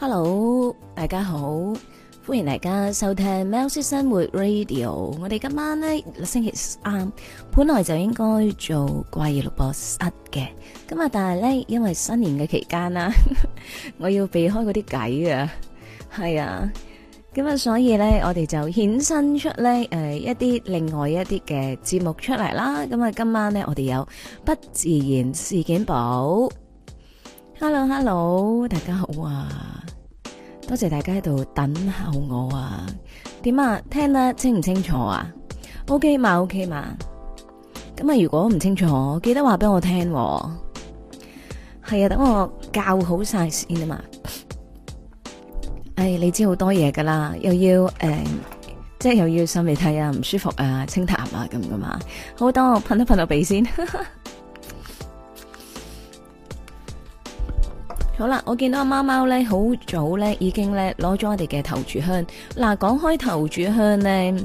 hello，大家好，歡迎大家收聽喵式生活 Radio。我哋今晚咧星期三，本來就應該做怪異錄播室嘅，咁啊，但係咧因為新年嘅期間啦，我要避開嗰啲計啊，係啊，咁啊，所以咧我哋就衍生出咧誒一啲另外一啲嘅節目出嚟啦。咁啊，今晚咧我哋有不自然事件簿。Hello，Hello，大家好啊！多謝大家喺度等候我啊，點啊？聽得清唔清楚啊？OK 嘛？OK 嘛？咁、OK、啊，OK、那如果唔清楚，記得話俾我聽、啊。係啊，等我教好晒先啊嘛。哎，你知好多嘢噶啦，又要誒、呃，即係又要洗鼻涕啊，唔舒服啊，清痰啊咁噶嘛。好多我噴一噴落鼻先。 好啦，我見到阿貓貓咧，好早咧已經咧攞咗我哋嘅頭柱香。嗱、啊，講開頭柱香咧，誒、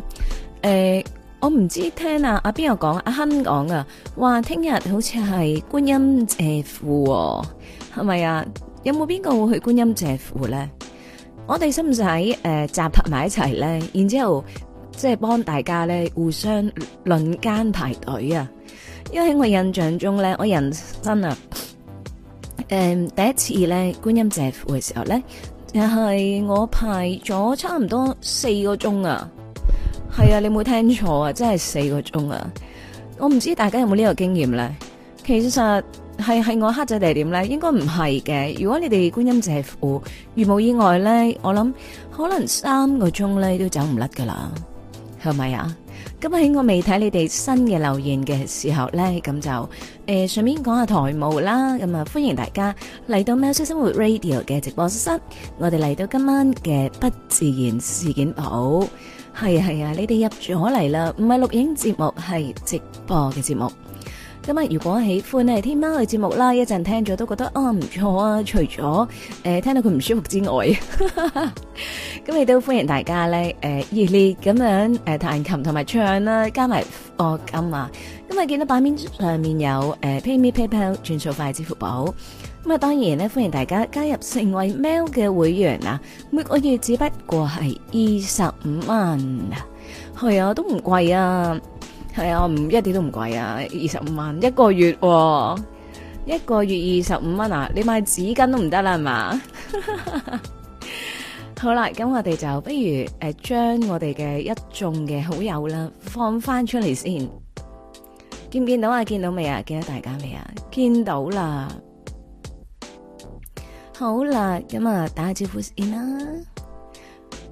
欸，我唔知聽啊，阿邊個講，阿、啊、亨講啊哇，聽日好似係觀音借庫喎、哦，係咪啊？有冇邊個會去觀音借庫咧？我哋使唔使誒集合埋一齊咧？然之後即係幫大家咧互相輪姦排隊啊？因為喺我印象中咧，我人生啊～誒，um, 第一次咧，觀音借庫嘅時候咧，又係我排咗差唔多四個鐘啊。係啊，你冇聽錯啊，真係四個鐘啊。我唔知大家有冇呢個經驗咧？其實係係我黑仔定係點咧？應該唔係嘅。如果你哋觀音借庫，如無意外咧，我諗可能三個鐘咧都走唔甩噶啦，係咪啊？咁喺我未睇你哋新嘅留言嘅時候呢，咁就誒，順便講下台務啦。咁啊，歡迎大家嚟到喵式生活 Radio 嘅直播室。我哋嚟到今晚嘅不自然事件簿，係啊係啊，你哋入咗嚟啦，唔係錄影節目，係直播嘅節目。咁啊，如果喜歡咧，天貓嘅節目啦，一陣聽咗都覺得啊唔錯啊，除咗誒、呃、聽到佢唔舒服之外，咁亦都歡迎大家咧誒熱烈咁樣誒彈琴同埋唱啦，加埋樂音啊！咁啊，見到版面上面有誒、呃、PayMePayPal 轉數快支付寶，咁啊當然咧歡迎大家加入成為 Mail 嘅會員啊，每個月只不過係二十五蚊，係啊都唔貴啊！係啊，唔、嗯、一啲都唔貴啊，二十五萬一個月，一個月二十五蚊啊！你買紙巾都唔得啦，係嘛？ 好啦，咁我哋就不如誒將、啊、我哋嘅一眾嘅好友啦放翻出嚟先，見唔見到啊？見到未啊？見到大家未啊？見到啦！好啦，咁啊打下招呼先啦。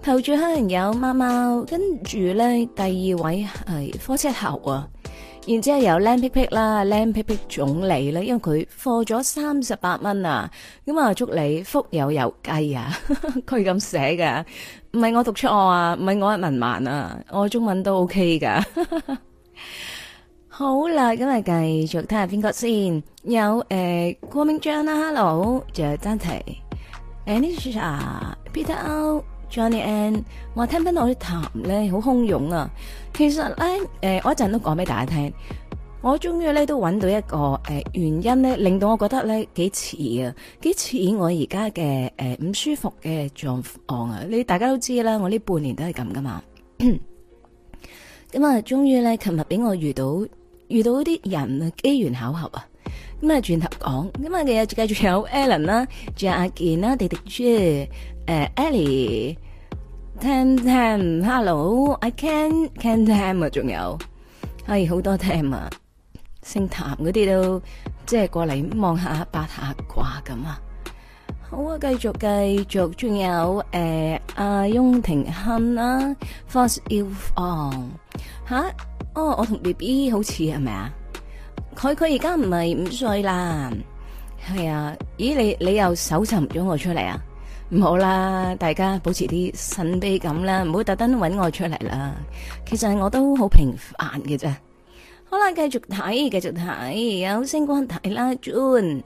頭住可能有貓貓，跟住咧第二位係火車頭啊，然之後有靚屁屁啦，靚屁屁總理啦，因為佢貨咗三十八蚊啊，咁、嗯、啊祝你福有有計啊，佢咁寫㗎。唔係我讀錯啊，唔係我文盲啊，我中文都 OK 噶， 好啦，咁咪繼續睇下邊個先，有誒郭明章啦 hello 仲有丹提。Anisha, Peter Johnny，N，我聽翻我啲談咧，好洶湧啊！其實咧，誒，我一陣都講俾大家聽，我終於咧都揾到一個誒原因咧，令到我覺得咧幾似啊，幾似我而家嘅誒唔舒服嘅狀況啊！你大家都知啦，我呢半年都係咁噶嘛，咁啊，終於咧，琴日俾我遇到遇到啲人啊，機緣巧合啊，咁啊，轉頭講，咁啊，今日繼續有 Alan 啦，仲有阿健啦，迪迪豬。誒、uh, Ellie，Tan Tan，Hello，I Can Can Tem 啊，仲有，係好多 Them 啊，姓譚嗰啲都即係過嚟望下八下卦咁啊。好啊，繼續繼續，仲有誒，阿、uh, 翁庭欣啊，First You On，吓，哦、oh，我同 B B 好似係咪啊？佢佢而家唔係五歲啦，係啊，咦，你你又搜尋咗我出嚟啊？唔好啦，大家保持啲神秘感啦，唔好特登揾我出嚟啦。其實我都好平凡嘅啫。好啦，繼續睇，繼續睇，有星光睇啦，June。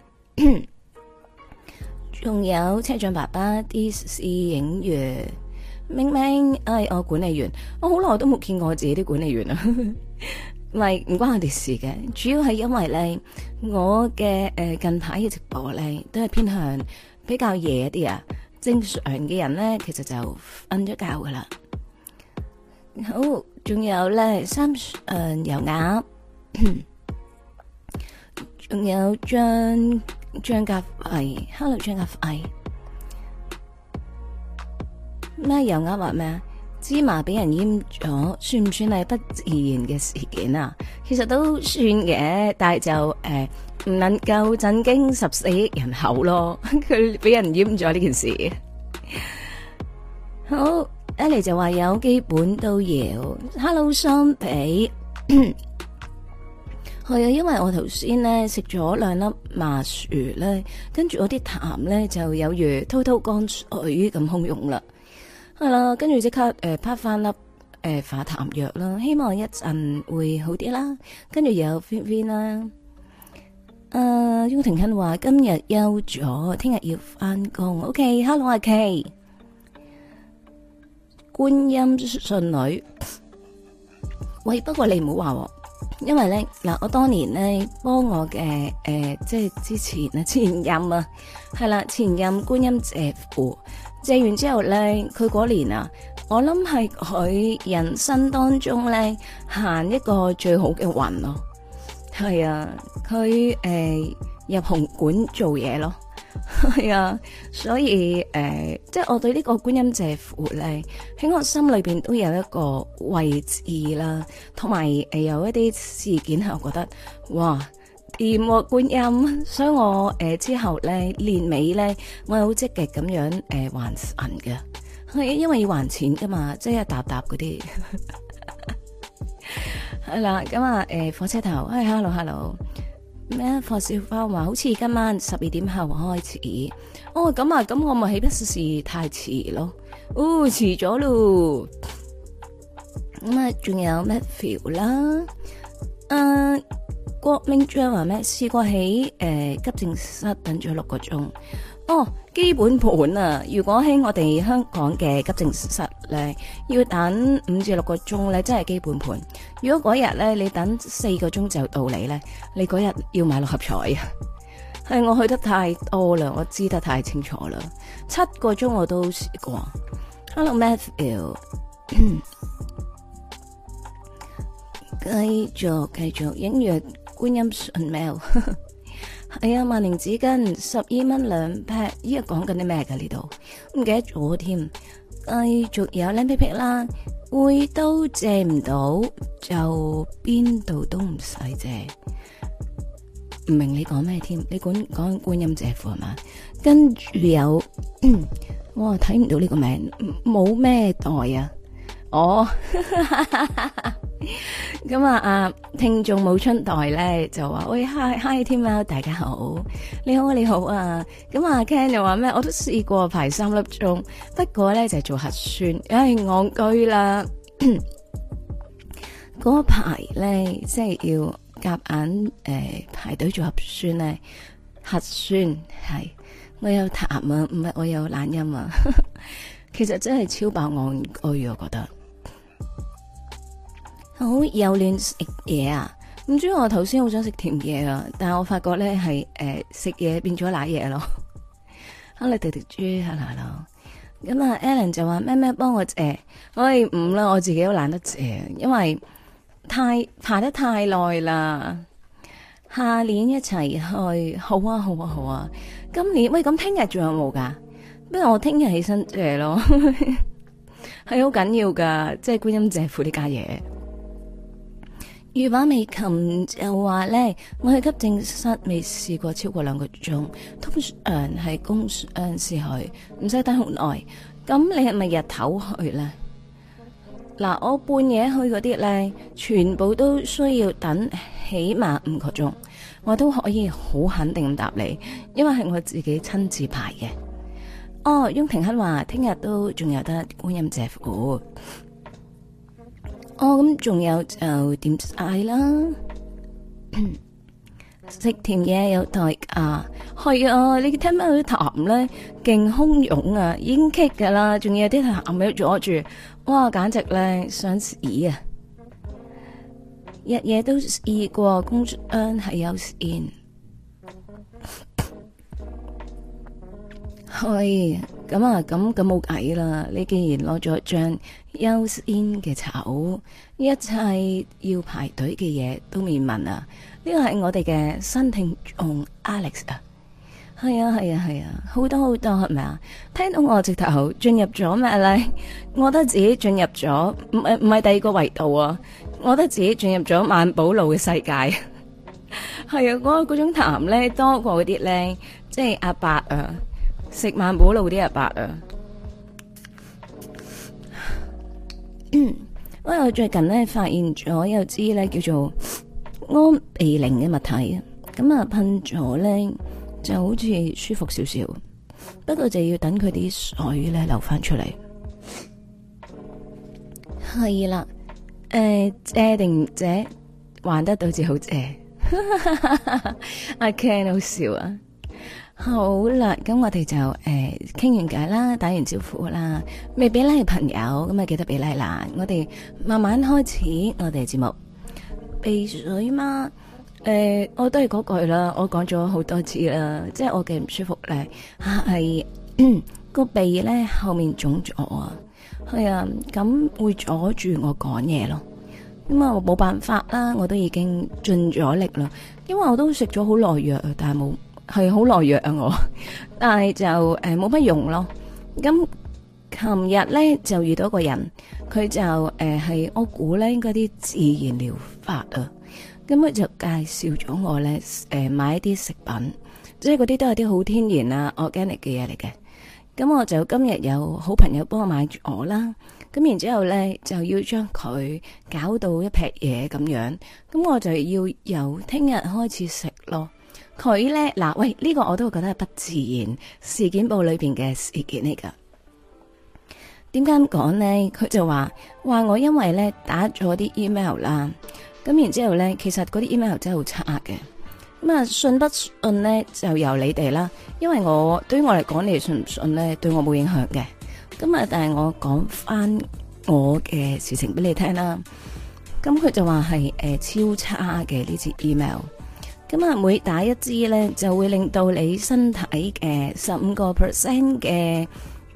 仲 有車長爸爸，啲攝影員，明明，誒、哎，我管理員，我好耐都冇見過我自己啲管理員啦。唔係唔關我哋事嘅，主要係因為咧，我嘅誒近排嘅直播咧都係偏向比較夜啲啊。正常嘅人咧，其實就瞓咗覺噶啦。好，仲有咧三誒、呃、油鴨，仲 有張張嘉慧，Hello 張嘉慧。咩油鴨話咩？芝麻俾人醃咗，算唔算係不自然嘅事件啊？其實都算嘅，但係就誒。呃唔能夠震驚十四億人口咯，佢俾人掩咗呢件事。好 Ellie 就話有基本都要，Hello 相比，係啊， 因為我頭先咧食咗兩粒麻薯咧，跟住我啲痰咧就有如滔滔江水咁洶湧啦，係啦，跟住即刻誒，拍翻粒誒、呃、化痰藥啦，希望一陣會好啲啦，跟住有 Vivian 啦。誒，邱庭欣話今日休咗，聽日要翻工。OK，Hello，阿 K，觀音信女。喂，不過你唔好話，因為咧嗱，我當年咧幫我嘅誒，即係之前啊前任啊，係啦前任觀音借符，借完之後咧，佢嗰年啊，我諗係佢人生當中咧行一個最好嘅運咯。係啊，佢誒、欸、入紅館做嘢咯，係 啊，所以誒、欸，即係我對呢個觀音借庫咧，喺我心裏邊都有一個位置啦，同埋誒有一啲事件係我覺得哇，掂我、啊、觀音，所以我誒、欸、之後咧年尾咧，我好積極咁樣誒、欸、還銀嘅，係因為要還錢啊嘛，即係一沓沓嗰啲。 係啦，咁啊，誒、 嗯，火車頭，係，hello hello，咩？霍少花話好似今晚十二點後開始，哦，咁、嗯、啊，咁我咪豈不是起不時太遲咯？哦，遲咗咯，咁、嗯、啊，仲有咩 feel 啦？誒、呃，郭明章話咩？試過喺誒、呃、急症室等咗六個鐘。哦，基本盤啊！如果喺我哋香港嘅急症室咧，要等五至六個鐘咧，真係基本盤。如果嗰日咧，你等四個鐘就到你咧，你嗰日要買六合彩啊！係 我去得太多啦，我知得太清楚啦。七個鐘我都試過。Hello Matthew，繼 續繼續，影月觀音訊 Mail 哎呀，萬寧紙巾十二蚊兩匹，依家講緊啲咩噶呢度？唔記得咗添。繼續有靚皮皮啦，會都借唔到，就邊度都唔使借。唔明你講咩添？你講講觀音借庫係嘛？跟住有，哇睇唔到呢個名，冇咩袋啊。我咁、oh? 啊，啊聽眾冇春代咧，就話喂，hi hi 天喵啊，大家好，你好、啊、你好啊，咁啊 Ken 又話咩？我都試過排三粒鐘，不過咧就係、做核酸，唉戇居啦，嗰、 那個呃、排咧即係要夾硬誒排隊做核酸咧，核酸係我有痰啊，唔係我有懶音啊， 其實真係超爆戇居，我覺得。好又亂食嘢啊！唔知我頭先好想食甜嘢啊，但係我發覺咧係誒食嘢變咗瀨嘢咯。 啊你弟滴豬下咪咯？咁啊 Alan 就話咩咩幫我誒，可以唔啦？我自己都懶得借，因為太爬得太耐啦。下年一齊去，好啊好啊好啊，好啊！今年喂，咁聽日仲有冇噶？不如我聽日起身借咯，係好緊要噶，即係觀音姐夫呢家嘢。御把未琴就話呢，我去急症室未試過超過兩個鐘，通常係公誒時去，唔使等好耐。咁你係咪日頭去呢？嗱，我半夜去嗰啲呢，全部都需要等起碼五個鐘，我都可以好肯定咁答你，因為係我自己親自排嘅。哦，翁庭亨話聽日都仲有得觀音借庫。哦，咁、嗯、仲有就點晒啦，食甜嘢有代價，係、哎、啊！你聽翻佢痰咧，勁洶湧啊，已經棘噶啦，仲有啲痰喺咗住，哇，簡直咧想死啊！日夜都試過，工作係有線，係咁、 哎、啊，咁咁冇計啦！你既然攞咗一張。優先嘅草，一切要排隊嘅嘢都未問啊！呢個係我哋嘅新聽眾 Alex 啊，係啊係啊係啊，好、啊啊啊、多好多係咪啊？聽到我直頭好進入咗咩咧？我覺得自己進入咗唔係唔係第二個維度啊！我覺得自己進入咗萬寶路嘅世界，係 啊！嗰嗰種談咧多過嗰啲呢，即係阿伯，伯啊，食萬寶路啲阿伯啊。嗯，因為我最近咧發現咗有支咧叫做安鼻靈嘅物體，咁啊噴咗咧就好似舒服少少，不過就要等佢啲水咧流翻出嚟。係啦，誒、呃、借定唔借還玩得到先好借 ，I can't 好笑啊！好啦，咁我哋就誒傾、欸、完偈啦，打完招呼啦，未俾 like 嘅朋友，咁啊記得俾 like 啦。我哋慢慢開始我哋節目。鼻水嘛，誒、欸、我都係嗰句啦，我講咗好多次啦，即係我嘅唔舒服咧，係個鼻咧後面腫咗啊，係啊，咁會阻住我講嘢咯。咁啊冇辦法啦，我都已經盡咗力啦，因為我都食咗好耐藥啊，但係冇。係好耐藥啊我但，但係就誒冇乜用咯。咁琴日咧就遇到一個人，佢就誒係、呃、我估咧應該啲自然療法啊，咁佢就介紹咗我咧誒買一啲食品，即係嗰啲都係啲好天然啊 organic 嘅嘢嚟嘅。咁我就今日有好朋友幫我買住我啦。咁然之後咧就要將佢搞到一劈嘢咁樣，咁我就要由聽日開始食咯。佢咧嗱喂，呢、這個我都會覺得係不自然事件簿裏邊嘅事件嚟噶。點解咁講呢？佢就話話我因為咧打咗啲 email 啦，咁然之後咧，其實嗰啲 email 真係好差嘅。咁啊，信不信咧就由你哋啦。因為我對於我嚟講，你哋信唔信咧對我冇影響嘅。咁啊，但係我講翻我嘅事情俾你聽啦。咁佢就話係誒超差嘅呢次 email。咁啊，每打一支咧，就會令到你身體嘅十五個 percent 嘅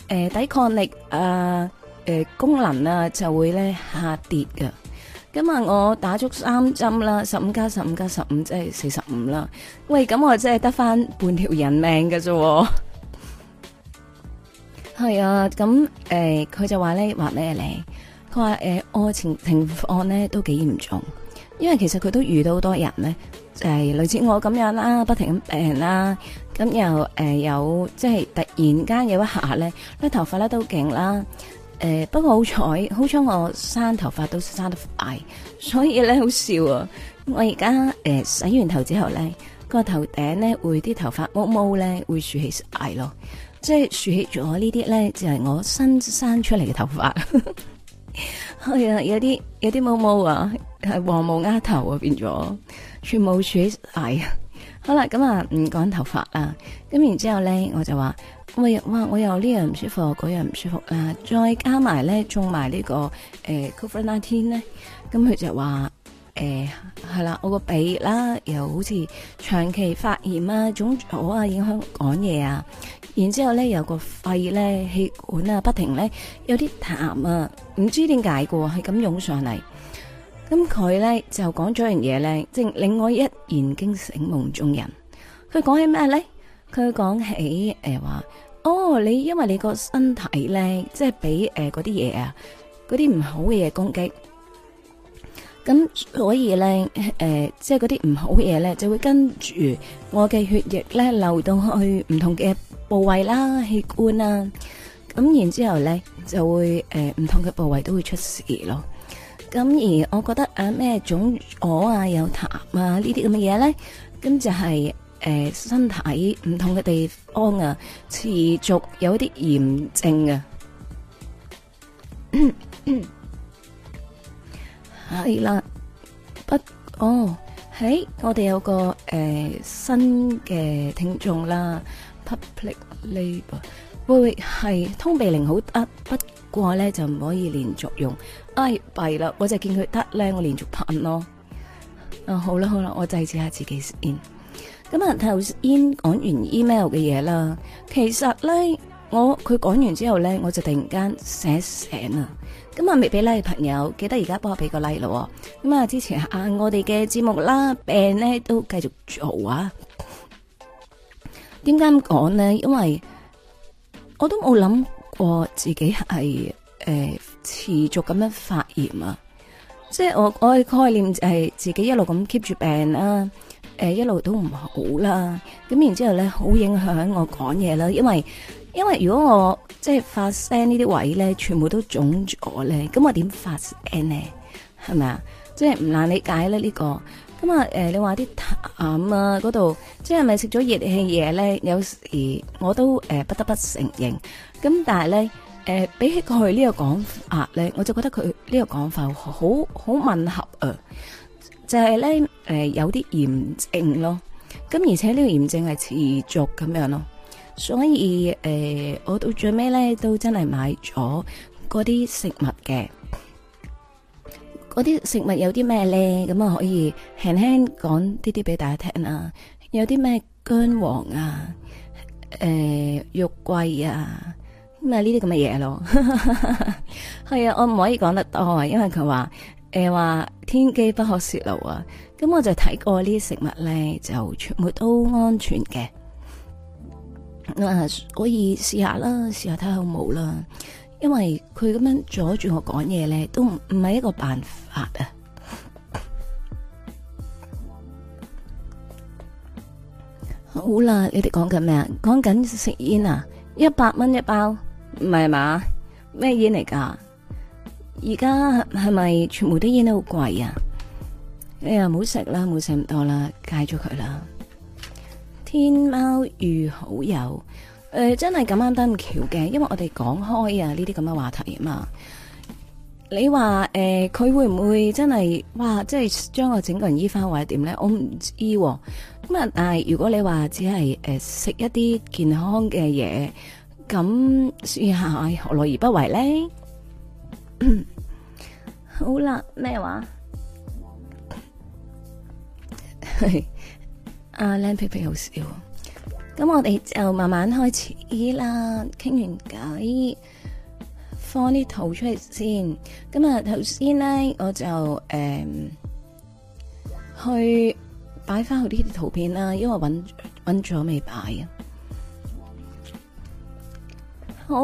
誒抵抗力啊誒、呃呃、功能啊，就會咧下跌噶。咁啊，我打足三針啦，十五加十五加十五，15 15, 即係四十五啦。喂，咁我即係得翻半條人命咋啫。係 啊，咁、嗯、誒，佢、嗯、就話咧話咩嚟？佢話誒，愛、呃、情情況咧都幾嚴重，因為其實佢都遇到好多人咧。係、欸 hmm。類似我咁樣啦、啊，不停咁病啦、啊，咁又誒、呃、有即係突然間有一下咧，咧頭髮咧都勁啦，誒不過好彩，好彩我生頭髮都生得快，所以咧好笑啊！我而家誒洗完頭之後咧，個頭頂咧會啲頭髮毛毛咧會豎起晒咯，即係豎起咗呢啲咧就係、是、我新生出嚟嘅頭髮，係啊有啲有啲毛毛啊，係黃毛丫頭啊變咗。全部處起大啊！ 好啦，咁啊唔講頭髮啦，咁然之後咧我就話，喂哇我又呢樣唔舒服，嗰樣唔舒服啦、啊，再加埋咧，種埋呢個誒 Covid 19咧，咁、呃、佢 就話誒係啦，我個鼻啦，又好似長期發炎啊，腫咗啊，影響講嘢啊，然之後咧有個肺咧氣管啊，不停咧有啲痰啊，唔知點解嘅，係咁湧上嚟。咁佢咧就講咗樣嘢咧，即令我一言驚醒夢中人。佢講起咩咧？佢講起誒話，呃，哦，你因為你個身體咧，即係俾誒嗰啲嘢啊，嗰啲唔好嘅嘢攻擊，咁所以咧誒，呃，即係嗰啲唔好嘢咧，就會跟住我嘅血液咧流到去唔同嘅部位啦，器官啦。咁然之後咧就會誒唔、呃、同嘅部位都會出事咯。咁而我覺得啊，咩腫我啊，有痰啊，呢啲咁嘅嘢咧，咁就係誒身體唔同嘅地方啊，持續有啲炎症啊。係啦，不哦喺我哋有個誒新嘅聽眾啦，publicly。喂喂，係通鼻靈好得，不過咧就唔可以連續用。哎弊啦，我就見佢得咧，我連續噴咯。啊好啦好啦，我制止下自己先。咁啊頭先講完 email 嘅嘢啦，其實咧我佢講完之後咧，我就突然間寫醒啊。咁啊未俾 like 嘅朋友記得而家幫我俾個 like、嗯、啦。咁啊之前啊我哋嘅節目啦病咧都繼續做啊。點解咁講咧？因為我都冇諗過自己係誒、呃、持續咁樣發炎啊，即係我我嘅概念就係自己一路咁 keep 住病啦、啊，誒、呃、一路都唔好啦、啊，咁然之後咧好影響我講嘢啦，因為因為如果我即係發聲呢啲位咧全部都腫咗咧，咁我點發聲咧？係咪啊？即係唔難理解咧呢、呢個。咁、呃、啊，你話啲痰啊嗰度，即係咪食咗熱氣嘢咧？有時我都誒、呃、不得不承認。咁但係咧，誒、呃、比起佢呢個講法咧，我就覺得佢呢個講法好好吻合啊！就係咧誒有啲炎症咯，咁而且呢個炎症係持續咁樣咯，所以誒、呃、我到最尾咧都真係買咗嗰啲食物嘅。嗰啲食物有啲咩咧？咁我可以輕輕講啲啲俾大家聽啊！有啲咩薑黃啊、誒、欸、肉桂啊，咁啊呢啲咁嘅嘢咯。係 啊，我唔可以講得多，啊，因為佢話誒話天機不可泄露啊。咁我就睇過呢啲食物咧，就全部都安全嘅。啊，可以試下啦，試下睇下好唔好啦。因為佢咁樣阻住我講嘢咧，都唔唔係一個辦法啊！好啦，你哋講緊咩啊？講緊食煙啊？一百蚊一包，唔係嘛？咩煙嚟噶？而家係咪全部啲煙都好貴啊？哎呀，唔好食啦，唔好食咁多啦，戒咗佢啦！天貓遇好友。誒、呃，真係咁啱登橋嘅，因為我哋講開啊呢啲咁嘅話題啊嘛。你話誒，佢、呃、會唔會真係哇，即係將我整個人醫翻或者點咧？我唔知咁啊、哦。但係如果你話只係誒食一啲健康嘅嘢，咁算下何樂而不為咧？ 好啦，咩話？lan 係阿靚皮皮好笑。咁我哋就慢慢開始啦，傾完偈，放啲圖出嚟先。咁啊，頭先咧我就誒、嗯、去擺翻好啲圖片啦，因為搵搵咗未擺啊。好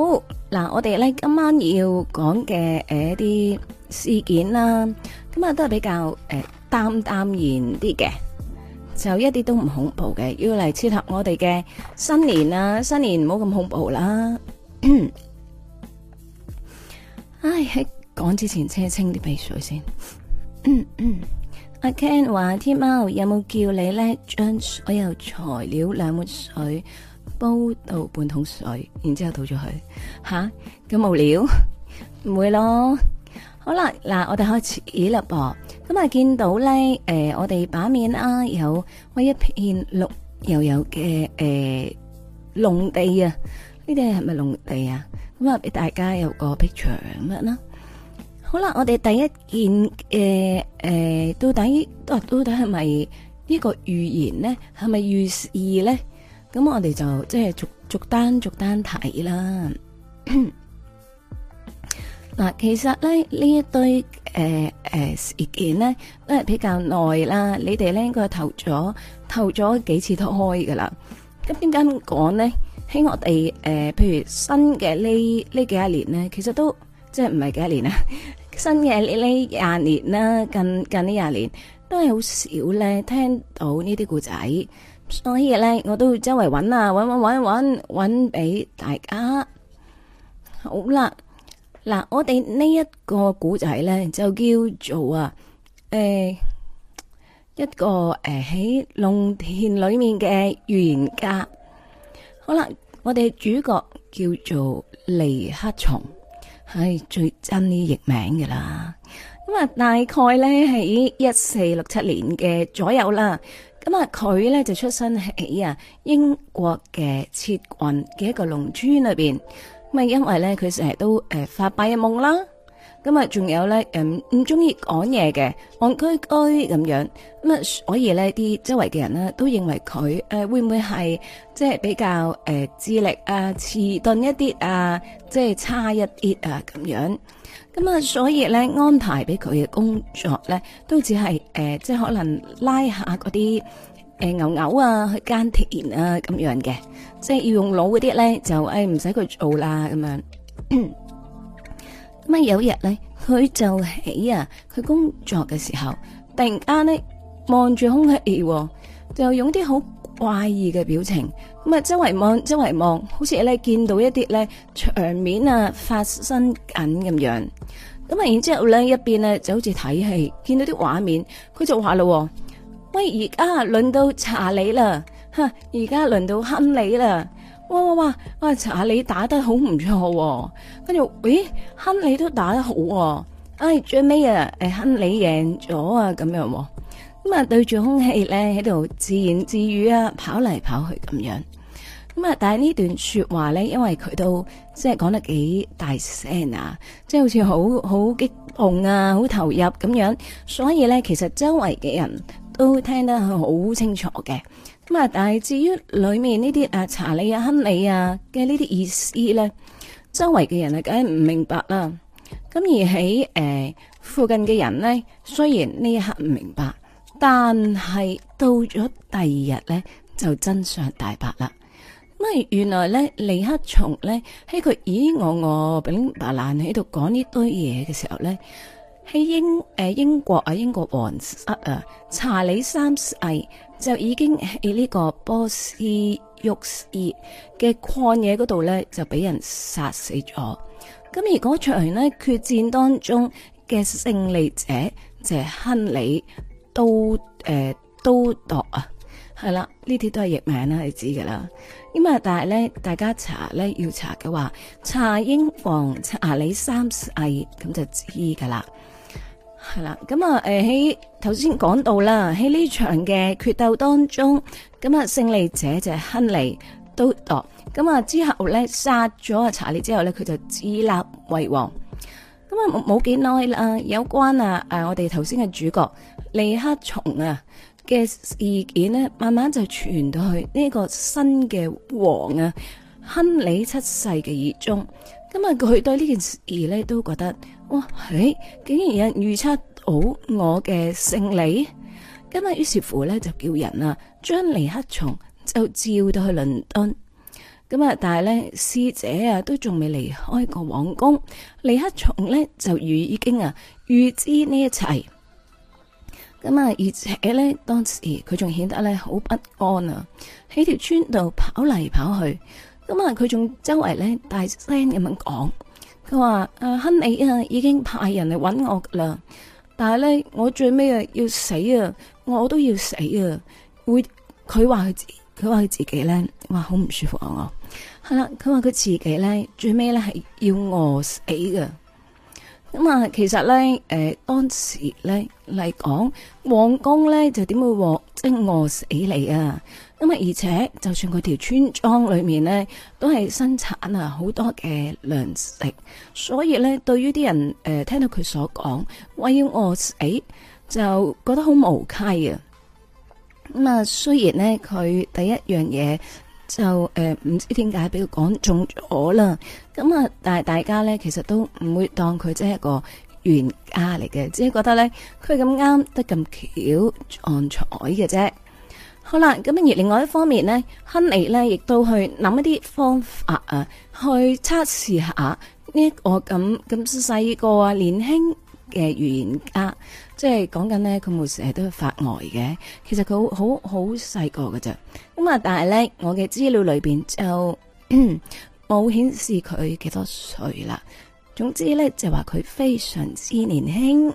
嗱，我哋咧今晚要講嘅誒一啲事件啦，咁啊都係比較誒、呃、淡淡然啲嘅。就一啲都唔恐怖嘅，要嚟切合我哋嘅新年啦！新年唔好咁恐怖啦。 唉，喺講之前先清一清啲鼻水先。 阿 Ken 話：天貓有冇叫你咧？將所有材料兩碗水煲到半桶水，然之後倒咗佢吓咁無聊？唔 會咯。好啦，嗱，我哋開始咦，啦噃。咁啊，見到咧，誒，我哋版面啊，有開一片綠又有嘅，誒，農地啊，呢啲係咪農地啊？咁啊，俾大家有個 picture 咁樣啦。好啦，我哋第一件誒誒，到底都到底係咪呢個預言咧？係咪預示咧？咁我哋就即係逐逐單逐單睇啦。嗱，其實咧呢一堆，誒誒事件咧都係比較耐啦，你哋咧應該投咗投咗幾次都開噶啦，咁點解咁講咧？喺我哋誒，譬如新嘅呢呢幾一年咧，其實都即係唔係幾多年啦，新嘅呢呢廿年啦，近近呢廿年都係好少咧聽到呢啲故仔，所以咧我都會周圍搵啊，搵搵搵搵搵俾大家，好啦。嗱，我哋呢一個古仔咧就叫做啊，誒一個誒喺農田裏面嘅預言家。好啦，我哋主角叫做尼克松，係最真呢譯名噶啦。咁啊，大概咧喺一四六七年嘅左右啦。咁啊，佢咧就出生喺啊英國嘅設郡嘅一個農村裏邊。咁啊，因為咧佢成日都誒發白日夢啦，咁啊，仲有咧，誒唔中意講嘢嘅，憨居居咁樣，咁啊，所以呢啲周圍嘅人咧都認為佢誒會唔會係即係比較誒智力啊遲鈍一啲啊，即係差一啲啊咁樣，咁啊，所以咧安排俾佢嘅工作咧都只係誒即係可能拉一下嗰啲。誒，牛牛啊，去耕田啊，咁樣嘅，即係要用腦嗰啲咧，就誒唔使佢做啦，咁樣。咁啊有一日咧，佢就喺啊，佢工作嘅時候，突然間咧望住空氣，就用啲好怪異嘅表情，咁啊周圍望周圍望，好似咧見到一啲咧場面啊發生緊咁樣。咁啊然之後咧一邊咧就好似睇戲，見到啲畫面，佢就話咯。喂，而家輪到查理啦，吓，而家輪到亨利啦。哇哇哇，哇,哇查理打得好唔錯、啊，跟住誒，亨利都打得好、啊。唉、哎，最尾啊，誒，亨利贏咗啊，咁樣咁啊，對住空氣咧喺度自言自語啊，跑嚟跑去咁樣咁啊。但係呢段說話咧，因為佢都即係講得幾大聲啊，即係好似好好激動啊，好投入咁樣，所以咧其實周圍嘅人。都聽得好清楚嘅，咁啊！但係至於裏面呢啲啊查理啊亨利啊嘅呢啲意思咧，周圍嘅人啊梗係唔明白啦。咁而喺誒、呃、附近嘅人咧，雖然呢一刻唔明白，但係到咗第二日咧，就真相大白啦。咁啊，原來咧，尼克松咧喺佢咦咿我我炳白爛喺度講呢堆嘢嘅時候咧。喺英誒英國啊，英國王室啊，查理三世就已經喺呢個波斯沃斯嘅曠野嗰度咧，就俾人殺死咗。咁如果在呢決戰當中嘅勝利者就係亨利都誒、呃、都鐸啊，係啦，呢啲都係譯名啦，你知㗎啦。咁啊，但係咧，大家查咧要查嘅話，查英皇查理三世咁就知㗎啦。係啦，咁啊，誒，喺頭先講到啦，喺呢場嘅決鬥當中，咁啊，勝利者就係亨利都鐸，咁啊，之後咧殺咗阿查理之後咧，佢就自立為王。咁啊，冇冇幾耐啦，有關啊，誒，我哋頭先嘅主角尼克松啊嘅事件咧，慢慢就傳到去呢個新嘅王啊亨利七世嘅耳中。咁啊，佢對呢件事咧都覺得。哇！嘿，竟然有人預測到我嘅勝利，咁啊，於是乎呢，就叫人啊將尼克松就召到去倫敦，咁啊但係呢，使者啊都仲未離開過皇宮，尼克松呢，就預已經啊預知呢一切，咁啊而且呢，當時佢仲顯得呢好不安啊，喺條村度跑嚟跑去，咁啊佢仲周圍呢，大聲咁樣講。佢話誒亨利啊，已經派人嚟揾我啦，但係咧我最尾啊要死啊，我都要死啊！會佢話佢佢話佢自己咧，話好唔舒服啊我，係啦佢話佢自己咧最尾咧係要餓死噶，咁啊其實咧誒、呃、當時咧嚟講，皇宮咧就點會即餓死你啊？咁啊！而且就算佢條村莊裏面呢，都係生產啊好多嘅糧食，所以呢，對於啲人誒聽到佢所講，我要餓死，就覺得好無稽啊！咁、嗯、啊，雖然呢，佢第一樣嘢就誒唔、呃、知點解俾佢講中咗啦，咁啊，但係大家呢，其實都唔會當佢真係一個預言家嚟嘅，只係覺得呢，佢咁啱得咁巧撞彩嘅啫。好啦，咁而另外一方面呢，亨利呢亦都去諗一啲方法啊，去測試下呢個咁咁細個啊年輕嘅預言家，即係講緊呢，佢會成日都發呆、呃、嘅，其實佢好好好細個噶啫，咁啊但係呢，我嘅資料裏邊就冇顯示佢幾多歲啦，總之呢，就話佢非常之年輕。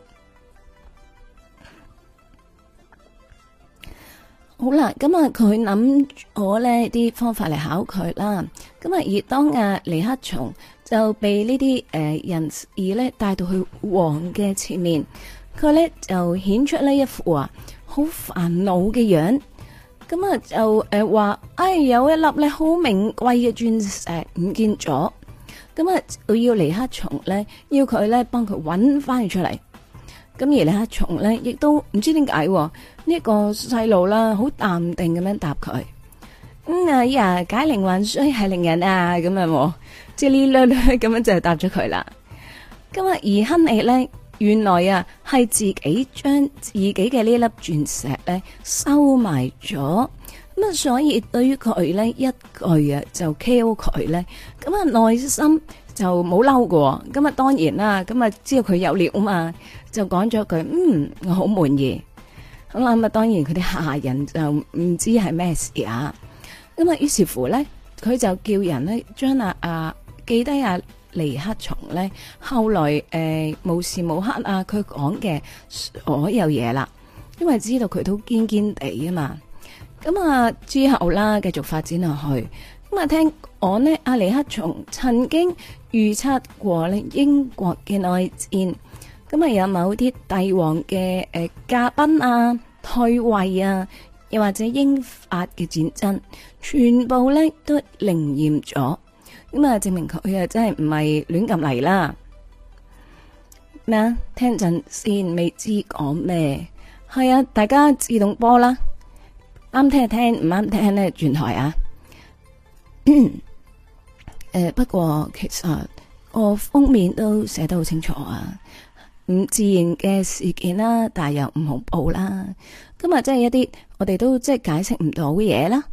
好啦，咁啊，佢諗我呢啲方法嚟考佢啦。咁啊，而當啊，尼克松就被呢啲誒人士咧帶到去王嘅前面，佢咧就顯出呢一副啊好煩惱嘅樣。咁啊就誒話，哎有一粒咧好名貴嘅鑽石唔見咗，咁啊，佢要尼克松咧，要佢咧幫佢搵翻佢出嚟。咁而咧，阿松咧亦都唔知點解呢個細路啦，好淡定咁樣答佢。嗯啊呀，解鈴還須繫鈴人啊，咁樣、啊、即係呢呢咁樣就答咗佢啦。咁啊，而亨利咧，原來啊係自己將自己嘅呢粒鑽石咧收埋咗，咁啊，所以對於佢咧一句啊就 KO 佢咧，咁啊內心就冇嬲嘅。咁啊，當然啦、啊，咁啊知道佢有料啊嘛。就講咗句，嗯，我好滿意。好啦，咁啊，當然佢哋下人就唔知係咩事呀。咁啊，於是乎咧，佢就叫人咧將阿阿記低阿、啊、尼克松咧，後來誒、呃、無時無刻啊，佢講嘅所有嘢啦，因為知道佢都堅堅地啊嘛。咁啊，之後啦，繼續發展落去。咁啊，聽講咧，阿、啊、尼克松曾經預測過咧英國嘅內戰。咁啊！有某啲帝王嘅誒、呃、嘉賓啊，退位啊，又或者英法嘅戰爭，全部咧都靈驗咗。咁啊，證明佢啊真係唔係亂咁嚟啦。咩啊？聽陣先，未知講咩？係啊，大家自動播啦。啱聽啊，聽唔啱聽呢？轉台啊。誒、 呃，不過其實個封面都寫得好清楚啊。唔自然嘅事件啦，但係又唔恐怖啦。今日即係一啲我哋都即係解釋唔到嘅嘢啦，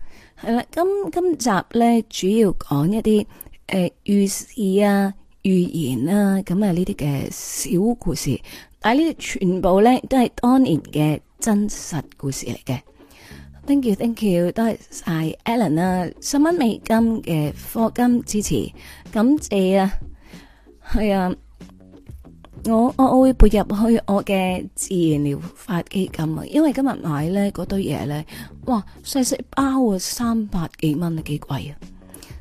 係啦。今今集咧主要講一啲誒、呃、預示啊、預言啦、啊，咁啊呢啲嘅小故事。但係呢啲全部咧都係當年嘅真實故事嚟嘅。Thank you，thank you，多謝晒 Alan 啊十蚊美金嘅課金支持，感謝啊，係啊。我我我會撥入去我嘅自然療法基金啊，因為今日買咧嗰堆嘢咧，哇，細細包啊三百幾蚊啊幾貴啊！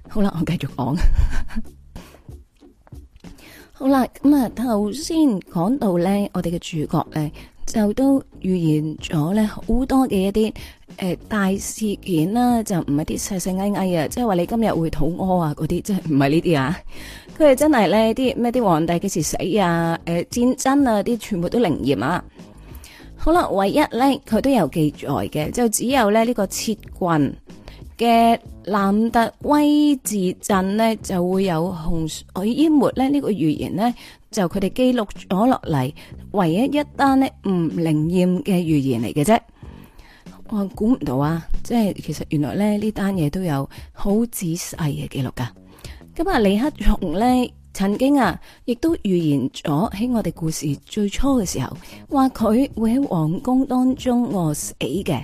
好啦，我繼續講。 好啦，咁啊頭先講到咧，我哋嘅主角咧就都預言咗咧好多嘅一啲誒、呃、大事件啦，就唔係啲細細矮矮啊，即係話你今日會肚屙啊嗰啲，即係唔係呢啲啊。佢哋真係咧，啲咩啲皇帝幾時死啊？誒、呃，戰爭啊，啲全部都靈驗啊！好啦，唯一咧佢都有記載嘅，就只有咧呢、這個切棍嘅南特威治鎮咧就會有洪水淹沒咧呢、這個預言咧，就佢哋記錄咗落嚟，唯一一單咧唔靈驗嘅預言嚟嘅啫。我估唔到啊！即係其實原來咧呢這單嘢都有好仔細嘅記錄噶。咁啊，李克松咧，曾經啊，亦都預言咗喺我哋故事最初嘅時候，話佢會喺皇宮當中餓死嘅。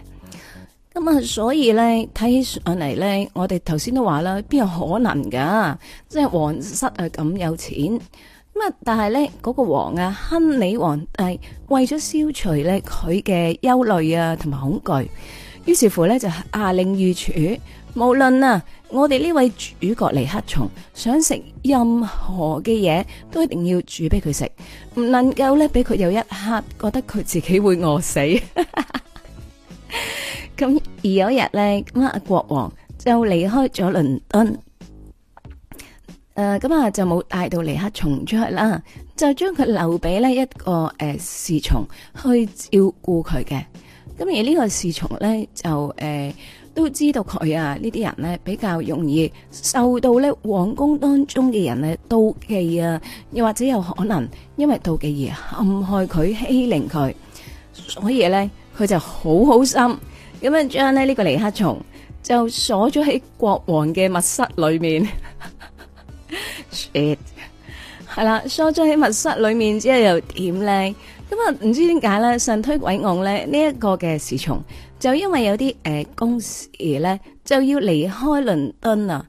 咁啊，所以咧，睇起上嚟咧，我哋頭先都話啦，邊有可能噶？即係皇室啊咁有錢咁啊，但係咧嗰個王啊，亨利皇帝為咗消除咧佢嘅憂慮啊，同埋恐懼，於是乎咧就下令御廚。無論啊，我哋呢位主角尼克松想食任何嘅嘢，都一定要煮俾佢食，唔能夠咧俾佢有一刻覺得佢自己會餓死。咁 而有一日咧，咁啊國王就離開咗倫敦，誒咁啊就冇帶到尼克松出去啦，就將佢留俾呢一個誒侍從去照顧佢嘅。咁而個呢個侍從咧就誒。呃都知道佢啊，呢啲人呢，比較容易受到呢王宮當中嘅人呢妒忌啊，又或者有可能因為妒忌而陷害佢欺凌佢，所以呢，佢就好好心咁樣將呢呢、這個尼克松就鎖咗喺國王嘅密室裏面。係 Shit 啦，鎖咗喺密室裏面之後又點呢？咁啊唔知點解呢，神推鬼諷呢，呢一個嘅侍從。就因為有啲誒、呃、公事呢，咧就要離開倫敦啊，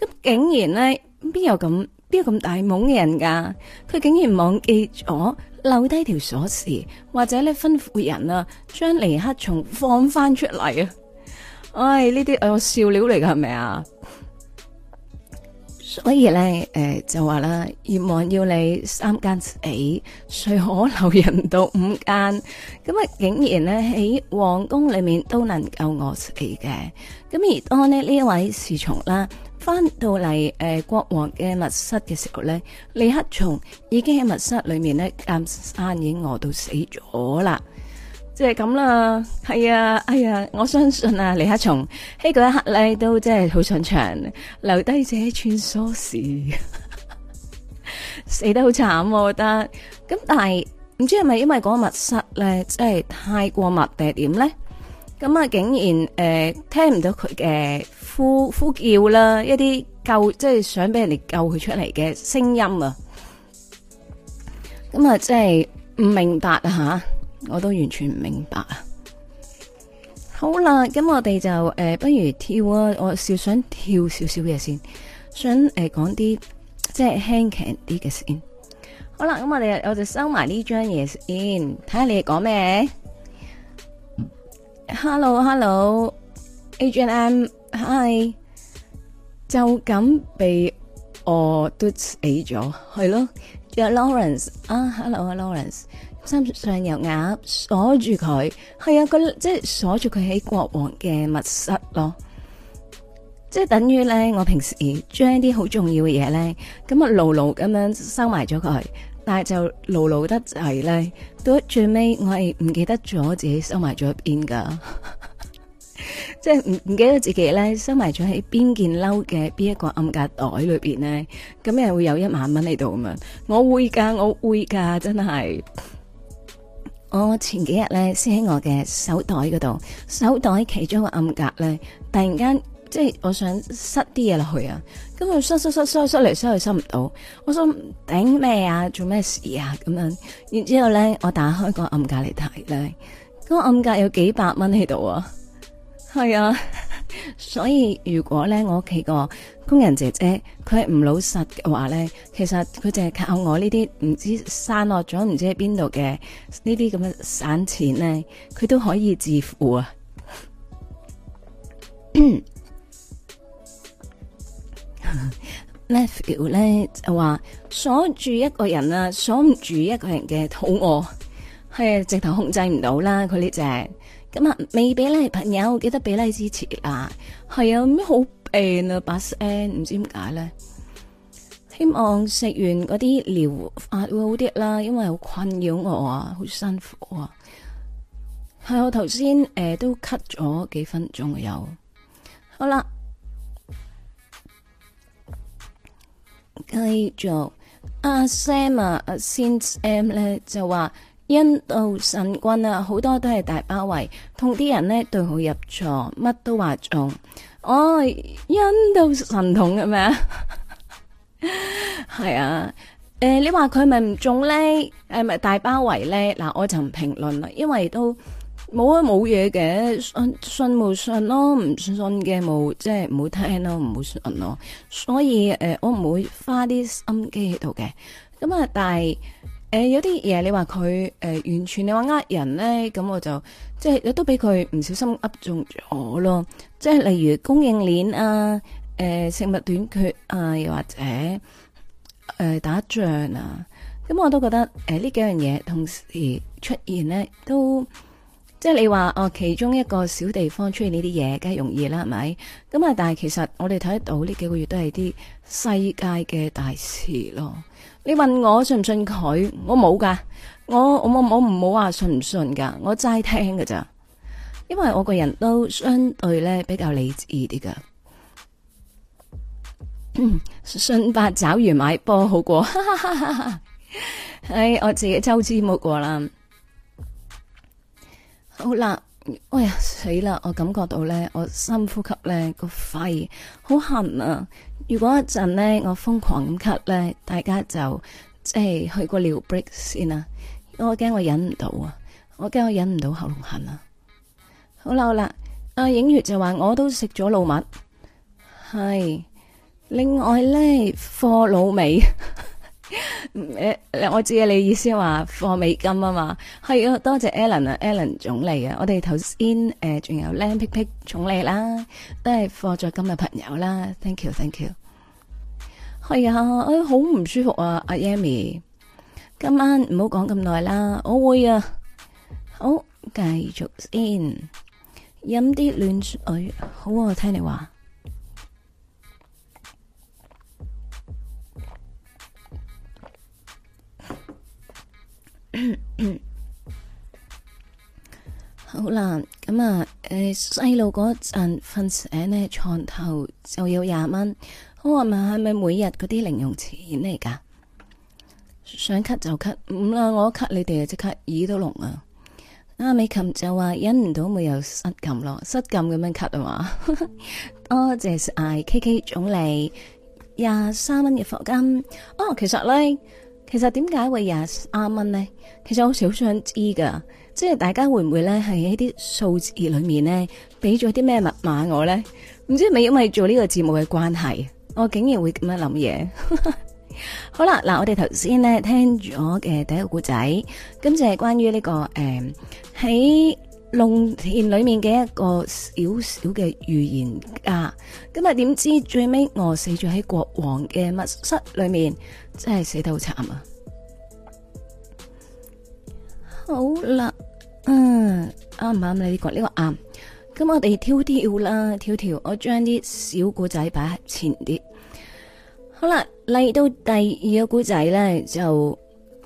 咁竟然咧邊有咁邊有咁大懵嘅人噶？佢竟然忘記咗漏低條鎖匙，或者咧吩咐人啊將尼克松放翻出嚟、哎呃、啊！唉，呢啲誒笑料嚟噶係咪啊？所以咧，誒、呃、就話啦，閻王要你三更死，誰可留人到五更？咁啊，竟然咧喺皇宮裏面都能夠餓死嘅。咁而當呢呢一位侍從啦，翻到嚟誒、呃、國王嘅密室嘅時候咧，李克松已經喺密室裏面咧咁山已經餓到死咗啦。即係咁啦，係啊，哎呀，我相信啊，李克松喺嗰一刻咧都真係好想長，留低這串鎖匙，死得好慘，我覺得。咁但係唔知係咪因為嗰個密室咧，即係太過密定係點咧？咁啊，竟然誒聽唔到佢嘅呼呼叫啦，一啲救即係想俾人哋救佢出嚟嘅聲音啊！咁啊，即係唔明白吓。我都完全唔明白啊！好啦，咁我哋就誒、呃，不如跳啊！我少想跳少少嘢先，想誒講啲即係輕鬆啲嘅先。好啦，咁我哋我就收埋呢張嘢先，睇下你哋講咩。嗯、Hello，Hello，Agent M，Hi，就咁被我都死咗，係咯。The Lawrence，啊，Hello，Lawrence。Hello, 身上有鴨鎖住佢，係啊，個即係鎖住佢喺國王嘅密室咯，即係等於咧，我平時將啲好重要嘅嘢咧，咁啊，牢牢咁樣收埋咗佢，但係就牢牢得滯呢，咧，到最尾我係唔記得咗自己收埋咗邊噶， 即係唔唔記得自己咧收埋咗喺邊件褸嘅邊一個暗格袋裏邊咧，咁又會有一萬蚊喺度咁啊！我會噶，我會噶，真係。我前幾日咧，先喺我嘅手袋嗰度，手袋其中個暗格咧，突然間即係我想塞啲嘢落去啊，咁啊塞塞塞塞塞嚟塞去塞唔到，我想頂咩啊？做咩事啊？咁樣，然之後咧，我打開個暗格嚟睇咧，個暗格有幾百蚊喺度啊！係啊，所以如果咧我屋企個工人姐姐佢係唔老實嘅話咧，其實佢淨係靠我呢啲唔知散落咗唔知喺邊度嘅呢啲咁嘅散錢咧，佢都可以致富啊。Matthew 咧就話鎖住一個人啊，鎖唔住一個人嘅肚餓，係直頭控制唔到啦，佢呢隻。咁啊，未俾你朋友記得俾咧支持啊！係啊，咩好病啊？把聲唔知點解咧？希望食完嗰啲療法會好啲啦，因為好困擾我啊，好辛苦啊！係我頭先誒都咳咗幾分鐘有，好啦，繼續阿、啊、Sam 阿、啊、Since M 咧就話。印度神棍啊，好多都係大包圍，同啲人咧對號入座，乜都話中。我、哦、印度神童嘅咩？係 啊，誒、呃，你話佢咪唔中咧？誒、呃，咪大包圍咧？嗱、啊，我就唔評論啦，因為都冇啊，冇嘢嘅，信信無信咯，唔信嘅冇，即係唔好聽咯，唔好信咯。所以誒、呃，我唔會花啲心機喺度嘅。咁、嗯、啊，但係。誒、呃，有啲嘢你話佢誒完全你話呃人咧，咁我就即係都俾佢唔小心呃中咗咯。即係例如供應鏈啊，誒、呃、食物短缺啊，又或者誒、呃、打仗啊，咁、嗯、我都覺得誒呢、呃、幾樣嘢同時出現咧，都即係你話哦，其中一個小地方出現呢啲嘢梗係容易啦，係咪？咁啊，但係其實我哋睇到呢幾個月都係啲世界嘅大事咯。你問我信唔信佢？我冇噶，我我我唔好話信唔信噶，我齋聽噶咋，因為我個人都相對咧比較理智啲噶。信 八爪魚買波好過，喺、 哎、我自己周知冇過啦。好啦，哎呀死啦！我感覺到咧，我深呼吸咧個肺好痕啊。如果一陣呢，我瘋狂咁咳呢，大家就即係、欸、去個尿 break 先啦。我驚我忍唔到啊，我驚我忍唔到喉嚨痕啊。好啦好啦，阿、啊、影月就話我都食咗老麥，係另外呢，貨老味。 誒， 我知你意思話貨美金啊嘛。係啊，多謝 Alan 啊 Alan 總理啊，我哋頭先誒仲有靚皮皮總理啦，都係貨咗金嘅朋友啦，thank you，thank you，係 thank you 啊，誒、哎、好唔舒服啊，阿 Yami，今晚唔好講咁耐啦，我會啊，好繼續先，飲啲暖水，好啊，我聽你話。 好啦，咁啊，誒、呃，細路嗰陣瞓醒呢，床頭就要廿蚊。好話問係咪每日嗰啲零用錢嚟㗎？想咳就咳，唔啦我咳，你哋就即刻耳都聾啊！阿、啊啊、美琴就話忍唔到，咪又失禁咯，失禁咁樣咳係嘛？ 多謝 I K K 總理廿三蚊嘅課金。哦，其實呢。其實點解會廿三蚊咧？其實我好少想知噶，即係大家會唔會咧係喺啲數字裏面咧俾咗啲咩密碼我咧？唔知係咪因為做呢個節目嘅關係，我竟然會咁樣諗嘢。 好啦，嗱，我哋頭先咧聽咗嘅第一個故仔，咁就係關於呢、這個誒喺，呃在農田裏面嘅一個小小嘅預言家，咁啊點知最尾餓死咗喺國王嘅密室裏面，真係死得好慘啊！好啦，嗯，啱唔啱你呢個呢、這個啱，咁我哋挑啲跳啦，跳跳，我將啲小古仔擺喺前啲。好啦，嚟到第二個古仔咧，就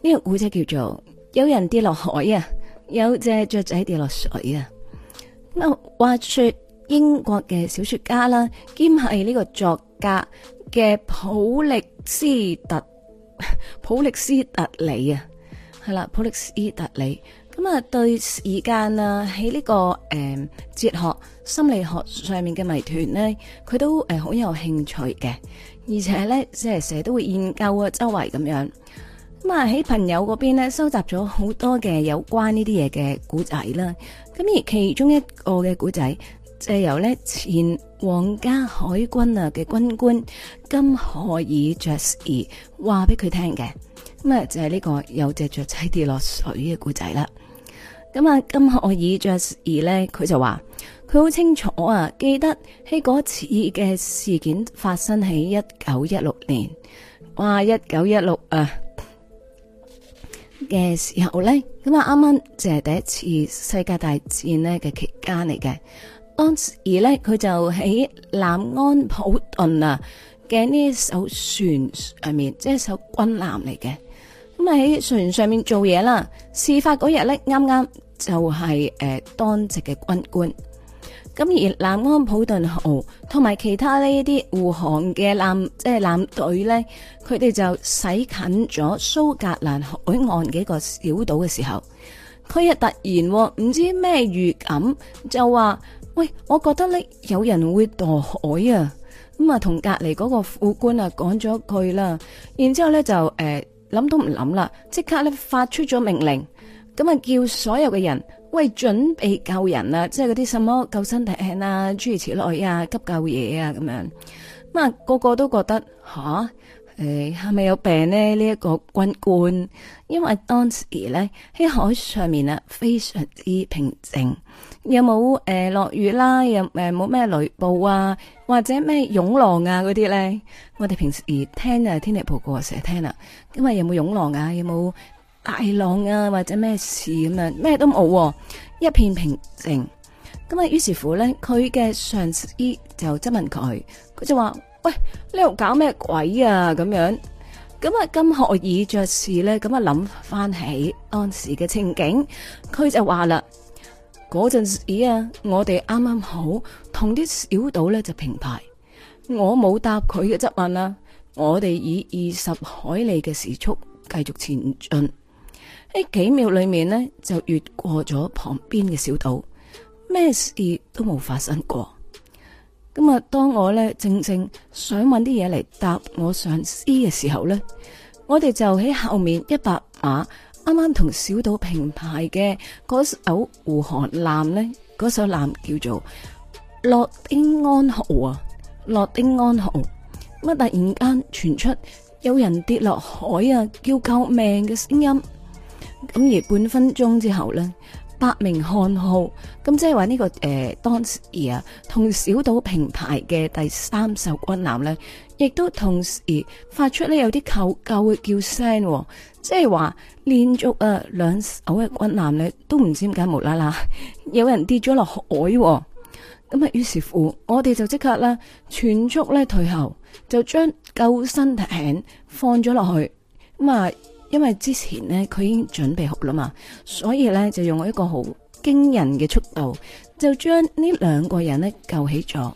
呢、這個古仔叫做有人跌落海啊！有隻雀仔跌落水啊！咁啊，話說英國嘅小說家啦，兼係呢個作家嘅普力斯特普力斯特里啊，係啦，普力斯特里咁啊，對而家啊喺呢個誒、嗯、哲學、心理學上面嘅謎團咧，佢都誒好有興趣嘅，而且咧即係成日都會研究啊周圍咁樣。咁啊，喺朋友嗰邊咧，收集咗好多嘅有關呢啲嘢嘅古仔啦。咁而其中一個嘅古仔，就由咧前皇家海軍啊嘅軍官金可爾爵士爾話俾佢聽嘅。咁啊，就係呢個有隻雀仔跌落水嘅古仔啦。咁啊，金可爾爵士爾咧，佢就話佢好清楚啊，記得喺嗰次嘅事件發生喺一九一六年。哇！一九一六啊！嘅時候咧，咁啊啱啱就係第一次世界大戰呢嘅期間嚟嘅。當時咧，佢就喺南安普頓啊嘅呢艘船上面，即係艘軍艦嚟嘅。咁啊喺船上面做嘢啦。事發嗰日咧，啱啱就係、是、誒、呃、當值嘅軍官。咁而南安普頓號同埋其他呢一啲護航嘅艦，即係艦隊咧，佢哋就駛近咗蘇格蘭海岸幾個小島嘅時候，佢又突然唔知咩預感，就話：喂，我覺得咧有人會墮海啊！咁啊，同隔籬嗰個副官啊講咗句啦，然之後咧就誒諗、欸、都唔諗啦，即刻咧發出咗命令，咁啊叫所有嘅人。為準備救人啊，即係嗰啲什麼救生艇啊、諸如此類啊、急救嘢啊咁樣，咁啊個個都覺得吓，誒係咪有病呢？呢一個軍官，因為當時咧喺海上面啊，非常之平靜，有冇誒落雨啦？有誒冇咩雷暴啊？或者咩湧浪啊？嗰啲咧？我哋平時聽啊，天氣報告成日聽啦，因為有冇湧浪啊？有冇？大浪啊，或者咩事咁樣，咩都冇，一片平靜。咁啊，於是乎咧，佢嘅上司就質問佢，佢就話：，喂，你喺度搞咩鬼啊？咁樣，咁啊，金學爾爵士咧，咁啊諗翻起當時嘅情景，佢就話啦：，嗰陣時啊，我哋啱啱好同啲小島咧就平排，我冇答佢嘅質問啦。我哋以二十海里嘅時速繼續前進。喺幾秒裏面呢，就越過咗旁邊嘅小島，咩事都冇發生過。咁啊，當我呢，正正想揾啲嘢嚟搭我上司嘅時候呢，我哋就喺後面一百碼，啱啱同小島平排嘅嗰艘護航艦呢，嗰艘艦叫做《洛丁安號》啊，《洛丁安號》。乜突然間傳出有人跌落海啊，叫救命嘅聲音。咁而半分鐘之後呢，八名漢號，咁即係話呢個誒、呃、當時啊，同小島平排嘅第三艘軍艦呢，亦都同時發出呢有啲求救嘅叫聲，即係話連續啊兩艘嘅軍艦呢都唔知點解無啦啦有人跌咗落海，咁啊於是乎我哋就即刻啦全速咧退後，就將救生艇放咗落去，咁啊。因為之前呢，佢已經準備好啦嘛，所以呢，就用了一個好驚人嘅速度，就將呢兩個人呢救起咗。咁、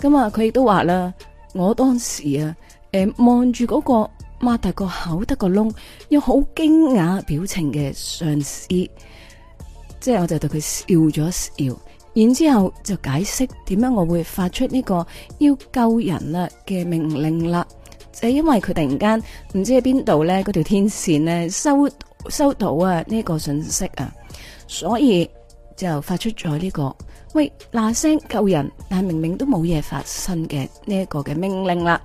嗯、啊，佢亦都話啦，我當時啊，誒、呃，望住嗰個擘大個口、得個窿，有好驚訝表情嘅上司，即係我就對佢笑咗笑，然之後就解釋點解我會發出呢個要救人啊嘅命令啦。誒，因為佢突然間唔知喺邊度咧，嗰條天線咧收收到啊呢、呢個訊息啊，所以就發出咗呢、呢個喂嗱聲救人，但係明明都冇嘢發生嘅呢一個嘅命令啦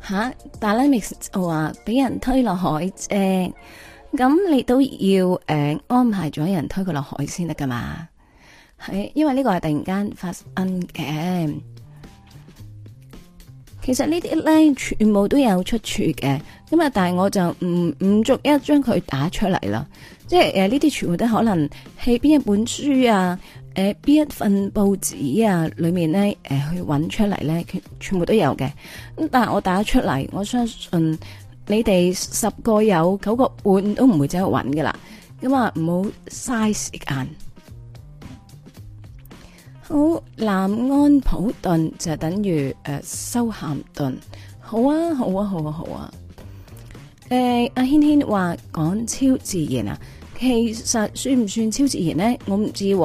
吓。但係 Alex 話俾人推落海啫，咁你都要誒、呃、安排咗人推佢落海先得噶嘛？係因為呢個係突然間發生嘅。其實呢啲咧，全部都有出處嘅，咁啊，但係我就唔唔逐一將佢打出嚟啦，即係誒呢啲全部都可能喺邊一本書啊，誒、呃、邊一份報紙啊裏面咧誒、呃、去揾出嚟咧，全全部都有嘅咁。但係我打出嚟，我相信你哋十個有九個半都唔會走去揾噶啦，咁啊唔好嘥時間。好南安普頓就等於誒修咸頓，好啊好啊好啊好啊！誒阿軒軒話講超自然啊，其實算唔算超自然呢？我唔知咁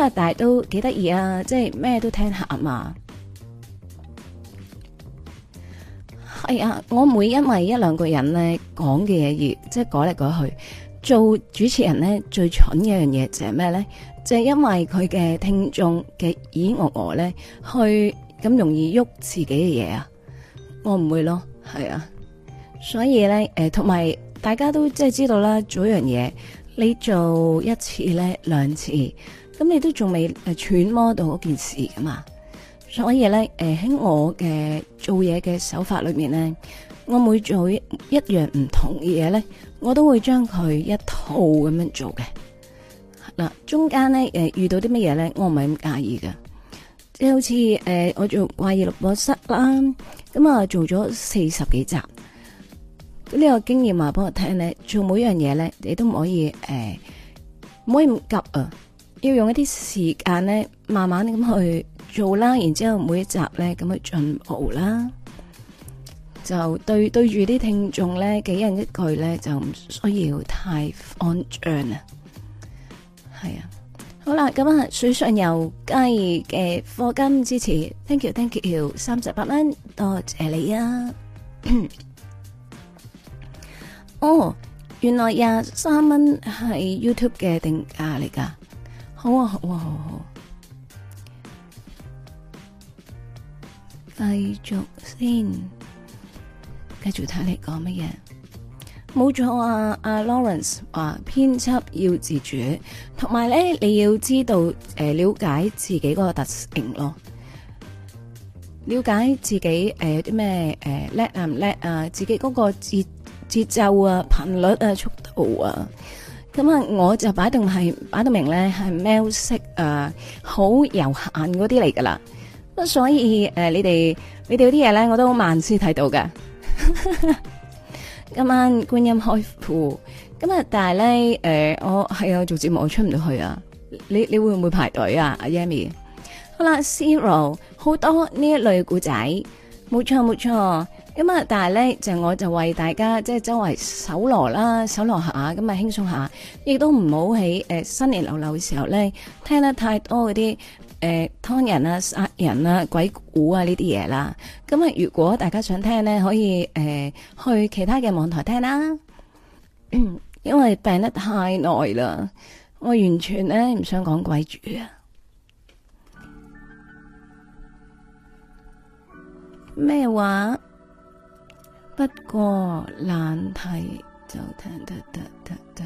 啊，但係都幾得意啊！即係咩都聽下嘛。係啊，我唔會因為一兩個人咧講嘅嘢，而即係改嚟改去，做主持人咧最蠢嘅一樣嘢就係咩咧？就係因為佢嘅聽眾嘅耳訛訛咧，去咁容易喐自己嘅嘢啊，我唔會咯，係啊，所以咧，誒、呃，同埋大家都即係知道啦，做一樣嘢，你做一次咧，兩次，咁你都仲未誒揣摩到嗰件事噶嘛，所以咧，誒、呃，喺我嘅做嘢嘅手法裏面咧，我每做一,一樣唔同嘅嘢咧，我都會將佢一套咁樣做嘅。嗱，中間咧，誒，遇到啲乜嘢咧，我唔係咁介意嘅。即係好似，誒、呃，我做怪異錄播室啦，咁啊，做咗四十幾集，呢、這個經驗啊，話俾我聽咧，做每樣嘢咧，你都唔可以，誒、呃，唔可以唔急啊，要用一啲時間咧，慢慢咁去做啦，然之後每一集咧，咁去進步啦，就對對住啲聽眾咧，幾人一句咧，就唔需要太慌張啊。係啊，好啦，咁啊，水上游雞嘅課金支持，thank you，thank you，三十八蚊，多謝你啊！哦，原來廿三蚊係 YouTube 嘅定價嚟㗎，好，好，好，繼續先，繼續睇你講乜嘢。冇錯啊！阿、啊、Lawrence 話編輯要自主，同埋咧你要知道誒、呃、了解自己嗰個特性咯，了解自己誒有啲咩誒叻啊唔叻啊，自己嗰個節節奏啊頻率啊速度啊，咁啊我就擺定係擺到明咧係喵式啊好悠閒嗰啲嚟噶啦，咁所以誒、呃、你哋你哋嗰啲嘢咧我都好慢先睇到噶。 今晚觀音開庫，咁啊！但係咧，誒、呃，我係啊、哎、做節目，我出唔到去啊！你你會唔會排隊啊，阿 Yami？好啦，Zero 好多呢一類嘅故仔，冇錯冇錯。咁啊！但係咧，就我就為大家即係周圍搜羅啦，搜羅下咁啊，輕鬆下，亦都唔好喺誒新年流流嘅時候咧，聽得太多嗰啲。誒，劏人啊，殺人啊，鬼故啊呢啲嘢啦，咁啊，如果大家想聽呢，可以誒去其他嘅網台聽啦。 因為病得太耐啦，我完全呢唔想講鬼住啊。咩話？不過難睇就聽得得得得。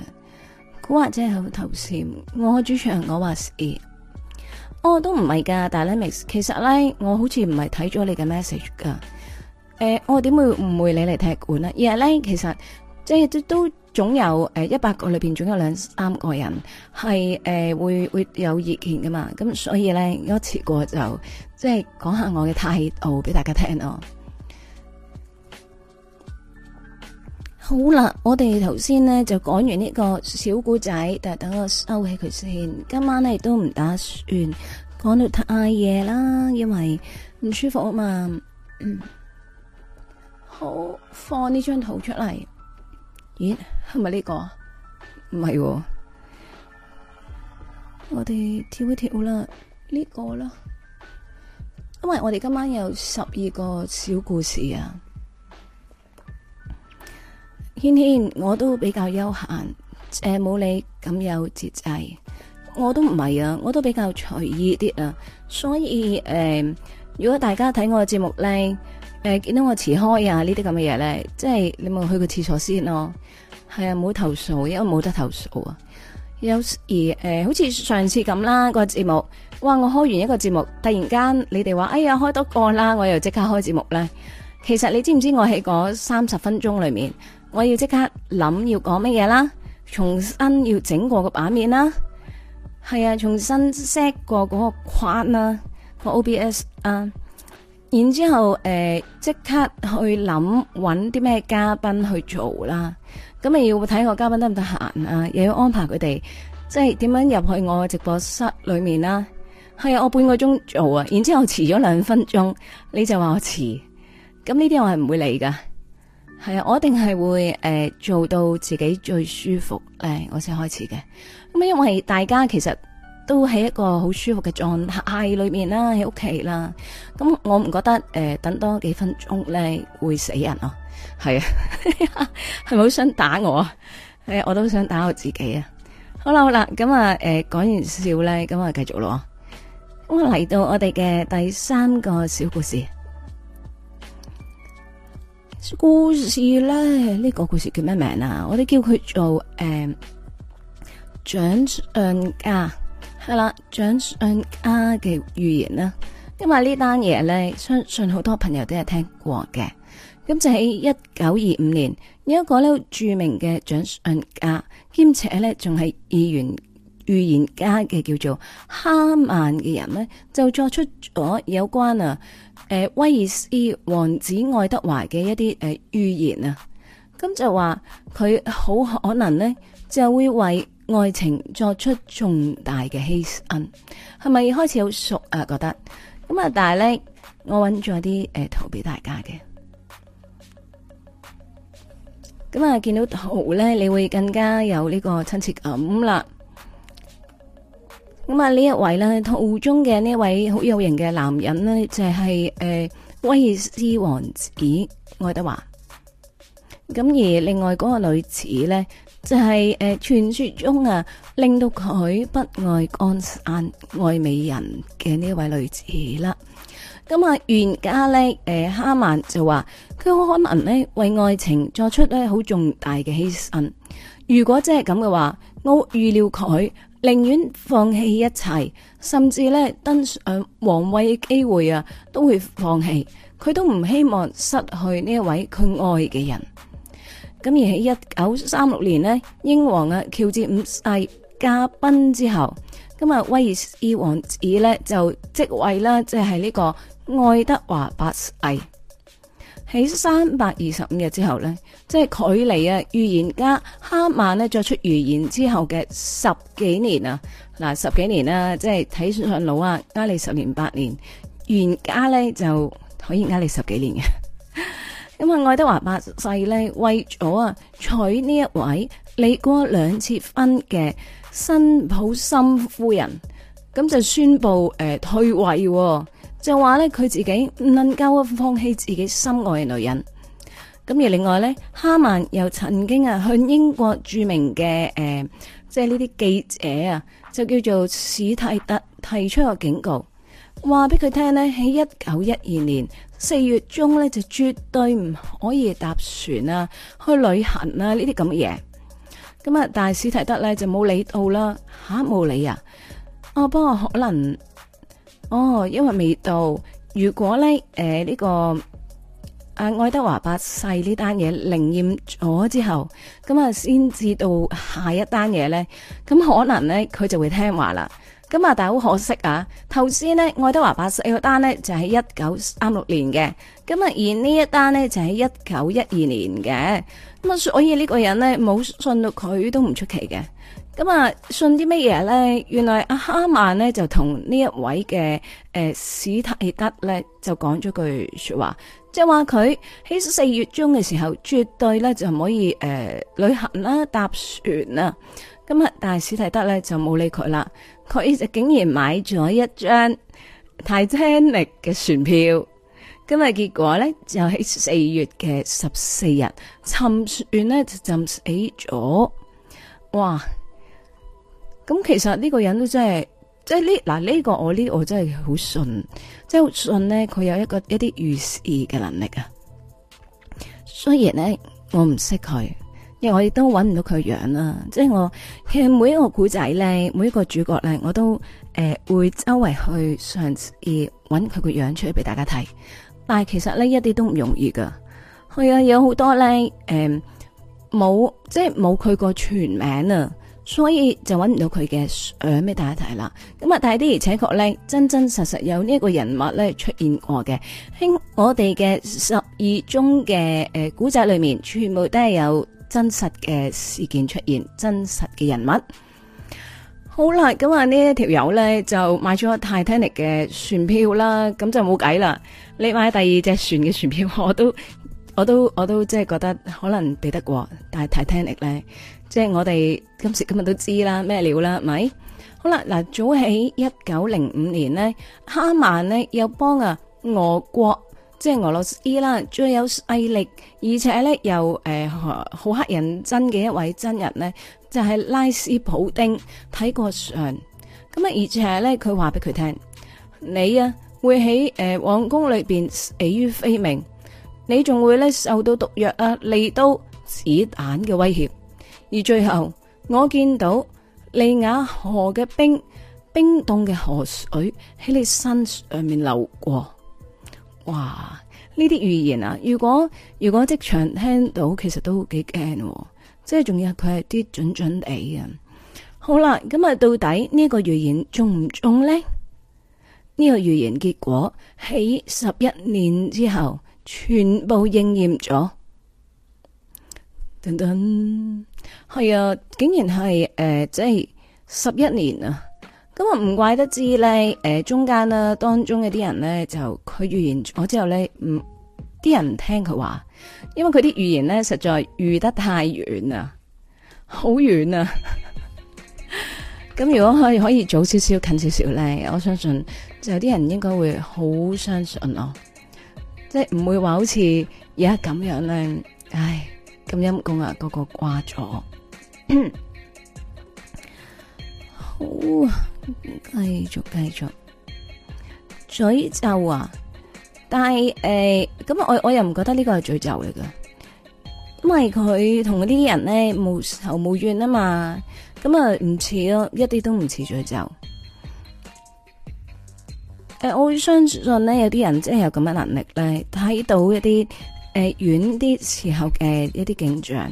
古惑仔係咪頭先，我主場，我話是。我、哦、都唔係噶，但係呢 mix 其實咧，我好似唔係睇咗你嘅 message 噶。誒、呃，我、哦、點會誤會你嚟踢館咧？而係咧，其實即係都總有誒一百個裏邊總有兩三個人係誒、呃、會會有意見噶嘛。咁所以咧，我切過就即係講下我嘅態度俾大家聽咯。好啦，我哋頭先呢就講完呢個小古仔，但係等我收起佢先。今晚呢都唔打算講到太夜啦，因為唔舒服啊嘛。 好，放呢張圖出嚟。咦，係咪呢個？唔係，我哋跳一跳啦，呢個啦。因為我哋今晚有十二個小故事啊。軒軒我都比較悠閒，誒冇你咁有節制，我都唔係啊，我都比較隨意啲啊。所以誒、呃，如果大家睇我嘅節目咧，誒、呃、見到我遲開啊呢啲咁嘅嘢咧，即係你冇去個廁所先咯。係啊，冇投訴，因為冇得投訴啊。有時誒，好似、呃、上次咁啦、那個節目，哇！我開完一個節目，突然間你哋話哎呀開多個啦，我又即刻開節目咧。其實你知唔知我喺嗰三十分鐘裏面？我要即刻諗要講乜嘢啦，重新要整個個版面啦，係啊，重新 set 過嗰個框啦，個 OBS 啊，然之後誒，呃，即刻去諗揾啲咩嘉賓去做啦，咁你要睇我嘉賓得唔得閒啊，又要安排佢哋，即係點樣入去我嘅直播室裏面啦，係啊，我半個鐘做啊，然之後遲咗兩分鐘，你就話我遲，咁呢啲我係唔會嚟噶。係啊，我一定係會誒、呃、做到自己最舒服誒、欸，我先開始嘅。咁因為大家其實都喺一個好舒服嘅狀態裏面啦，喺屋企啦。咁我唔覺得誒、呃、等多幾分鐘咧會死人咯。係啊，係咪好想打我啊？係啊，我都想打我自己啊。好啦好啦，咁啊誒講完笑咧，咁我繼續咯。咁我嚟到我哋嘅第三個小故事。故事咧，呢、這個故事叫咩名啊？我哋叫佢做誒、嗯，掌相家係啦，掌相家嘅預言啦。因為這呢單嘢咧，相信好多朋友都有聽過嘅。咁就喺一九二五年，有一個咧著名嘅掌相家，兼且咧仲係議員、預言家嘅，叫做哈曼嘅人咧，就作出咗有關啊。誒，威爾斯王子愛德華嘅一啲誒預言啊，咁就話佢好可能呢就會為愛情作出重大嘅犧牲，係咪開始好熟啊？覺得咁啊，但係咧我揾咗啲誒圖俾大家嘅，咁啊見到圖咧你會更加有呢個親切感啦。咁啊，呢一位咧，途中嘅呢一位好有型嘅男人呢，就係、是、誒、呃、威爾斯王子愛德華。咁而另外嗰個女子呢，就係誒傳說中啊令到佢不愛江山愛美人嘅呢一位女子啦。咁、嗯、啊，袁嘉呢誒、呃、哈曼就話佢好可能呢，為愛情作出呢好重大嘅犧牲。如果真係咁嘅話，我預料佢。寧願放棄一切，甚至咧登上皇位嘅機會啊，都會放棄。佢都唔希望失去呢一位佢愛嘅人。咁而喺一九三六年咧，英皇啊喬治五世駕崩之後，咁啊威爾士王子咧就即位啦，即係呢個愛德華八世。喺三百二十五日之後咧。即係距離啊，預言家哈曼呢作出預言之後嘅十幾年啊，嗱十幾年啦，即係睇上老啊，加你十年八年，預言家呢，就可以加你十幾年嘅。因為愛德華八世呢，為咗啊娶呢一位離過兩次婚嘅辛普森夫人，咁就宣布誒、呃、退位、哦，就話呢，佢自己唔能夠放棄自己心愛嘅女人。咁而另外咧，哈曼又曾經啊向英國著名嘅，誒、呃，即係呢啲記者啊，就叫做史蒂德提出個警告，話俾佢聽咧，喺一九一二年四月中咧就絕對唔可以搭船啊去旅行啊呢啲咁嘅嘢。咁啊，啊，但係史蒂德咧就冇理到啦，吓冇理啊，哦，不過可能，哦，因為未到，如果咧誒呢、呃這個。啊，愛德華八世呢單嘢靈驗咗之後，咁啊，先至到下一單嘢呢。咁可能呢，佢就會聽話啦。咁啊，但係好可惜啊，頭先呢，愛德華八世單呢就喺一九三六年嘅，咁啊而呢一單呢，就喺一九一二年嘅，咁啊所以呢個人呢，冇信到佢都唔出奇嘅。咁啊，信啲乜嘢咧？原來阿哈曼呢，就同呢一位嘅誒、呃、史提德咧就講咗句說話，即係話佢喺四月中嘅時候絕對咧就唔可以誒、呃、旅行啦、搭船啦。咁啊，但係史提德咧就冇理佢啦，佢就竟然買咗一張泰坦尼克嘅船票。咁啊，結果咧就喺四月嘅十四日沉船呢，就浸死咗，哇！咁其實呢個人都真係，即係呢嗱呢個我呢、這個、我真係好信，即係好信呢佢有一個一啲預示嘅能力啊。雖然呢我唔識佢，因為我亦都揾唔到佢樣啦、啊。即係我其實每一個古仔呢，每一個主角呢，我都誒、呃、會周圍去嘗試揾佢個樣出嚟俾大家睇。但係其實呢，一啲都唔容易噶，因為、啊、有好多呢，誒、嗯、冇，即係冇佢個全名啊。所以就揾唔到佢嘅相俾大家睇啦。咁啊，但係啲而且確咧，真真實實有呢一個人物咧出現過嘅。喺，我哋嘅十二宗嘅誒古仔裏面，全部都係有真實嘅事件出現，真實嘅人物。好啦，咁啊呢一條友咧就買咗 Titanic 嘅船票啦，咁就冇計啦。你買第二隻船嘅船票我都。 我都我都即係覺得可能比得過，但係太 Titanic 呢，咧。即係我哋今時今日都知啦咩料啦，係咪好啦嗱。早喺一九零五年呢，哈曼呢又幫啊俄國，即係俄羅斯啦，最有勢力而且呢又誒好乞人憎嘅一位真人呢，就係、是、拉斯普丁睇過相咁啊，而且呢，佢話俾佢聽，你啊會喺誒皇宮裏邊死於非命。你仲會咧受到毒藥啊、利刀、子彈嘅威脅，而最後我見到利雅河嘅冰冰凍嘅河水喺你身上面流過。哇！呢啲預言啊，如果如果即場聽到，其實都幾驚，即係仲要佢係啲準準地嘅。好啦，咁啊，到底呢個預言中唔中呢？呢個預言結果喺十一年之後。全部應驗咗，等等，係啊，竟然係誒、呃，即係十一年啊！咁啊，唔怪得知呢，誒、呃，中間啊當中嘅啲人呢，就佢預言咗之後呢，唔啲人唔聽佢話，因為佢啲預言呢，實在預得太遠啊，好遠啊！咁 如果佢可，可以早少少近少少呢，我相信就有啲人應該會好相信咯。即係唔會話好似而家咁樣咧，唉，咁陰公啊，個個掛咗， 好，繼續繼續，詛咒啊！但係誒，咁、呃、我我又唔覺得呢個係詛咒嚟噶，因為佢同嗰啲人咧無仇無怨啊嘛，咁啊唔似咯，一啲都唔似詛咒。誒、呃，我會相信咧，有啲人真係有咁嘅能力咧，睇到一啲誒遠啲時候嘅一啲景象。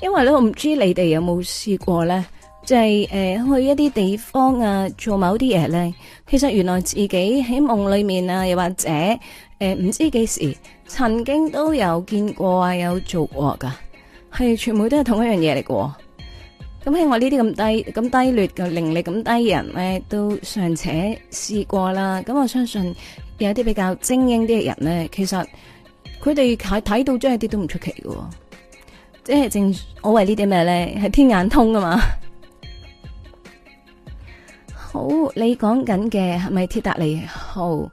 因為咧，我唔知你哋有冇試過咧，即係誒去一啲地方啊，做某啲嘢。咧其實原來自己喺夢裏面啊，又或者誒唔、呃、知幾時曾經都有見過啊，有做過噶係全部都係同一樣嘢嚟喎。咁希望呢啲咁低、咁低劣嘅能力，咁低嘅人咧，都尚且試過啦。咁我相信有啲比較精英啲嘅人咧，其實佢哋睇睇到真係啲都唔出奇喎。即係正，我為呢啲咩咧？係天眼通啊嘛。好，你講緊嘅係咪鐵達尼號？是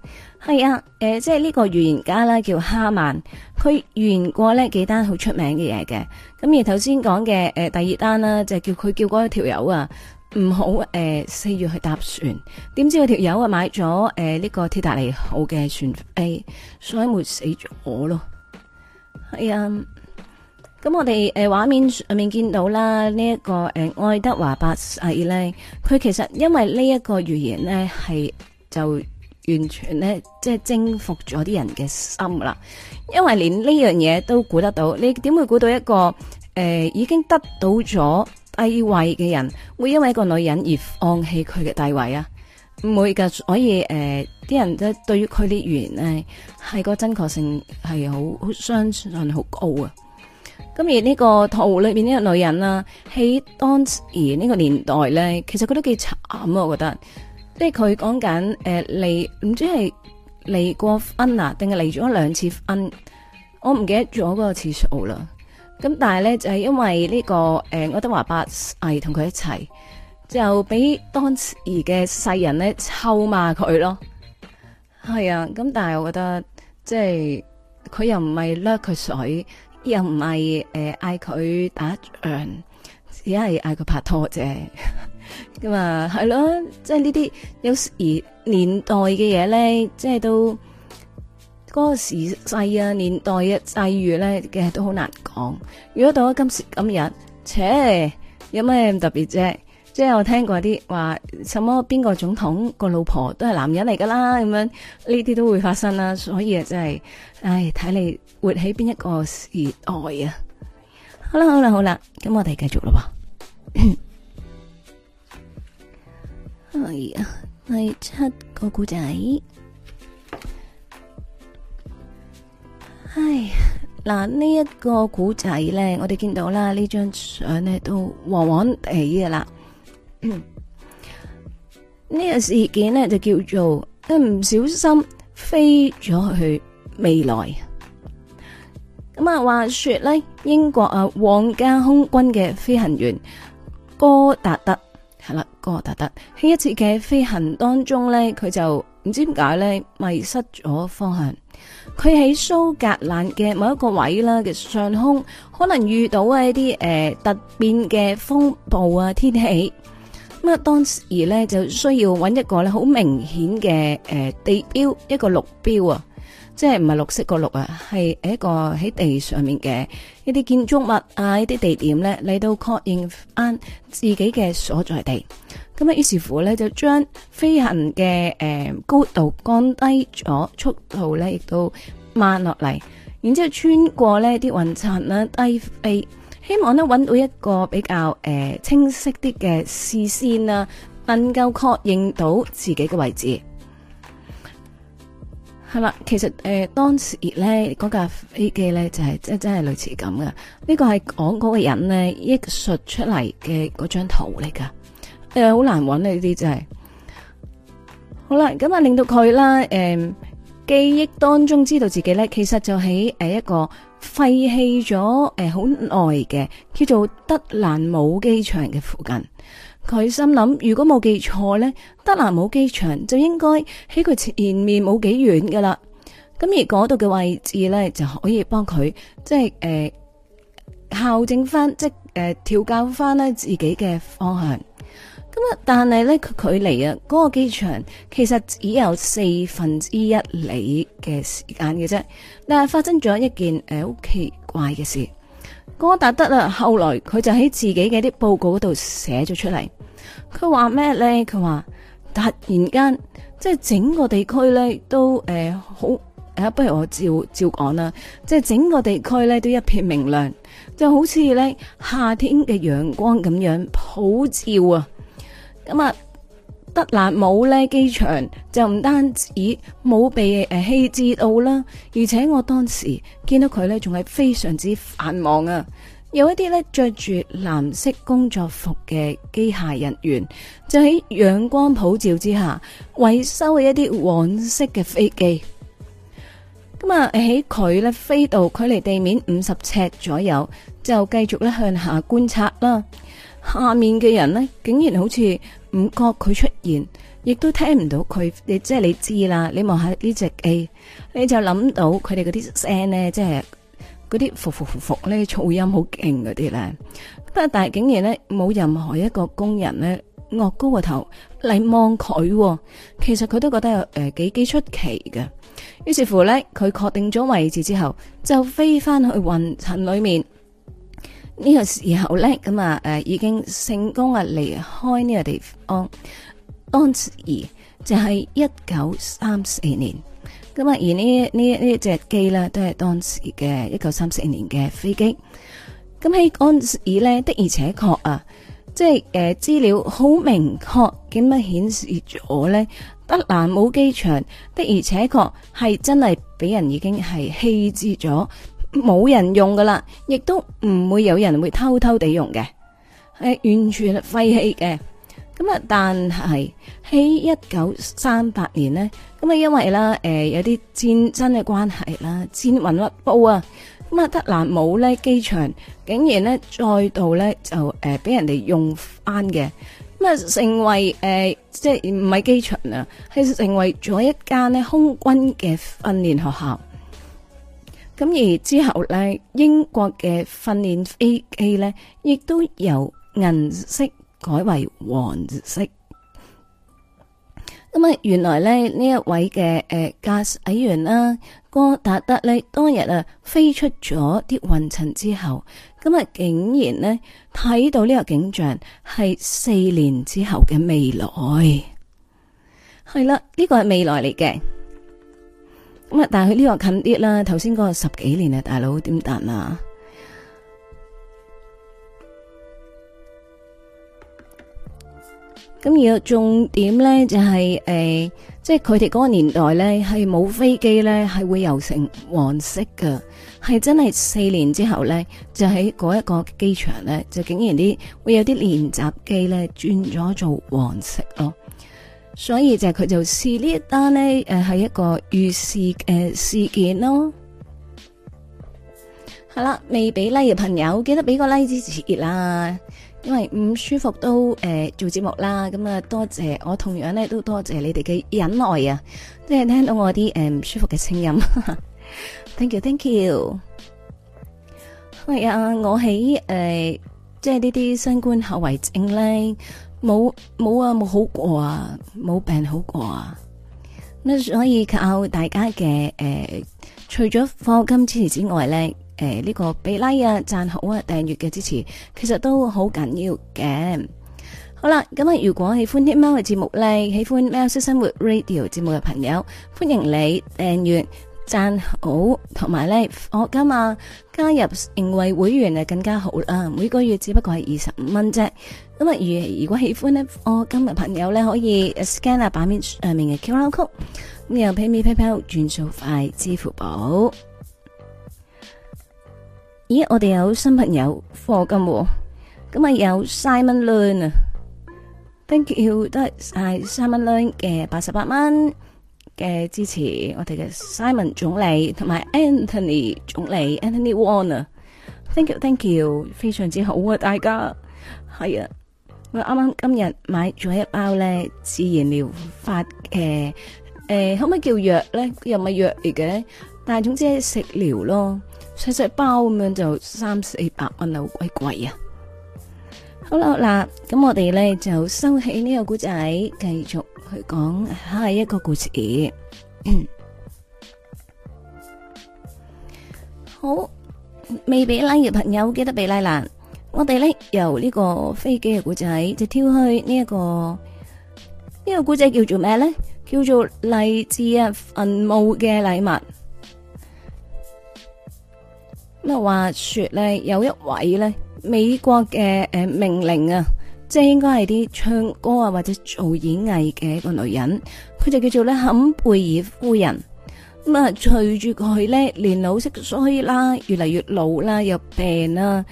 係啊，誒、呃，即係呢個預言家啦，叫哈曼，佢預言過呢幾單好出名嘅嘢嘅，咁而頭先講嘅誒第二單啦，就係、是、叫佢叫嗰條友啊，唔好誒四月去搭船，點知佢條友啊買咗誒呢個鐵達尼號嘅船，所以咪死咗咯，係啊，咁我哋誒畫面上面見到啦，呢一個誒愛德華八世咧，佢其實因為呢一個預言咧係就。完全咧，即係征服咗啲人嘅心啦。因為連呢樣嘢都估得到，你點會估到一個誒、呃、已經得到咗帝位嘅人會因為一個女人而放棄佢嘅帝位啊？唔會噶，所以誒啲、呃、人咧對於佢啲預言係係個真確性係好好相信好高啊。咁而呢個圖裏邊呢個女人啦、啊，喺當時呢個年代咧，其實佢都幾慘啊，我覺得。即係佢講緊誒離唔知係離過婚啊，定係離咗兩次婚，我唔記得咗嗰個次數啦。咁但係咧就係因為呢個誒，愛德華八世同佢一齊，就俾當時嘅世人咧臭罵佢咯。係啊，咁但係我覺得即係佢又唔係掠佢水，又唔係誒嗌佢打仗，只係嗌佢拍拖啫。 咁啊，係咯、嗯，即係呢啲有時年代嘅嘢咧，即係都嗰個時勢啊、年代啊、際遇咧嘅都好難講。如果到咗今時今日，切有咩咁特別啫？即係我聽過啲話，什麼邊個總統個老婆都係男人嚟㗎啦，咁樣呢啲都會發生啦。所以真、就、係、是，唉，睇你活喺邊一個時代啊！好啦，好啦，好啦，咁我哋繼續啦喎。 係啊，第、哎、七個古仔。唉，嗱、這個，呢一個古仔咧，我哋見到啦，呢張相呢，都黃黃地嘅啦。呢、 這個事件呢，就叫做唔小心飛咗去未來。咁啊，話說呢，英國啊皇家空軍嘅飛行員哥達德。哥特特喺一次嘅飛行當中呢，佢就唔知點解呢，迷失咗方向。佢喺蘇格蘭嘅某一個位啦嘅上空，可能遇到一啲誒、呃、突變嘅風暴啊天氣。咁啊，當時呢就需要揾一個呢好明顯嘅誒地標，一個路標啊。即係唔係綠色個綠啊，係一個喺地上面嘅一啲建築物啊，一啲地點咧，嚟到確認返自己嘅所在地。咁啊，於是乎咧就將飛行嘅誒、呃、高度降低咗，速度咧亦都慢落嚟，然之後穿過呢啲雲層啦、啊、低飛，希望呢搵到一個比較誒、呃、清晰啲嘅視線啊，能夠確認到自己嘅位置。係啦，其實誒、呃，當時咧嗰架飛機咧就係即係真係類似咁噶這個、廣告呢個係講嗰個人咧憶述出嚟嘅嗰張圖嚟噶誒、呃，好難揾啊！呢啲真係好啦，咁啊，令到佢啦，誒、呃，記憶當中知道自己咧，其實就喺誒一個廢棄咗誒好耐嘅，叫做德蘭姆機場嘅附近。佢心諗，如果冇記錯咧，德蘭姆機場就應該喺佢前面冇幾遠噶啦。咁而嗰度嘅位置咧，就可以幫佢即係誒校正翻，即係誒調校翻咧自己嘅方向。咁啊，但係咧佢距離啊嗰個機場其實只有四分之一里嘅時間嘅啫。但係發生咗一件誒好奇怪嘅事。哥達德啦，後來佢就喺自己嘅啲報告嗰度寫咗出嚟。佢話咩呢？佢話突然間，即係整個地區呢都誒好誒，不如我照照講啦。即係整個地區呢都一片明亮，就好似呢夏天嘅陽光咁樣普照啊。咁啊。德蘭姆呢機場就唔單止冇被誒棄置到啦，而且我當時見到佢呢，仲係非常之繁忙啊！有一啲呢，着住藍色工作服嘅機械人員，就喺陽光普照之下，維修嘅一啲黃色嘅飛機。咁啊，喺佢呢飛到距離地面五十尺左右，就繼續咧向下觀察啦。下面嘅人咧，竟然好似唔覺佢出現，亦都聽唔到佢。你即係你知啦，你望下呢隻 A，你就諗到佢哋嗰啲聲咧，即係嗰啲複複複複咧，噪音好勁嗰啲咧。不，但係竟然咧，冇任何一個工人咧，惡高個頭嚟望佢，哦。其實佢都覺得有誒幾幾出奇嘅。於是乎咧，佢確定咗位置之後，就飛返去雲層裏面。呢個時候咧咁啊，誒、嗯、已經成功啊，離開呢個地方。當時就係一九三四年，咁、嗯、啊，而呢呢呢隻機呢都係當時嘅一九三四年嘅飛機。咁喺安爾呢的而且確啊，即係誒、呃、資料好明確，點樣顯示咗呢德蘭姆機場的而且確係真係俾人已經係棄置咗。冇人用噶啦，亦都唔會有人會偷偷地用嘅，係完全廢棄嘅。咁啊，但係喺一九三八年呢，咁啊，因為啦，誒、呃，有啲戰爭嘅關係啦，戰雲密布啊，咁啊，德蘭姆呢機場竟然呢再度呢就誒俾、呃、人哋用翻嘅，咁啊，成為誒、呃、即係唔係機場啦，係成為咗一間呢空軍嘅訓練學校。咁而之後呢，英國嘅訓練飛機呢亦都由銀色改為黃色。咁、嗯、啊，原來呢，呢一位嘅誒駕駛員啦，哥、呃、達 德、德呢，當日啊飛出咗啲雲層之後，咁、嗯、啊竟然呢睇到呢個景象係四年之後嘅未來，係啦，呢個係未來嚟嘅。咁啊！但係佢呢個近啲啦，頭先嗰個十幾年啊，大佬點答啊？咁而個重點咧就係、是、誒，即係佢哋嗰個年代咧係冇飛機咧係會油成黃色嘅，係真係四年之後咧就喺嗰一個機場咧就竟然啲會有啲練習機咧轉咗做黃色咯。所以就係佢就試呢一單呢誒，係一個預示誒、呃、事件咯。係啦，未俾 like 嘅朋友記得俾個 like 支持啦，因為唔舒服都誒、呃、做節目啦。咁啊，多謝，我同樣咧都多謝你哋嘅忍耐啊，即係聽到我啲誒唔舒服嘅聲音。 thank you, thank you。係、哎、啊，我喺誒即係呢啲新冠後遺症咧。冇冇啊，冇好過啊，冇病好過啊。咁所以靠大家嘅誒、呃、除咗課金支持之外咧誒呢、呃這個俾 like 啊，讚好啊，訂閱嘅支持其實都好緊要嘅。好啦咁啊、嗯、如果喜歡天喵嘅節目咧喜歡喵式生活 radio 節目嘅朋友歡迎你訂閱。讚好，同埋咧，我今日、啊、加入成為會員啊，更加好啦！每個月只不過係二十五蚊啫。咁啊，如如果喜歡呢，我今日朋友咧可以 scan 啊，版面上面嘅 QR code，咁又 Pay Me PayPal，轉數快，支付寶。咦，我哋有新朋友課金、啊，咁啊有 Simon Learn 啊，thank you，都係 Simon Learn 嘅八十八蚊。嘅支持，我哋嘅 Simon 總理同埋 Anthony 總理 Anthony Warner，thank you thank you，非常之好啊，大家，係啊，我啱啱今日買咗一包咧自然療法，嘅、呃，誒可唔可以叫藥咧？又唔係藥嚟嘅，但係總之係食療咯，細細包咁樣就三四百蚊，好鬼貴,貴啊！好啦，嗱，咁我哋咧就收起呢個故仔，繼續去講下一個故事。好，未俾 like 嘅朋友記得俾 like 啦。我哋咧由呢個飛機嘅故仔，就跳去呢一個呢個故仔叫做咩咧？叫做來自墳墓嘅禮物。咁啊，話説咧，有一位咧。美國嘅誒名伶啊，即係應該係啲唱歌啊或者做演藝嘅一個女人，佢就叫做咧坎貝爾夫人。咁啊，隨住佢咧年老色衰啦，越嚟越老啦，又病啦，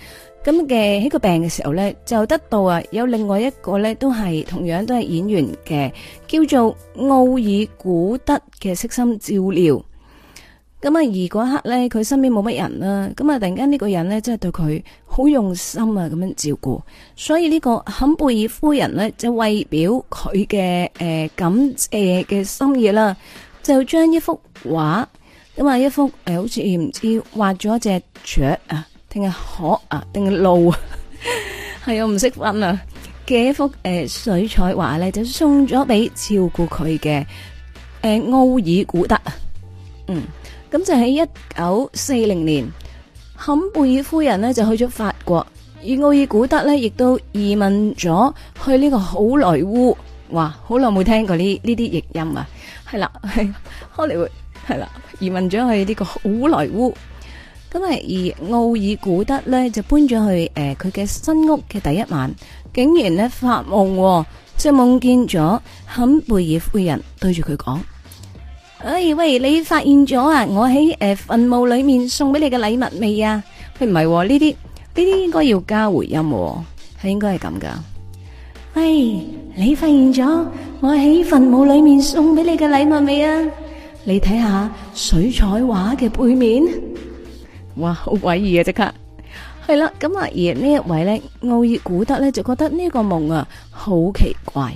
咁嘅喺個病嘅時候咧，就得到啊有另外一個咧都係同樣都係演員嘅，叫做奧爾古德嘅悉心照料。咁啊，而嗰一刻咧，佢身邊冇乜人啦。咁啊，突然間呢個人咧，真係對佢好用心啊，咁樣照顧。所以呢個坎貝爾夫人咧，就為表佢嘅誒感謝嘅心意啦，就將一幅畫，咁啊一幅誒、呃，好似唔知畫咗隻雀啊，定係鶴啊，定係路啊，係 啊、哎，唔識分啊嘅一幅誒、呃、水彩畫咧，就送咗俾照顧佢嘅誒奧爾古德，嗯。咁就喺一九四零年，坎貝爾夫人呢就去咗法國，而奧爾古德呢亦都移民咗去呢個好萊塢。哇，好耐冇聽過呢呢啲譯音啊！係啦，係荷里活，係啦，移民咗去呢個好萊塢。咁啊，而奧爾古德呢就搬咗去誒佢嘅新屋嘅第一晚，竟然呢發夢，就夢見咗坎貝爾夫人對住佢講。哎喂，你發現咗啊？我喺誒墳墓裏面送俾你嘅禮物未啊？佢唔係呢啲，呢啲應該要加回音，佢應該係咁噶。喂，你發現咗我喺墳墓裏面送俾你嘅禮物未啊？你睇下水彩畫嘅背面，哇，好詭異啊！即刻係啦，咁阿爺呢一位咧奧爾古德咧就覺得呢個夢啊好奇怪。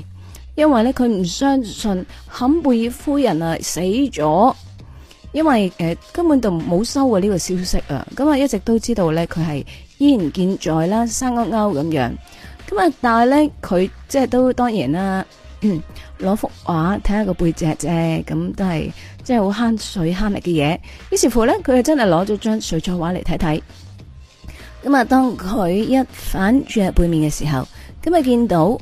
因為咧佢唔相信坎貝爾夫人啊死咗，因為誒、呃、根本就冇收過呢個消息啊，咁啊一直都知道咧佢係依然健在啦，生勾勾咁樣，咁啊但係咧佢即係都當然啦，攞幅畫睇下個背脊啫，咁都係即係好慳水慳力嘅嘢。於是乎咧，佢啊真係攞咗張水彩畫嚟，睇睇。咁啊，當佢一反轉入背面嘅時候，咁啊見到。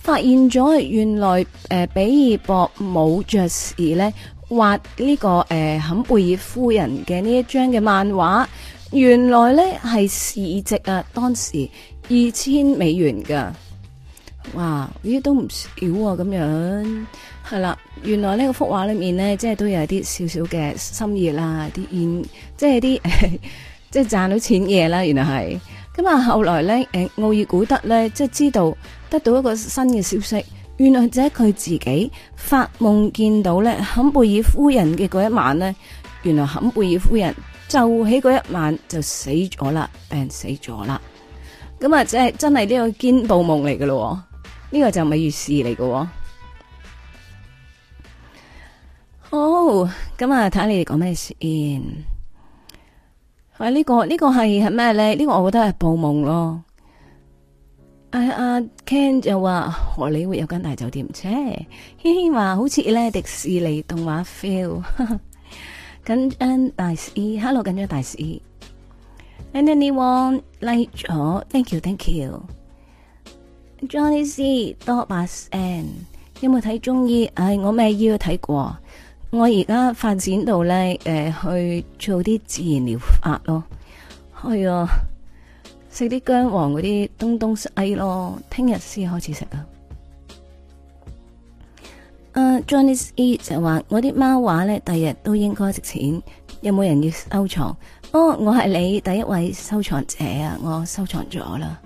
發現咗原來誒、呃，比爾博姆爵士咧畫呢、這個誒，坎、呃、貝爾夫人嘅呢一張嘅漫畫，原來咧係市值啊，當時二千美元噶，哇，咦都唔少啊！咁樣係啦，原來呢個幅畫裏面呢，即係都有啲少少嘅心意啦，啲現即係啲 即係賺到錢嘢啦，原來係咁啊！後來咧，誒、呃，奧爾古德咧，即係知道。得到一個新嘅消息，原來就係佢自己發夢見到咧坎貝爾夫人嘅嗰一晚咧，原來坎貝爾夫人就喺嗰一晚就死咗啦，病死咗啦。咁啊，即係真係呢個堅報夢嚟嘅咯，呢、這個就唔係預示嚟嘅。好，咁啊睇下你哋講咩先。啊，這個這個、呢個呢個係係咩咧？呢、這個我覺得係報夢咯。誒，阿 Ken 就話荷里活有間大酒店，啫。軒軒話好似咧迪士尼動畫 feel。緊張大使，hello，緊張大使。And Anyone like 咗？Thank you，Thank you。Johncy，多巴胺。有冇睇中醫？誒，我咩醫都睇過。我而家發展到咧，誒，去做啲自然療法咯。係啊。食啲薑黃嗰啲東東西咯，聽日先開始食啊！啊、uh,，Johnny n E 就話我啲貓的話我啲貓畫咧，第日都應該值錢，有冇人要收藏？哦、oh,，我係你第一位收藏者啊，我收藏咗啦。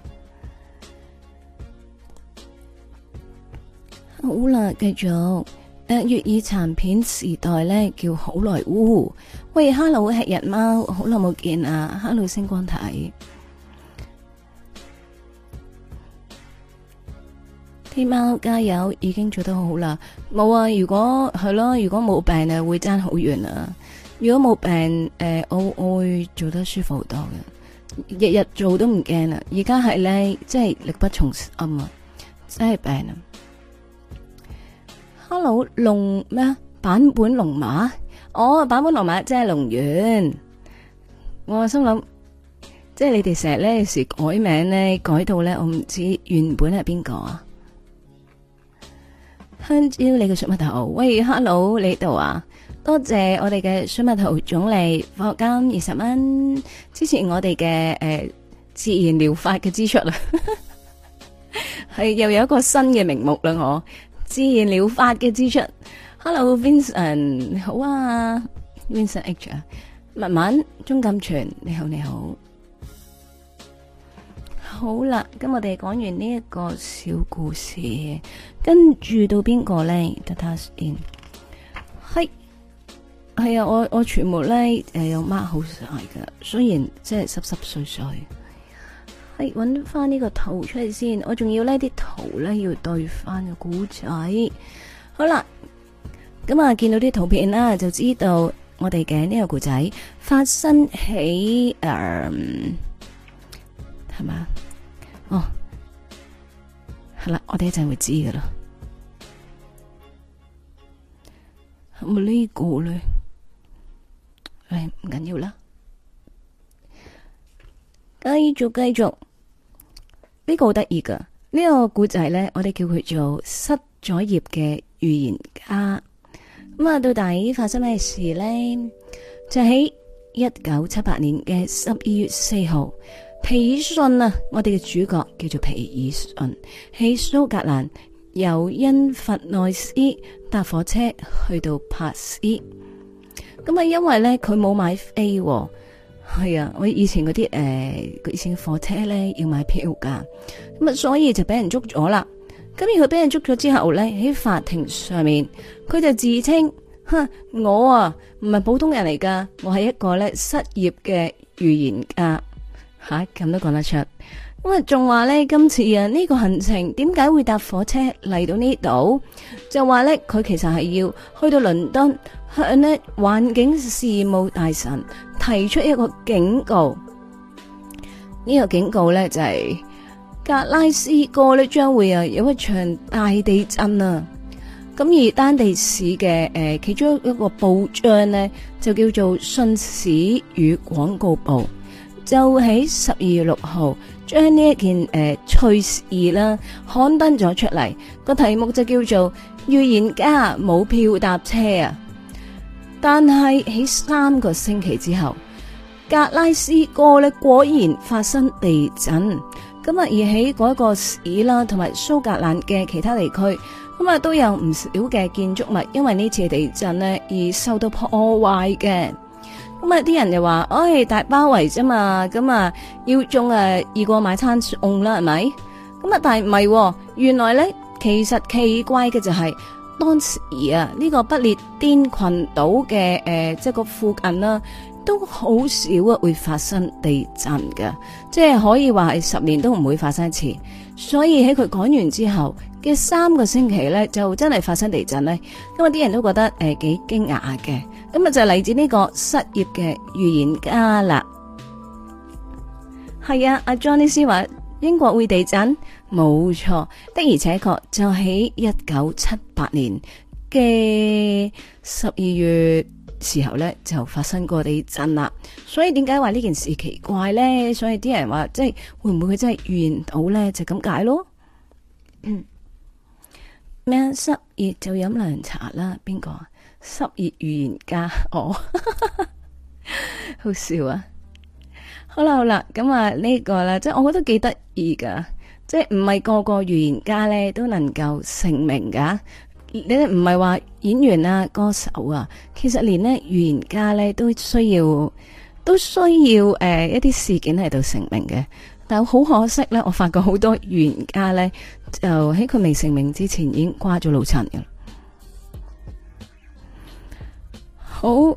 好啦，繼續。誒，粵語殘片時代咧叫好萊塢。喂，Hello，吃日貓，好耐冇見啊！Hello，星光體。天喵加油，已經做得好好啦。冇啊，如果係咯，如果冇病啊，會爭好遠啊。如果冇病，誒、呃，我我會做得舒服好多嘅。日日做都唔驚啦。而家係咧，即係力不從心啊，真係病啊。Hello 龍咩版本龍馬？我、oh, 版本龍馬即係龍源。我心諗，即係你哋成日咧，有時改名咧，改到咧，我唔知原本係邊個啊。香蕉你頭，你個水蜜桃喂，Hello 你度啊，多謝我哋嘅水蜜桃總理課金二十蚊。之前我哋嘅誒自然療法嘅支出啊，係 又有一個新嘅名目啦，我自然療法嘅支出，Hello Vincent 你好啊，Vincent H 文文鍾錦泉，你好你好。好啦，咁我哋講完呢一個小故事，跟住到邊個咧？得睇下先。係係啊，我我全部咧誒、呃、有 mark 好晒嘅，雖然即係濕濕碎碎。係搵翻呢個圖出嚟先，我仲要呢啲圖咧要對翻個故仔。好啦，咁啊見到啲圖片啦，就知道我哋嘅呢個故仔發生喺誒係嘛？嗯哦，係啦，我哋一陣會知噶啦。咁啊呢個咧，誒唔緊要啦，繼續繼續。繼續這個的這個、呢個好得意噶呢個古仔咧，我哋叫佢做失咗業嘅預言家。咁啊，到底發生咩事咧？就喺一九七八年嘅十二月四號。皮爾遜啊，我哋嘅主角叫做皮爾遜，喺蘇格蘭由因弗內斯搭火車去到帕斯。咁啊，因為咧佢冇買飛，係啊，我以前嗰啲，誒，以前嘅，呃，火車咧要買票噶，咁啊，所以就俾人捉咗啦。咁而佢俾人捉咗之後咧，喺法庭上面，佢就自稱：哼，我啊唔係普通人嚟噶，我係一個咧失業嘅預言家。吓咁、啊、都講得出，咁啊仲話咧今次啊呢個行程點解會搭火車嚟到呢度？就話咧佢其實係要去到倫敦向呢環境事務大臣提出一個警告。呢、這個警告咧就係、是、格拉斯哥呢將會啊有一場大地震啊！咁而丹地市嘅誒、呃、其中一個報章呢，就叫做信使與廣告報就喺十二月六號，將呢一件誒趣事啦刊登咗出嚟，個題目就叫做預言家冇票搭車啊！但係喺三個星期之後，格拉斯哥呢果然發生地震，咁啊而喺嗰個市啦，同埋蘇格蘭嘅其他地區，咁啊都有唔少嘅建築物，因為呢次地震呢而受到破壞嘅。咁啊！啲人又話：哎，大包圍啫嘛，咁啊，要仲誒易過買餐餸啦，係咪？咁啊，但係唔係，原來咧，其實奇怪嘅就係當時啊，呢個不列顛群島嘅誒，即係個附近啦，都好少啊會發生地震㗎，即係可以話係十年都唔會發生一次。所以喺佢講完之後嘅三個星期咧，就真係發生地震咧，咁啊，啲人都覺得誒幾驚訝嘅。咁啊，就嚟自呢個失業嘅預言家啦。係 啊，阿 Johnny C 話英國會地震，冇錯，的而且確就喺一九七八年嘅十二月時候呢就發生過地震啦。所以點解話呢件事奇怪呢？所以啲人話，即係會唔會佢真係預言到呢？就咁、是、解咯。咩、嗯？失業就飲涼茶啦，邊個？失業預言家，我、oh, 好笑啊！好啦好啦，咁啊呢個咧，即係我覺得幾得意噶，即係唔係個個預言家呢都能夠成名噶。你哋唔係話演員啊、歌手啊，其實連呢預言家呢都需要都需要誒、呃、一啲事件喺度成名嘅。但係好可惜呢，我發覺好多預言家呢就喺佢未成名之前已經瓜咗老襯嘅。好，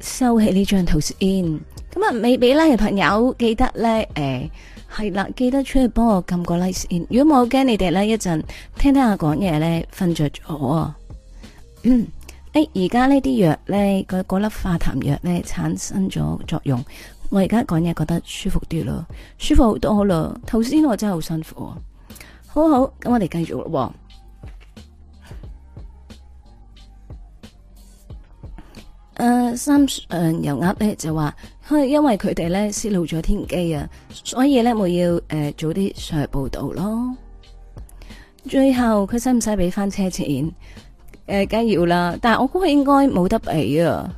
收起呢張圖先。咁啊，未俾 like 嘅朋友記得咧，誒、哎、係啦，記得出去幫我撳個 like 先。如果冇，驚你哋咧一陣聽聽下講嘢咧瞓着咗啊！誒，而家 呢啲藥咧，嗰粒、那個、化痰藥咧產生咗作用，我而家講嘢覺得舒服啲咯，舒服好多咯。頭先我真係好辛苦，好好咁，我哋繼續咯。誒、呃，三誒油鴨咧就話，佢因為佢哋咧洩露咗天機啊，所以咧我要誒、呃、早啲上去報道咯。最後佢使唔使俾返車錢？誒、呃，梗要啦，但係我估佢應該冇得俾啊。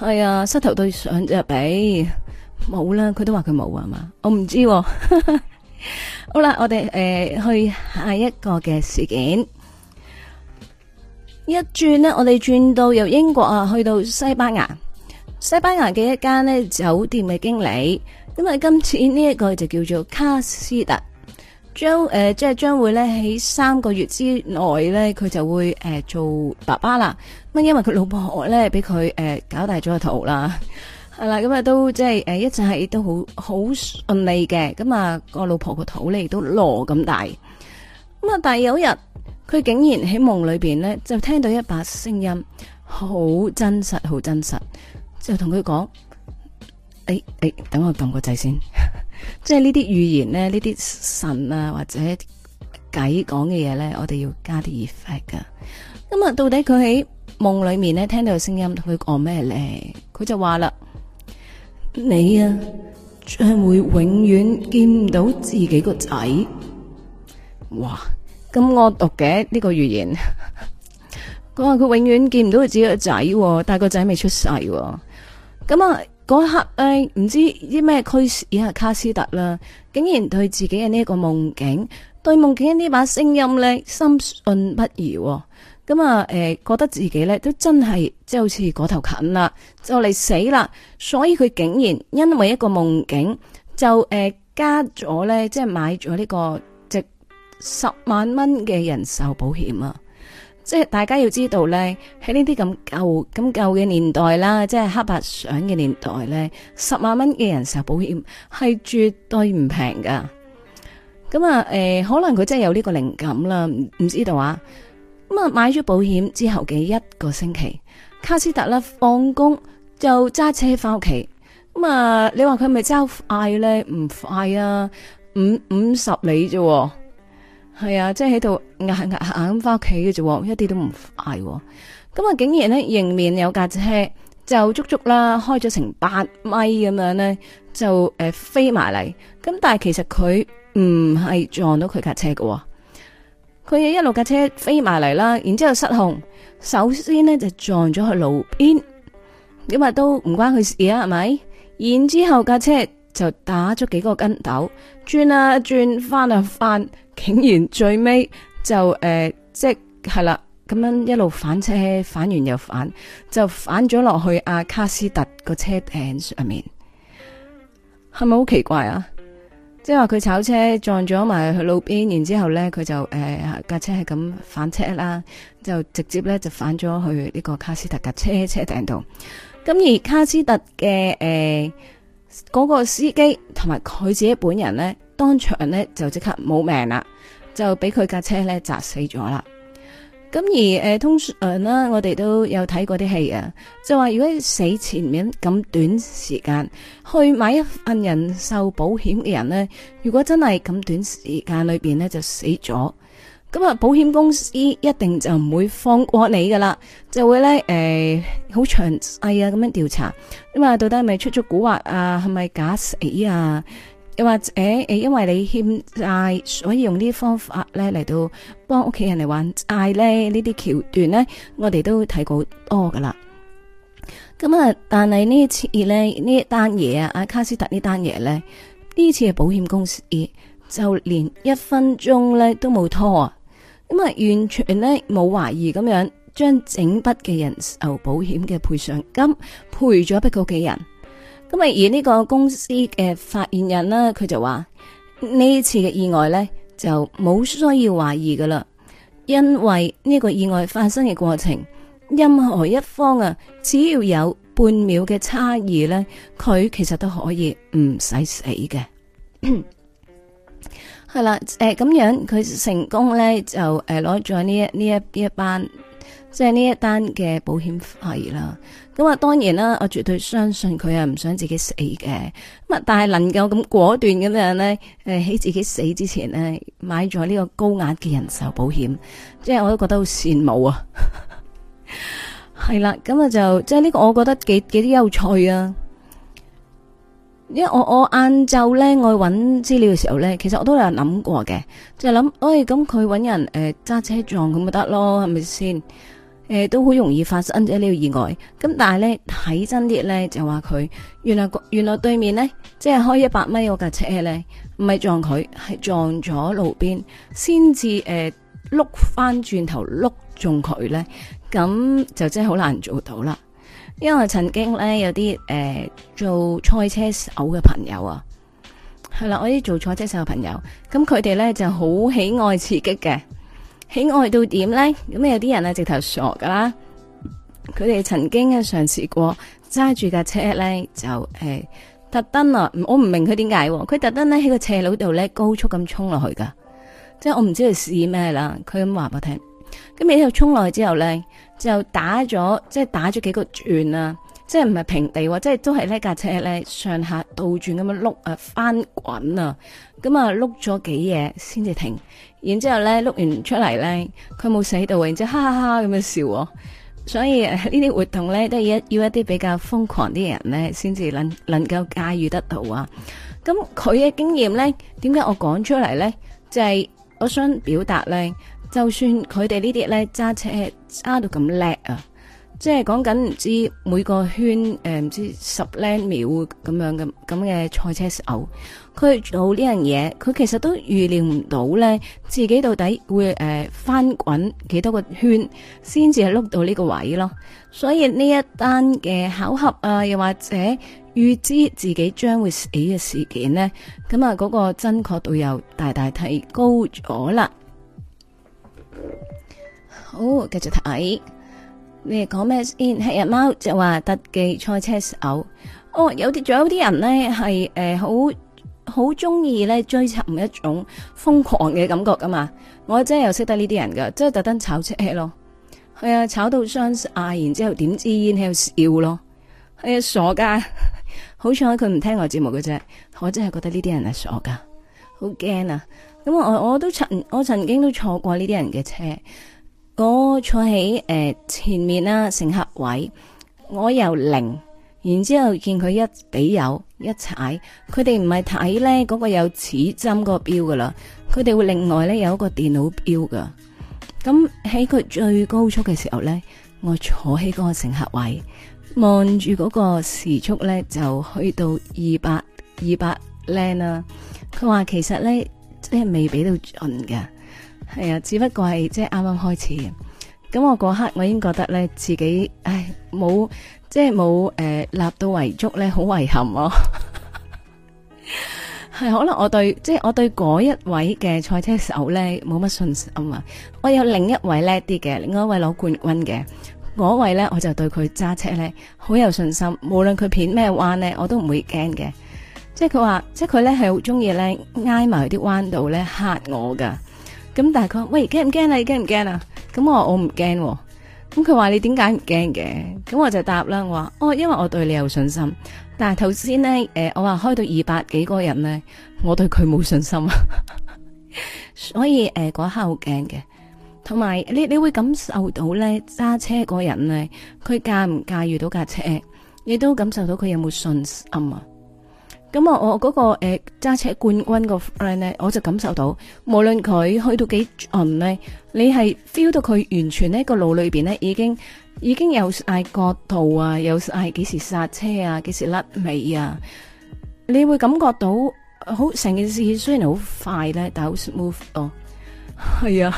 係啊，膝頭對上就俾，冇啦。佢都話佢冇啊嘛，我唔知、啊。 好啦，我哋誒、呃、去下一個嘅事件。一轉呢，我哋轉到由英國啊去到西班牙，西班牙嘅一間咧酒店嘅經理，咁啊今次呢一個就叫做卡斯特。將誒、呃、即係將會咧喺三個月之內咧，佢就會誒、呃、做爸爸啦。咁因為佢老婆咧俾佢誒搞大咗個肚啦，係啦，咁啊、就是、都即係誒一直係都好好順利嘅。咁啊個老婆個肚咧亦都籮咁大，咁啊但有日。佢竟然喺夢裏邊咧，就聽到一把聲音，好真實，好真實，就同佢講：誒、哎、誒、哎，等我撳個掣先。 即係呢啲預言咧，呢啲神啊或者鬼講嘅嘢咧，我哋要加啲 effect 噶。咁啊，到底佢喺夢裏面咧聽到嘅聲音，同佢講咩咧？佢就話啦：你啊，將會永遠見唔到自己個仔。哇！咁惡毒嘅呢、這個預言，佢話佢永遠見唔到佢自己個仔，但係個仔未出世。咁啊，嗰刻誒，唔、呃、知啲咩驅使下卡斯特啦，竟然對自己嘅呢一個夢境，對夢境把聲呢把聲音咧，深信不疑喎、喔。咁啊，誒、呃，覺得自己咧都真係即係好似嗰頭近啦，就嚟死啦。所以佢竟然因為一個夢境，就誒、呃、加咗咧，即係買咗呢、這個。十萬蚊嘅人壽保險啊，即係大家要知道呢，喺呢啲咁舊咁舊嘅年代啦，即係黑白相嘅年代呢，十萬蚊嘅人壽保險係絕對唔平噶。咁、嗯、啊，誒、呃，可能佢真係有呢個靈感啦，唔知道啊。咁、嗯、啊，買咗保險之後嘅一個星期，卡斯特啦放工就揸車翻屋企。咁、嗯、啊、嗯，你話佢咪真係快呢？唔快啊，五五十里啫。係啊，即係喺度硬硬硬咁翻屋企嘅，啫，一啲都唔快。咁啊，竟然咧迎面有架車就足足啦，開咗成八米咁樣咧，就誒、呃、飛埋嚟。咁但係其實佢唔係撞到佢架車嘅，佢一路架車飛埋嚟啦，然之後失控，首先呢，就撞咗去路邊，咁啊都唔關佢事啊，係咪？然之後架車就打咗幾個筋斗，轉啊轉，翻啊翻。竟然最尾就誒，即係啦，咁樣一路反車，反完又反，就反咗落去阿卡斯特個車頂上面，係咪好奇怪啊？即係話，佢炒車撞咗埋去路邊，然之後咧佢就誒架車係咁反車啦，就直接咧就反咗去呢個卡斯特架車車頂度。咁而卡斯特嘅誒嗰個司機同埋佢自己本人咧，當場呢就即刻冇命啦，就俾佢架車咧砸死咗啦。咁而誒、呃，通常啦，我哋都有睇過啲戲啊，就話如果死前面咁短時間去買一份人壽保險嘅人呢，如果真係咁短時間裏邊呢就死咗，咁啊，保險公司一定就唔會放過你噶啦，就會咧誒，好、呃、詳細啊咁樣調查，咁啊到底係咪出咗蠱惑啊，係咪假死啊？又或者，誒，因為你欠債，所以用呢啲方法咧嚟到幫屋企人嚟還債咧，呢啲橋段咧，我哋都睇過好多噶啦。咁啊，但係呢次咧呢一單嘢啊，阿卡斯特呢單嘢咧，呢次嘅保險公司就連一分鐘咧都冇拖啊，咁啊完全咧冇懷疑咁樣，將整筆嘅人壽保險嘅賠償金賠咗俾嗰幾人。咁啊，而呢個公司嘅發言人呢，佢就話呢次嘅意外呢，就冇需要懷疑噶啦，因為呢個意外發生嘅過程，任何一方啊，只要有半秒嘅差異呢，佢其實都可以唔使死嘅。係啦，誒 咁樣佢成功呢，就誒攞咗呢一呢一呢一班。即係呢一單嘅保險費啦，咁啊當然啦，我絕對相信佢係唔想自己死嘅，咁啊但係能夠咁果斷咁樣呢，誒喺自己死之前呢，買咗呢個高額嘅人壽保險，即係我都覺得好羨慕啊，係 啦，咁啊就即係呢個我覺得幾幾啲有趣啊，因為我我晏晝呢，我揾資料嘅時候呢，其實我都有諗過嘅，就諗、是，喂、哎，咁佢揾人誒揸、呃、車撞咁咪得咯，係咪先？誒、呃，都好容易發生一、呢個意外，咁但係咧睇，真啲咧就話佢，原來原來對面咧即係開一百米嗰架車咧，唔係撞佢，係撞咗路邊，先至誒碌返轉頭碌中佢咧，咁就真係好難做到啦。因為曾經咧有啲誒、呃、做賽車手嘅朋友啊，係啦，我啲做賽車手嘅朋友，咁佢哋咧就好喜愛刺激嘅。喜愛到點咧？咁有啲人呢，人直頭傻噶啦！佢哋曾經啊嘗試過揸住架車咧，就誒、欸、特登啊，我唔明佢點解，佢特登咧喺個斜路度咧高速咁衝落去噶，即係我唔知佢試咩啦。佢咁話俾我聽，咁你喺度衝落去之後咧，就打咗即係打咗幾個轉啊。即係唔係平地喎，即係都係呢架車咧上下倒轉咁樣碌啊翻滾啊，咁啊碌咗幾嘢先至停，然之後咧碌完出嚟咧，佢冇死到，然之後哈哈哈咁樣笑，所以呢啲活動咧都係一要，要一啲比較瘋狂啲人咧，先至能能夠駕馭得到啊。咁佢嘅經驗咧，點解我講出嚟咧，就係、是、我想表達咧，就算佢哋呢啲咧揸車揸到咁叻啊！即係講緊唔知每個圈，誒、呃、唔知十零秒咁樣咁咁嘅賽車手，佢做呢樣嘢，佢其實都預料唔到咧，自己到底會誒、呃、翻滾幾多個圈，先至係碌到呢個位咯。所以呢一單嘅巧合啊，又或者預知自己將會死嘅事件呢，咁啊嗰個真確度又大大提高咗啦。好，繼續睇。你哋講咩？吃日貓就話特技賽車手。哦，有啲仲有啲人咧係誒，好好中意咧追尋一種瘋狂嘅感覺噶嘛？我真係又識得呢啲人噶，即係特登炒車咯。係啊，炒到雙嗌，然之後點支煙喺度笑咯。哎呀，傻噶！好彩佢唔聽我節目嘅啫。我真係覺得呢啲人係傻噶，好驚啊！咁我我都我曾我曾經都坐過呢啲人嘅車。我坐喺誒前面啦，乘客位，我由零，然之後見佢一俾油有一踩，佢哋唔係睇咧嗰個有指針個表噶啦，佢哋會另外咧有一個電腦表噶。咁喺佢最高速嘅時候咧，我坐喺嗰個乘客位，望住嗰個時速咧就去到二百二百靚啦。佢話其實咧即係未俾到盡㗎。係啊，只不過係即係啱啱開始嘅。咁我嗰刻我已經覺得咧自己，唉，冇即係冇誒立到遺囑咧，好遺憾咯、哦。 係可能我對即係我對嗰一位嘅賽車手咧冇乜信心啊。我有另一位叻啲嘅，另一位攞冠軍嘅，嗰位咧我就對佢揸車咧好有信心。無論佢片咩彎咧，我都唔會驚嘅。即係佢話，即係佢咧係好中意咧挨埋啲彎度咧，吓我噶咁大哥，喂，驚唔驚啊？驚唔驚啊？咁我我唔驚，啊，咁佢話，你點解唔驚嘅？咁我就答啦，我話哦，因為我對你有信心。但係頭先咧，誒、呃，我話開到二百幾個人咧，我對佢冇信心，啊， 所以誒嗰、呃、刻好驚嘅。同埋你你會感受到咧揸車嗰個人咧，佢駕唔駕馭到架車，你都感受到佢有冇信心啊？咁啊，我嗰個誒揸車冠軍個 friend 咧，我就感受到，無論佢去到幾盡咧，你係 feel 到佢完全呢個腦裏邊咧已經已經有晒角度啊，有晒幾時剎車啊，幾時甩尾啊，你會感覺到好成件事雖然好快咧，但係好 smooth 哦。係啊，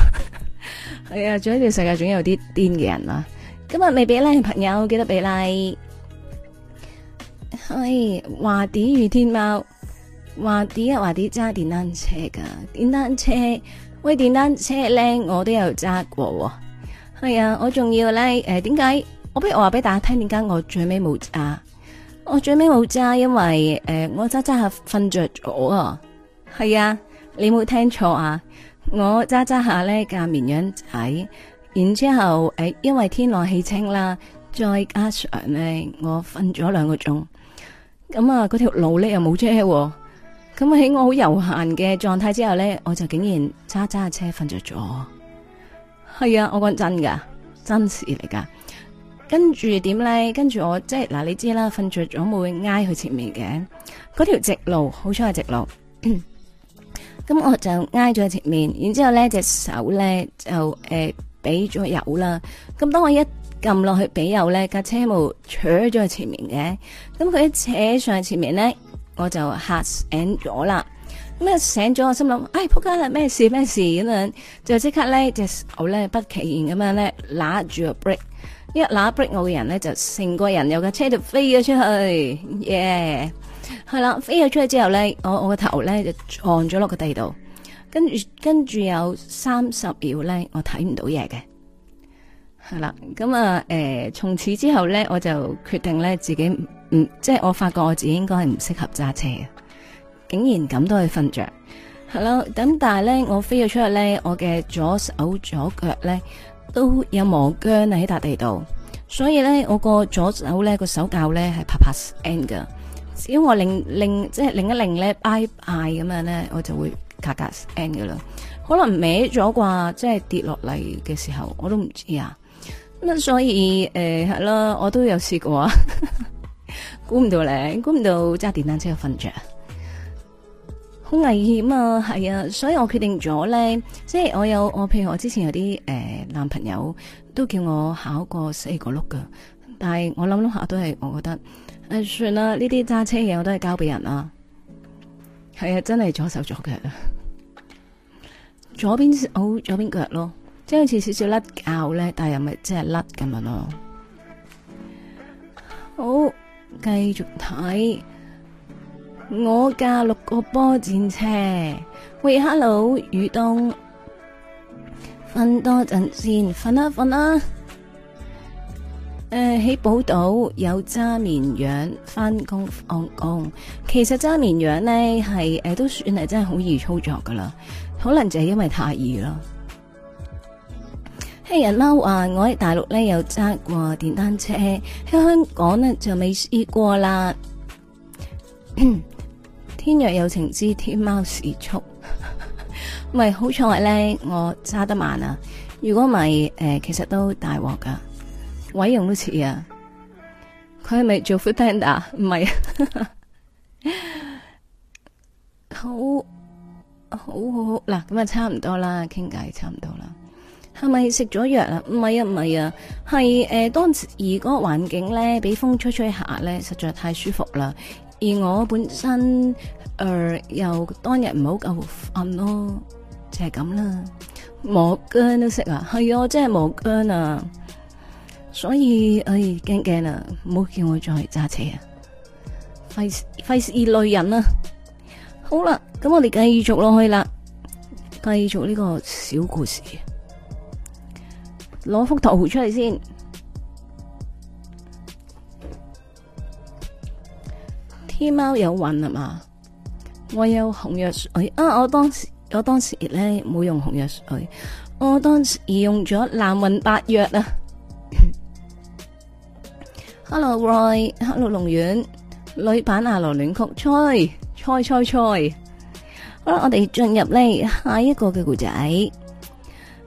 係啊，仲喺呢個世界總有啲癲嘅人啊！今日未俾 like 嘅朋友記得俾 like。係話啲如天貓，話啲啊話啲揸電單車噶，電單車喂，電單車咧我都有揸過，係啊，我仲要咧誒，點、欸、解？我不如我話俾大家聽，點解我最尾冇揸？我最尾冇揸，因為誒、呃、我揸揸下瞓着咗啊！係啊，你冇聽錯啊！我揸揸下咧架綿羊仔，然之後誒、欸，因為天朗氣清啦，再加上咧我瞓咗兩個鐘。咁啊，嗰條路咧又冇車，咁、嗯、喺我好悠閒嘅狀態之後咧，我就竟然揸揸下車瞓着咗。係啊，我講真噶，真事嚟噶。跟住點咧？跟住我即係嗱，你知啦，瞓着咗冇會挨佢前面嘅嗰條直路，好彩係直路。咁 我就挨咗前面，然之後咧隻手咧就誒俾咗油啦。咁當我一撳落去俾右咧架車冇扯咗喺前面嘅，咁佢一扯上去前面咧，我就嚇醒咗啦。咁啊醒咗，我心諗，哎仆街啦，咩事咩事咁樣，就即刻咧隻手咧不期然咁樣咧拿住個 break，一拿 break 我嘅人咧就成個人有架車就飛咗出去，耶，係啦，飛咗出去之後咧，我我個頭咧就撞咗落個地度，跟住跟住有三十秒咧，我睇唔到嘢嘅。係啦，咁啊、嗯，誒，從、呃、此之後咧，我就決定咧，自己唔、嗯，即係我發覺我自己應該係唔適合揸車嘅。竟然咁都可以瞓着，係、嗯、咯。咁但係咧，我飛咗出去咧，我嘅左手左腳咧都有磨薑喺笪地度，所以咧我個左手咧個手臼咧係啪啪聲㗎，只要我擰擰即係擰一擰咧，挨挨咁樣咧，我就會卡卡聲㗎啦。可能歪咗啩，即係跌落嚟嘅時候，我都唔知啊。咁所以誒係咯，我都有試過、啊，估唔到咧，估唔到揸電單車瞓着，好危險啊！係啊，所以我決定咗咧，即、就、係、是、我有我譬如我之前有啲誒、欸、男朋友都叫我考過四個轆噶，但係我諗諗下都係我覺得誒、欸、算啦，呢啲揸車嘢我都係交俾人啦，係啊，真係左手左腳啊，左邊好、哦，左邊腳咯。即好似少少甩膠咧，但係又咪係真係甩咁樣咯。好，繼續睇我架六個波戰車。喂，喂，Hello，雨冬，瞓多陣先，瞓啦，啊，瞓、呃、啦。誒，喺寶島有揸綿羊翻工放工。其實揸綿羊呢，係誒都算係真係好易操作噶啦，可能就係因為太易啦。聽人嬲話，我喺大陸咧有揸過電單車，香港咧就未試過啦。 天若有情之天貓時速，唔 係好彩咧，我揸得慢啊！如果唔係，誒、呃，其實都大鑊噶，毀容都似啊！佢係咪做 Foodpanda？唔係，好好好好嗱，咁啊，差唔多啦，傾偈差唔多啦。係咪食咗藥不是啊？唔係啊，唔係啊，係、呃、誒，當時而嗰個環境咧，俾風吹吹下咧，實在太舒服啦。而我本身誒、呃、又當日唔好夠瞓咯，就係、是、咁啦。冇薑都食啊，係哦、啊，真係冇薑啊。所以唉驚驚啊，唔好叫我再揸車啊，費費事累人啦、啊。好啦，咁我哋繼續落去啦，繼續呢個小故事。攞幅圖出嚟先，天喵有運係嘛？我有紅藥水啊！我當時我當時咧冇用紅藥水，我當時用咗雲南白藥啊。 Hello Roy，Hello 龍丸，女版阿羅戀曲，吹吹吹吹。好啦，我哋進入呢，下一個嘅故仔。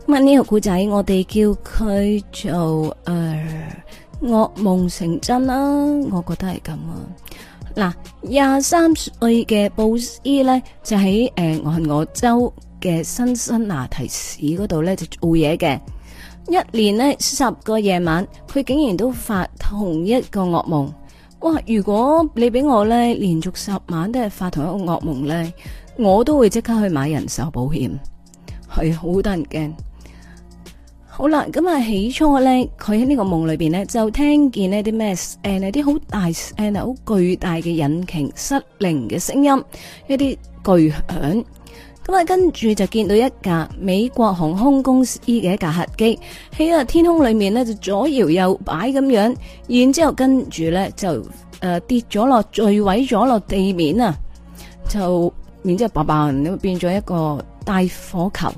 呢個故仔，我哋叫佢做誒惡夢成真啦，啊，我覺得係咁啊。嗱，廿三歲嘅布斯呢，就喺誒俄亥俄州嘅辛辛那提市嗰度呢，就做嘢嘅。一年呢，十個夜晚，佢竟然都發同一個惡夢。哇！如果你俾我呢，連續十晚都係發同一個惡夢呢，我都會即刻去買人壽保險。係好得人驚。好啦，咁啊，起初咧，佢喺呢個夢裏邊咧，就聽見呢啲咩誒，呢啲好大誒，好巨大嘅引擎失靈嘅聲音，一啲巨響。咁啊，跟住就見到一架美國航空公司嘅一架客機喺啊天空裏面咧，就左搖右擺咁樣，然之後跟住咧就誒、呃、跌咗落墜毀咗落地面啊，就然之後嘭，嘭咁變咗一個大火球。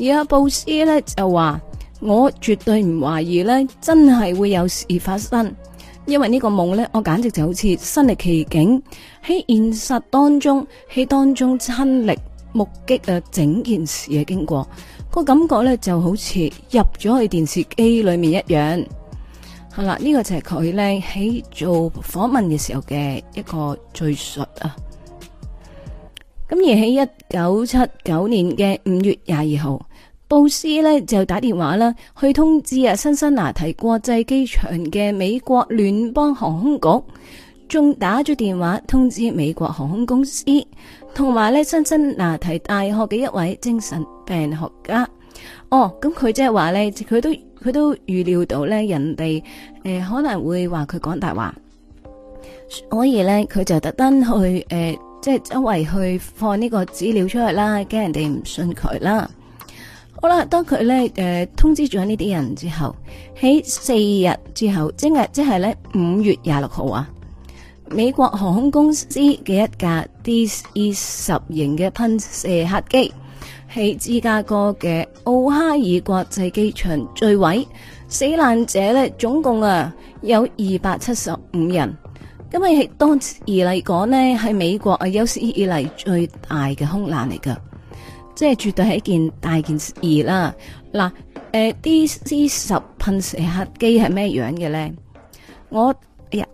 而阿布斯呢，就話：我絕對唔懷疑呢真係會有事發生，因為呢個夢呢，我簡直就好似身歷其境喺現實當中，喺當中親歷目擊啊整件事嘅經過，個感覺呢，就好似入咗去電視機裏面一樣。係啦，呢個就係佢呢喺做訪問嘅時候嘅一個敘述啊。咁而喺一九七九年嘅五月廿二號。布斯呢就打電話啦，去通知啊，辛辛那提國際機場嘅美國聯邦航空局，仲打咗電話通知美國航空公司，同埋咧辛辛那提大學嘅一位精神病學家。哦，咁佢即係話呢，佢都佢都預料到呢，人哋誒可能會話佢講大話，所以呢，佢就特登去誒，即係周圍去放呢個資料出去啦，驚人哋唔信佢啦。好啦，當佢咧誒通知咗呢啲人之後，喺四日之後，正日即呢日即係咧五月廿六號啊，美國航空公司嘅一架 D、S、E 十型嘅噴射客機喺芝加哥嘅奧哈爾國際機場墜毀，死難者咧總共啊有二百七十五人，咁啊係當時而嚟講呢係美國啊有史以嚟最大嘅空難嚟噶。即係絕對係一件大件事啦！嗱，誒 D C 十噴射客機係咩樣嘅咧？我、哎、呀，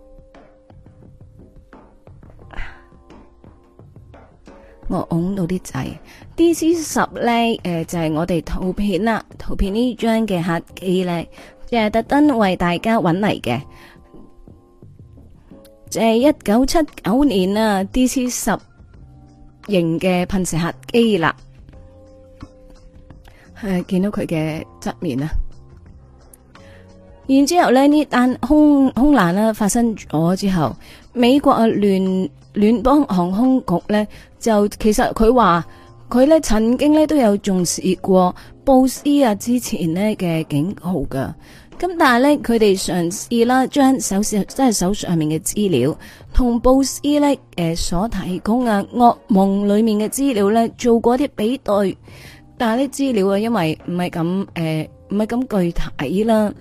我戇到啲仔 D C 十咧，誒、呃、就係、是、我哋圖片啦，圖片呢張嘅客機咧，就係、是、特登為大家揾嚟嘅，就係一九七九年啊 D C 十型嘅噴射客機啦。係、呃、見到佢嘅側面啊，然之後呢呢單空空難咧發生咗之後，美國啊聯聯邦航空局呢就其實佢話佢呢曾經呢都有重視過布斯啊之前呢嘅警號噶，咁但係咧佢哋嘗試啦將手上即係手上面嘅資料同布斯咧誒、呃、所提供嘅惡夢裏面嘅資料呢做過啲比對。但係啲資料啊，因為唔係咁誒，唔係咁具體啦，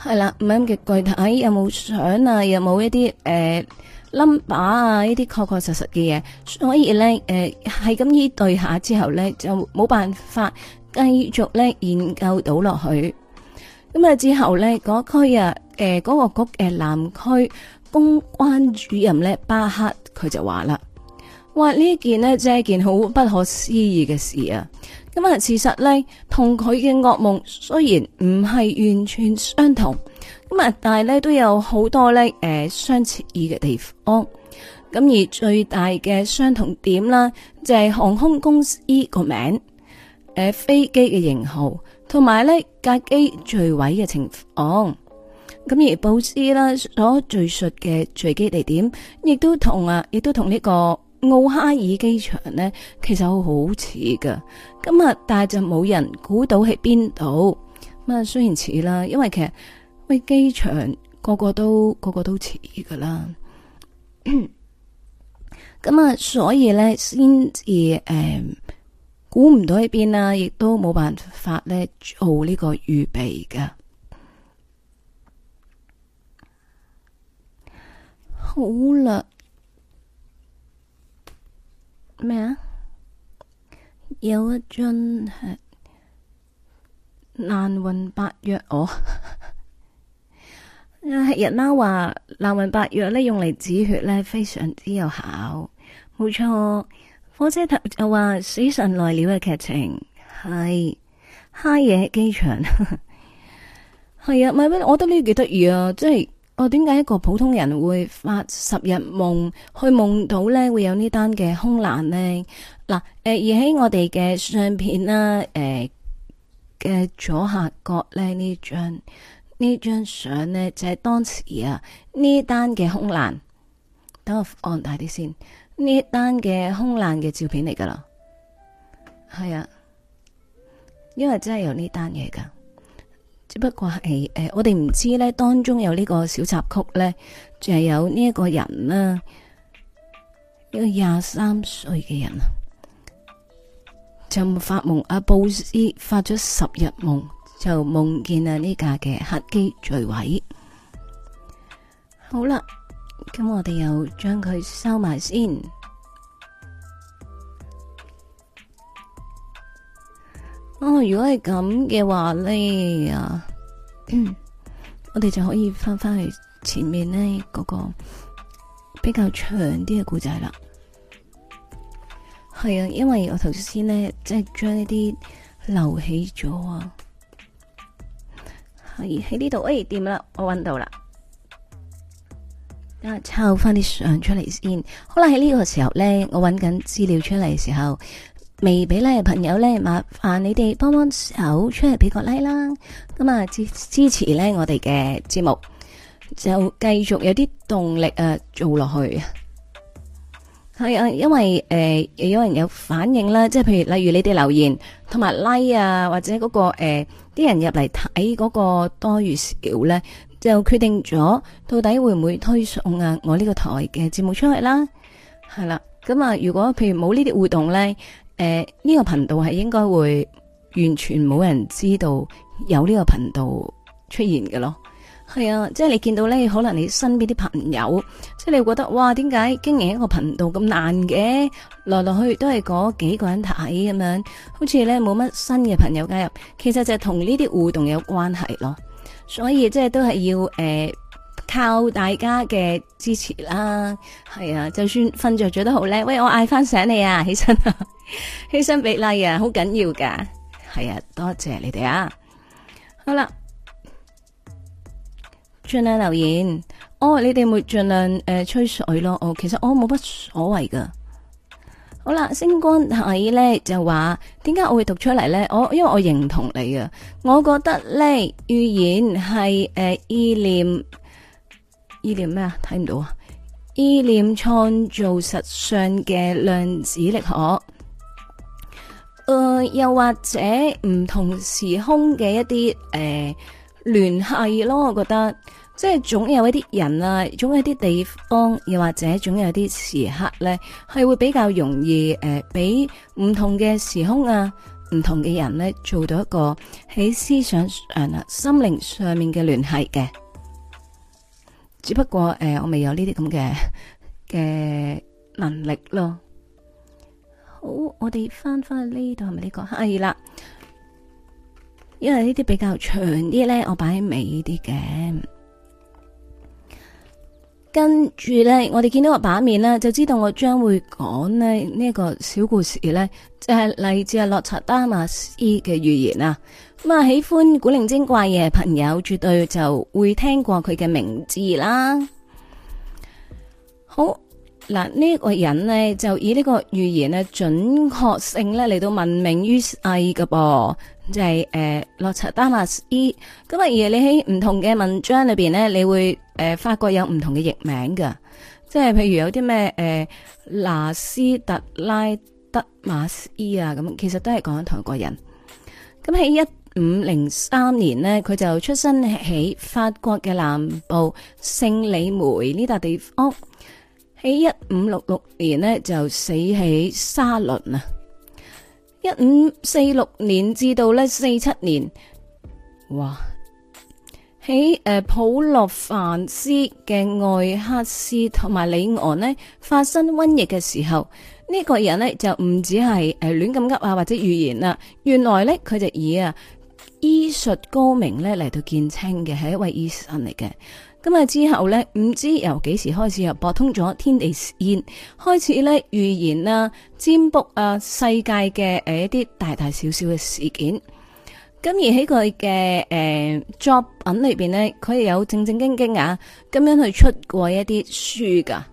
係 啦，唔係咁嘅具體，有冇相啊？有冇一啲誒 number 啊？呢啲確確實實嘅嘢，所以咧誒係咁依對下之後咧，就冇辦法繼續咧研究到落去。咁啊之後咧，嗰區啊，誒、呃、嗰、嗰個局嘅南區公關主任咧，巴克佢就話啦。哇！呢一件呢，即係件好不可思議嘅事啊。咁、嗯、啊，事實呢，同佢嘅噩夢雖然唔係完全相同咁啊、嗯，但係呢都有好多呢誒、呃、相似嘅地方。咁、嗯、而最大嘅相同點啦，就係、係、航空公司個名、誒、呃、飛機嘅型號，同埋呢架機墜毀嘅情況。咁、嗯、而報紙啦所敍述嘅墜機地點，亦都同啊，亦都同呢、呢個。奧哈爾機場呢，其實好好似噶，今日，但係就冇人估到喺邊度。咁啊，雖然似啦，因為其實咩機場個個都個個都似噶啦。咁啊， 所以咧先至誒，估唔、呃、到喺邊啦，亦都冇辦法咧做呢個預備噶。好啦。咩啊？有一樽係雲南白藥，我、哦、 日日媽話雲南白藥咧，用嚟止血咧非常之有效。冇錯，火車頭又話死神來了嘅劇情係哈嘢機場，係 啊，咪乜？我覺得呢個幾得意啊，即係。我點解一個普通人會發十日夢，去夢到咧會有呢單嘅空難呢？嗱、啊，誒而喺我哋嘅相片啦，啊，誒、啊、嘅左下角咧呢張呢張相呢，就係、是、當時啊呢單嘅空難。等我放大啲先，呢單嘅空難嘅照片嚟噶啦，係啊，因為真係有呢單嘢噶。不過係誒、呃，我哋唔知咧當中有呢個小插曲咧，就係有呢一個人啦、啊，一、這個廿三歲嘅人啊，就發夢，阿、啊、布斯發咗十日夢，就夢見啊呢架嘅客機墜毀。好啦，咁我哋又將佢收埋先。哦，如果係咁嘅話咧啊，嗯、我哋就可以翻翻去前面呢嗰、嗰個比較長啲嘅故仔啦。係啊，因為我頭先呢，即係將呢啲留起咗啊。係喺呢度，誒，掂啦，哎，我搵到啦。等下抄翻啲相出嚟先。好啦，喺呢個時候咧，我搵緊資料出嚟嘅時候，未俾 like 嘅朋友咧，麻煩你哋幫幫手出嚟俾個 like 啦，咁啊支支持咧我哋嘅節目，就繼續有啲動力啊做落去。係啊，因為誒、呃、有人有反應啦，即係譬如例如你哋留言同埋 like 啊，或者嗰、那個誒啲、呃、人入嚟睇嗰個多與少咧，就決定咗到底會唔會推送啊我呢個台嘅節目出嚟啦。係啦、啊，咁啊如果譬如冇呢啲活動咧。誒，呢個頻道係應該會完全冇人知道有呢個頻道出現嘅咯。係啊，即係你見到咧，可能你身邊啲朋友，即係你會覺得哇，點解經營一個頻道咁難嘅？來來去去都係嗰幾個人睇咁樣，好似咧冇乜新嘅朋友加入。其實就係同呢啲互動有關係咯。所以即係都係要誒。呃靠大家嘅支持啦、啊，係啊，就算瞓着咗都好叻。喂，我嗌翻醒你啊，起身啊，起身俾禮啊，好緊要噶。係啊，多謝你哋啊。好啦，盡量留言哦。你哋唔會盡量誒、呃、吹水咯。哦，其實我冇乜所謂噶。好啦，星光係咧就話點解我會讀出嚟咧？我、哦、因為我認同你啊，我覺得咧預言係誒、呃、意念。意念咩啊？睇唔到啊！意念創造實相嘅量子力學、呃，又或者唔同時空嘅一啲誒、呃、聯繫咯，我覺得即係總有一啲人啊，總有一啲地方，又或者總有啲時刻咧，係會比較容易誒，俾、呃、唔同嘅時空啊，唔同嘅人咧，做到一個喺思想、啊、心靈上面嘅聯繫嘅。只不過誒、呃，我未有呢啲咁嘅嘅能力咯。好，我哋翻翻去呢度係咪呢個？係啦，因為呢啲比較長啲咧，我擺喺尾啲嘅。跟住咧，我哋見到個版面咧，就知道我將會講咧呢一、這個小故事咧，就係、是、嚟自阿洛查丹馬斯嘅預言啊。咁啊，喜歡古靈精怪嘅朋友絕對就會聽過佢嘅名字啦。好嗱，呢、呢個人呢，就以呢個預言呢準確性呢嚟到聞名於世噶噃，就係誒洛查丹馬斯伊。咁、呃、啊，而你喺唔同嘅文章裏邊呢，你會誒發覺有唔同嘅譯名噶，即係譬如有啲咩誒拿斯特拉德馬斯伊啊，咁、呃、其實都係講緊同一個人。咁喺一五零三年呢，佢就出生喺法國嘅南部聖里梅呢笪地方。喺一五六六年呢，就死喺沙倫啊。一五四六年至到呢四七年，哇！喺誒普洛凡斯嘅愛克斯同埋里昂呢發生瘟疫嘅時候，呢、這個人呢就唔止係誒亂咁噏啊，或者預言啦。原來呢，佢就以啊～醫術高明呢嚟到，見稱嘅係一位醫生嚟嘅。咁之後呢，唔知由幾時開始又博通咗天地線，開始呢預言啦、啊、占卜啊，世界嘅誒一啲大大小小嘅事件。咁而喺佢嘅誒作品裏邊呢，佢有正正經經啊，咁樣去出過一啲書噶，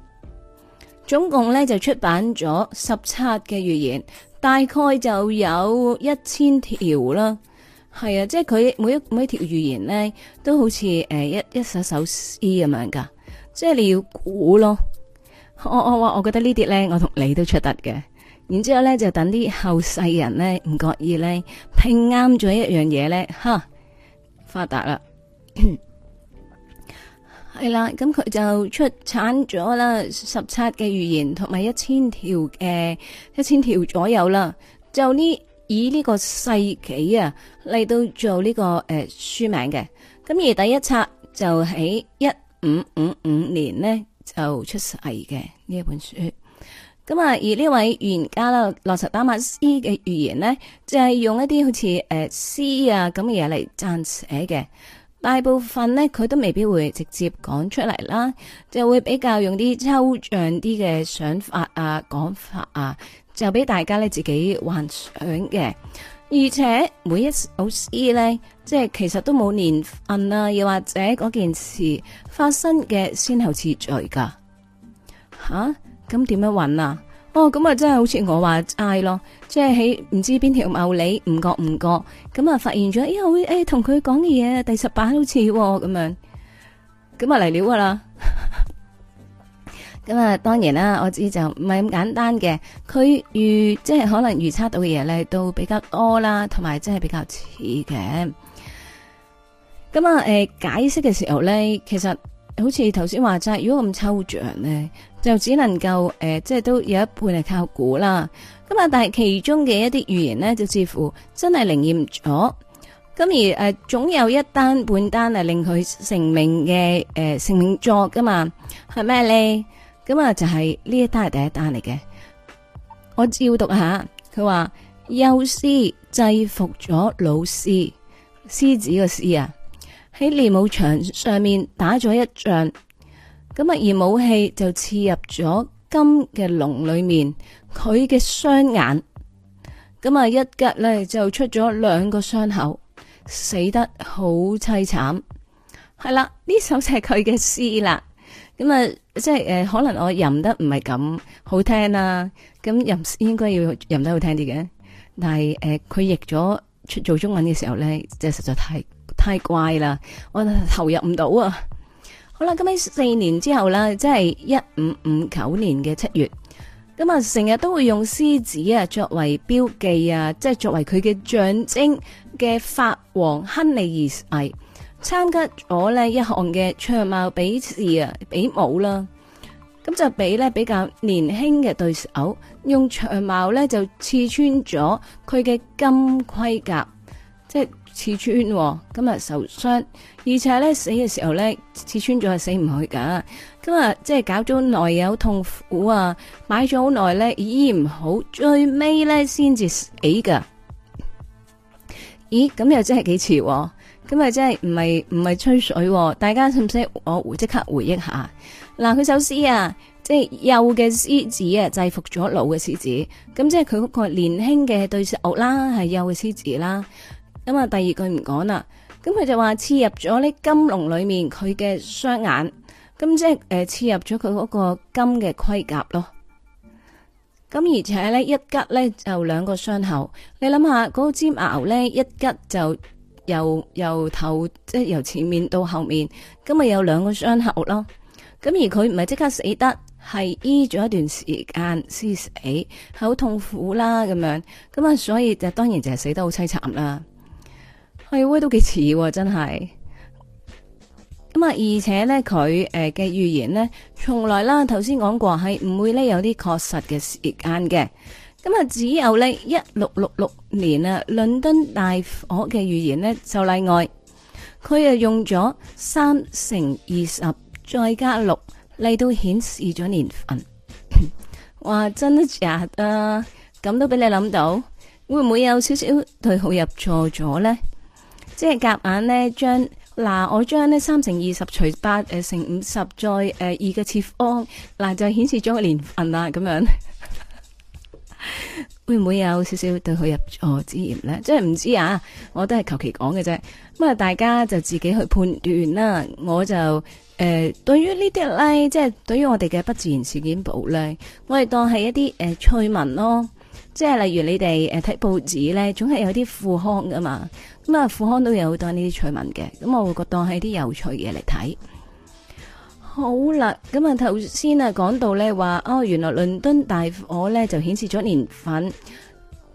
總共呢，就出版咗十七嘅預言，大概就有一千條啦。係啊，即係佢每一每一條預言咧，都好似誒一一首首詩咁樣噶，即係你要估咯。我我我覺得呢啲咧，我同你都出得嘅。然之後咧，就等啲後世人咧唔覺意咧拼啱咗一樣嘢咧，吓發達啦。係啦，咁 佢、啊、就出產咗啦十七嘅預言同埋一千條嘅一千條左右啦。就呢。以呢個世紀啊嚟到做呢、這個誒、呃、書名嘅，咁而第一冊就喺一五五五年呢就出世嘅呢一本書。咁啊，而呢位預言家啦，洛查丹瑪斯嘅預言呢，就係、是、用一啲好似誒、呃、詩啊咁嘅嘢嚟撰寫嘅，大部分呢，佢都未必會直接講出嚟啦，就會比較用啲抽象啲嘅想法啊講法啊。就俾大家咧自己幻想嘅，而且每一首詩咧，即係其實都冇年份啊，又或者嗰件事發生嘅先後次序噶。吓、啊，咁點樣揾啊？哦，咁啊，真係好似我話齋咯，即係喺唔知邊條茂里，唔覺唔覺，咁啊發現咗，咦、哎，我誒同佢講嘅嘢第十版好似咁樣，咁啊嚟料噶啦。 咁啊，當然啦，我知就唔係咁簡單嘅。佢預即係可能預測到嘅嘢咧，都比較多啦，同埋真係比較似嘅。咁啊、呃，解釋嘅時候咧，其實好似頭先話齋，如果咁抽象咧，就只能夠、呃、即係都有一半係靠估啦。咁啊，但係其中嘅一啲預言咧，就似乎真係靈驗咗。咁而誒、呃，總有一單半單係令佢成名嘅誒、呃、成名作噶嘛，係咩咧？咁啊，就係呢一單係第一單嚟嘅。我照讀下，佢話幼獅制服咗老獅，獅子個獅啊，喺練武場上面打咗一仗，咁啊，而武器就刺入咗金嘅籠裏面，佢嘅雙眼，咁啊，一格呢，就出咗兩個傷口，死得好凄慘。係啦，呢首就係佢嘅詩啦。咁啊。即係誒、呃，可能我吟得唔係咁好聽啦、啊，咁吟應該要吟得好聽啲嘅。但係誒，佢譯咗出做中文嘅時候咧，即係實在太太怪啦，我投入唔到啊。好啦，咁喺四年之後啦，即係一五五九年嘅七月，咁啊，成日都會用獅子啊作為標記啊，即係作為佢嘅象徵嘅法王亨利二世，參加咗呢一項嘅長矛比試啊，比武啦，咁就比呢比較年輕嘅對手，用長矛呢就刺穿咗佢嘅金盔甲，即係刺穿，今日受傷，而且呢死嘅時候呢，刺穿咗係死唔去噶，今日即係搞咗耐有痛苦啊，買咗好耐呢，醫唔好，最尾呢先至死噶，咦，咁又真係幾似？咁咪真係唔係唔係吹水，哦？大家信唔信？我回即刻回憶下。嗱，佢首詩啊，即係幼嘅獅子啊制服咗老嘅獅子，咁即係佢嗰個年輕嘅對手啦，係幼嘅獅子啦。咁啊，第二句唔講啦。咁佢就話刺入咗呢金龍裏面，佢嘅雙眼，咁即係誒、呃、刺入咗佢嗰個金嘅盔甲咯。咁而且呢，一吉呢，就兩個傷口，你諗下嗰個尖牙咧一吉就。由由頭，即係由前面到後面，咁咪有兩個傷口咯。咁而佢唔係即刻死得，係醫咗一段時間先死，係好痛苦啦咁樣。咁啊，所以就當然就係死得好淒慘啦。係，喂，都幾似喎，真係。咁啊，而且呢，佢誒嘅預言呢，從來啦頭先講過係唔會呢有啲確實嘅時間嘅。咁啊，只有呢一六六六年啊，倫敦大火嘅預言呢，就例外，佢又用咗三乘二十再加六，你都顯示咗年份。 哇真嘅啊，咁都俾你諗到，會唔會有少少對號入錯咗呢？即係夾硬呢將嗱，我將呢三乘二十除八誒乘五十再誒二嘅次方嗱，啊，就顯示咗個年份啦，啊、咁樣。會唔會有少少對佢入錯之嫌呢？即係唔知啊，我都係求其講嘅啫。咁啊，大家就自己去判斷啦。我就誒、呃，對於呢啲咧，即係對於我哋嘅不自然事件簿咧，我哋當係一啲誒、呃、趣聞咯。即係例如你哋誒睇報紙咧，總係有啲富康噶嘛。咁啊，富康都有好多呢啲趣聞嘅。咁我會覺得當係啲有趣嘢嚟睇。好啦，咁啊，頭先啊講到咧話哦，原來倫敦大火咧就顯示咗年份。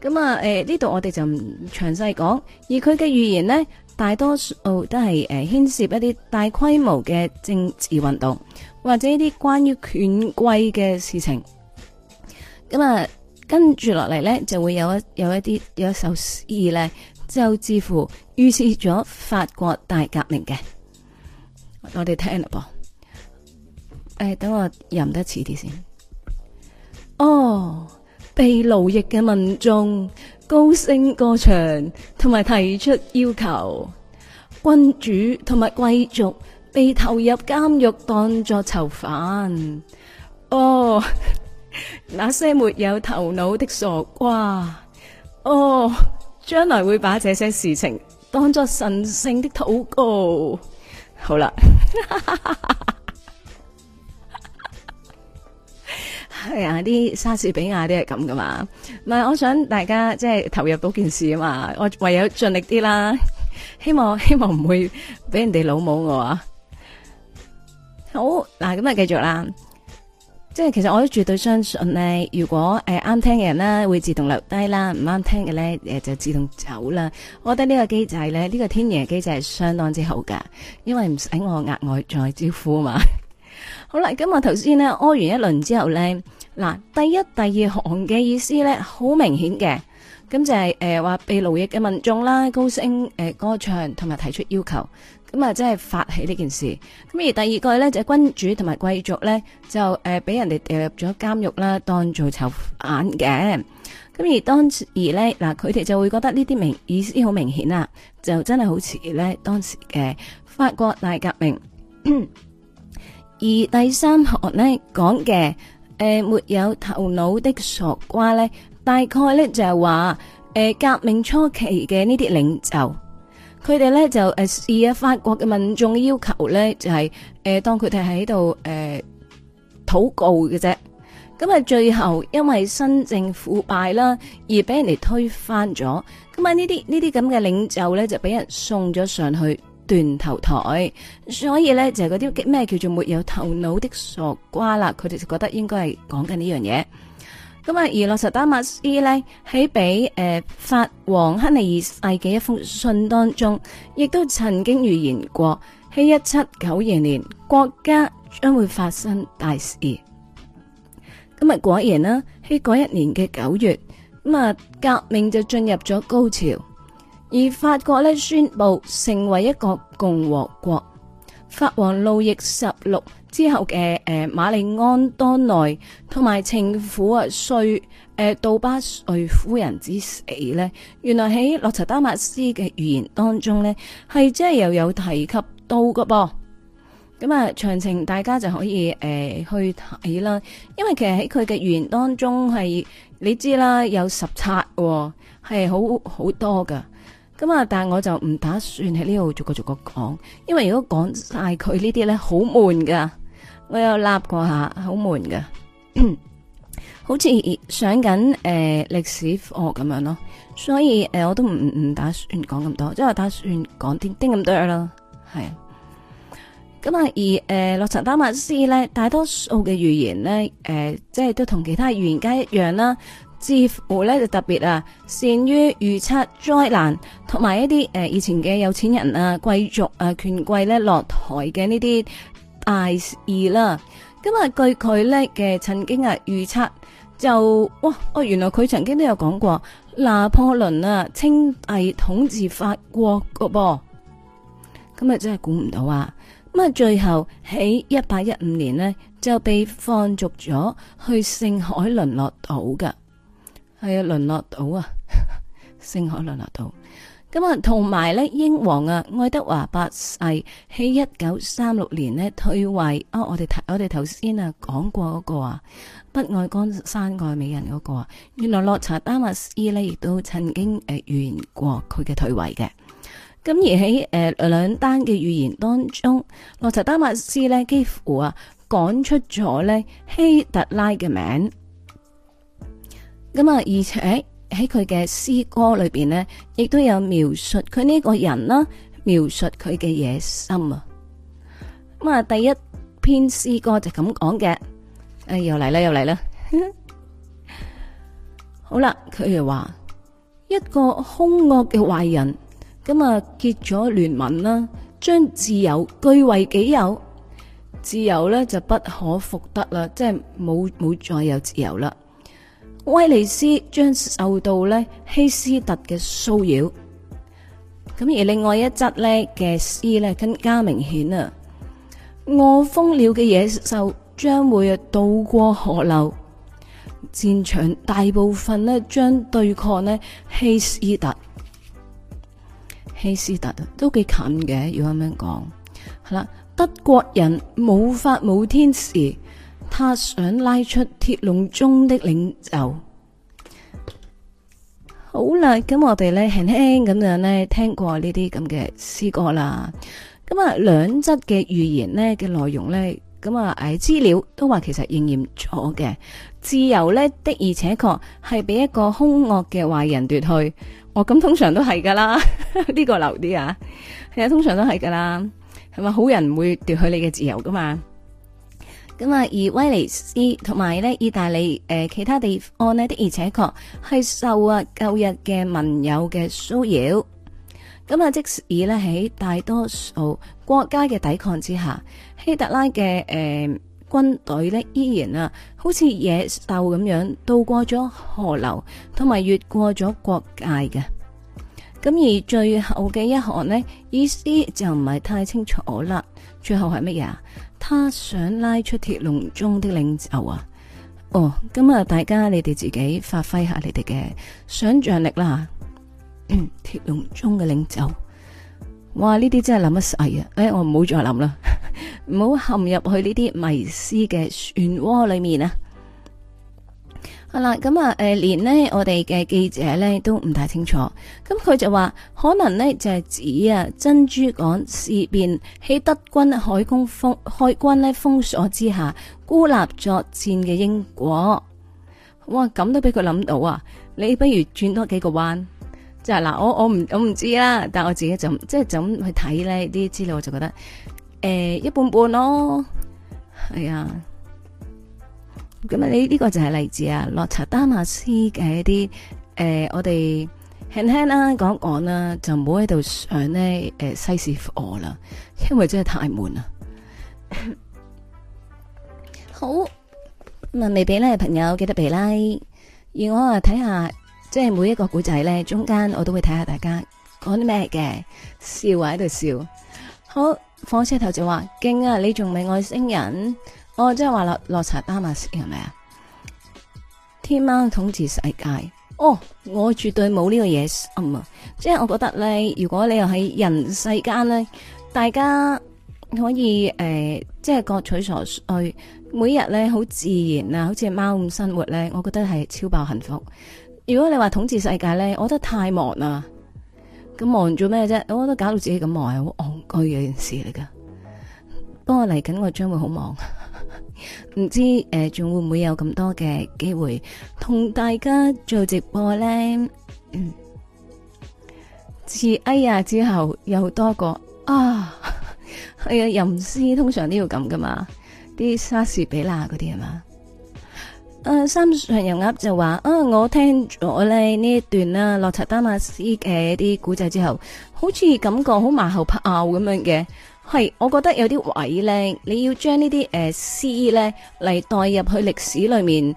咁啊，誒呢度我哋就唔詳細講，而佢嘅預言呢，大多數都係誒牽涉一啲大規模嘅政治運動，或者一啲關於權貴嘅事情。咁啊，跟住落嚟呢，就會有一有一啲有一首詩咧，就似乎預示咗法國大革命嘅。我哋聽啦噃。誒，等我吟得遲啲先。哦，被奴役嘅民眾高聲歌唱，同埋提出要求；君主同埋貴族被投入監獄當作囚犯。哦，那些沒有頭腦的傻瓜。哦，將來會把這些事情當作神聖的禱告。好啦。 係啊，啲莎士比亞啲係咁噶嘛，唔係我想大家即係投入到件事啊嘛，我唯有盡力啲啦，希望希望唔會俾人哋老母我啊。好，嗱咁啊，繼續啦，即係其實我都絕對相信咧，如果誒啱聽嘅人啦會自動留低啦，唔啱聽嘅咧誒就自動走啦。我覺得呢個機制咧，呢個天然機制係相當之好噶，因為唔使我額外再招呼嘛。好啦，咁我頭先咧屙完一輪之後咧，嗱第一、第二行嘅意思咧好明顯嘅，咁就係誒話被奴役嘅民眾啦，高聲誒歌唱同埋提出要求，咁啊真係發起呢件事。咁而第二個咧就係君主同埋貴族咧就誒俾人哋掉入咗監獄啦，當做囚犯嘅。咁而當時咧嗱，佢哋就會覺得呢啲明意思好明顯啦，就真係好似咧當時嘅法國大革命。而第三學咧講嘅，誒、呃、沒有頭腦的傻瓜咧，大概咧就係、是、話、呃，革命初期嘅呢啲領袖，佢哋咧就誒試啊法國嘅民眾嘅要求咧，就係、是、誒、呃、當佢哋喺度誒禱告嘅啫，咁啊最後因為新政腐敗啦，而俾人哋推翻咗，咁啊呢啲呢啲咁嘅領袖咧就俾人送咗上去斷頭台，所以呢，就係嗰啲咩叫做沒有頭腦的傻瓜啦，佢哋就覺得應該係講緊呢樣嘢。咁啊，而洛什達馬斯呢，喺俾誒法王亨利二世嘅一封信當中，亦都曾經預言過：喺一七九二年國家將會發生大事。咁啊，果然啦，喺嗰一年嘅九月，咁啊革命就進入咗高潮。而法國咧宣布成為一個共和國，法王路易十六之後嘅誒馬利安多內同埋情婦啊，瑞、呃、杜巴瑞夫人之死呢，原來喺洛查丹瑪斯嘅預言當中呢係即係又有提及到嘅噃。咁啊，詳情大家就可以誒、呃、去睇啦，因為其實喺佢嘅預言當中係你知啦，有十冊喎、哦，係好好多㗎。咁啊！但係我就唔打算喺呢度逐個逐個講，因為如果講晒佢呢啲咧， 好悶噶。我有立過下，好悶噶，好似上緊誒歷史課咁樣咯。所以誒、呃，我都唔唔打算講咁多，即、就、係、是、打算講啲丁咁多咯。係。咁啊，而誒，洛、呃、丹瑪斯咧，大多數嘅預言咧，誒、呃，即係都同其他預言家一樣啦。似乎咧就特別啊，善於預測災難同埋一啲誒、呃，以前嘅有錢人啊、貴族啊、權貴咧落台嘅呢啲大事啦。咁、嗯、啊，據佢咧嘅曾經啊預測就哇哦，原來佢曾經都有講過拿破崙啊，稱帝統治法國個噃。咁、嗯、啊，真係估唔到啊！咁、嗯、啊，最後喺一八一五年呢，就被放逐咗去聖海倫島噶。係啊，淪落島啊呵呵，星海淪落島。咁啊，同埋咧，英皇啊，愛德華八世喺一九三六年呢退位。哦、啊，我哋我哋頭先啊講過嗰個啊，不愛江山愛美人嗰個啊，原來諾查丹馬斯呢亦都曾經誒、預、呃、言過佢嘅退位嘅。咁而喺誒兩單嘅預言當中，諾查丹馬斯呢幾乎啊講出咗呢希特拉嘅名。咁啊！而且喺佢嘅詩歌裏邊呢，亦都有描述佢呢個人啦，描述佢嘅野心啊！咁啊，第一篇詩歌就咁講嘅。誒，又嚟啦，又嚟啦！ 好啦，佢又話一個凶惡嘅壞人，咁啊結咗聯盟啦，將自由據為己有，自由咧就不可復得啦，即係冇冇再有自由啦。威尼斯將受到呢希斯特嘅騷擾，咁而另外一則呢嘅詩呢，更加明顯啊！餓瘋了嘅野獸將會渡過河流，戰場大部分呢將對抗呢希斯特。希斯特都幾近嘅，要咁樣講，係啦，德國人冇法冇天時。他想拉出鐵籠中的領袖。好啦，咁我哋咧輕輕咁樣咧聽過呢啲咁嘅詩歌啦。咁啊，兩則嘅預言咧嘅內容咧，咁啊，誒，資料都話其實應驗咗嘅。自由咧的而且確係俾一個凶惡嘅壞人奪去。哦，咁通常都係噶啦，呢個留啲啊。係啊，通常都係噶啦。係咪好人唔會奪去你嘅自由噶嘛？咁啊，而威尼斯同埋咧意大利，誒其他地方呢，的而且確係受啊舊日嘅盟友嘅騷擾。咁啊，即使呢喺大多數國家嘅抵抗之下，希特拉嘅、誒、呃、軍隊呢依然啊，好似野獸咁樣渡過咗河流，同埋越過咗國界嘅。咁而最後嘅一行呢，意思就唔係太清楚啦。最後係乜嘢啊？他想拉出鐵籠中的領袖啊！哦，咁啊，大家你哋自己發揮下你哋嘅想象力啦。鐵籠中嘅領袖，哇！呢啲真係諗一世啊！哎，我唔好再諗啦，唔 好陷入去呢啲迷思嘅漩渦裏面啊！係啦，咁啊、嗯，誒，連咧我哋嘅記者咧都唔太清楚，咁佢就話可能呢就係指啊珍珠港事變喺德軍海軍封海軍封鎖之下孤立作戰嘅英國，哇咁都俾佢諗到啊！你不如轉多幾個彎，即係嗱，我我唔我唔知啦，但係我自己就即係就咁去睇呢啲資料，我就覺得誒、欸、一半半咯，係、哎、啊。咁、呃、啊，你呢個就係例子啊，洛查丹馬斯嘅一啲誒，我哋輕輕啦講講啦，就唔好喺度上呢。誒、呃、西事我啦，因為真係太悶啦。 好，問未俾咧朋友記得俾拉，而我啊睇下，即係每一個古仔咧中間，我都會睇下大家講啲咩嘅，笑喺度笑。好，火車頭就話：驚啊，你仲未外星人？哦，即係話落落茶丹瑪斯係咪啊？天貓統治世界哦，我絕對冇呢個嘢。唔、嗯、即係我覺得咧，如果你又喺人世間咧，大家可以誒、呃，即係各取所需，每日咧好自然啊，好似貓咁生活咧，我覺得係超爆幸福。如果你話統治世界咧，我覺得太忙啦。咁忙做咩啫？我覺得搞到自己咁忙，係好戇居嘅件事嚟噶。不過嚟緊，我將會好忙。唔知誒，仲、呃、會唔會有咁多嘅機會同大家做直播咧、嗯？自哎呀之後又多個啊，係啊吟詩通常都要咁噶嘛，啲莎士比亞嗰啲係嘛？誒、呃，三上油鴨就話啊，我聽咗咧呢一段啦、啊，洛查丹馬斯嘅啲古仔之後，好似感覺好馬後拗咁樣嘅。係，我覺得有啲位咧，你要將、呃、呢啲誒詩咧嚟代入去歷史裏面，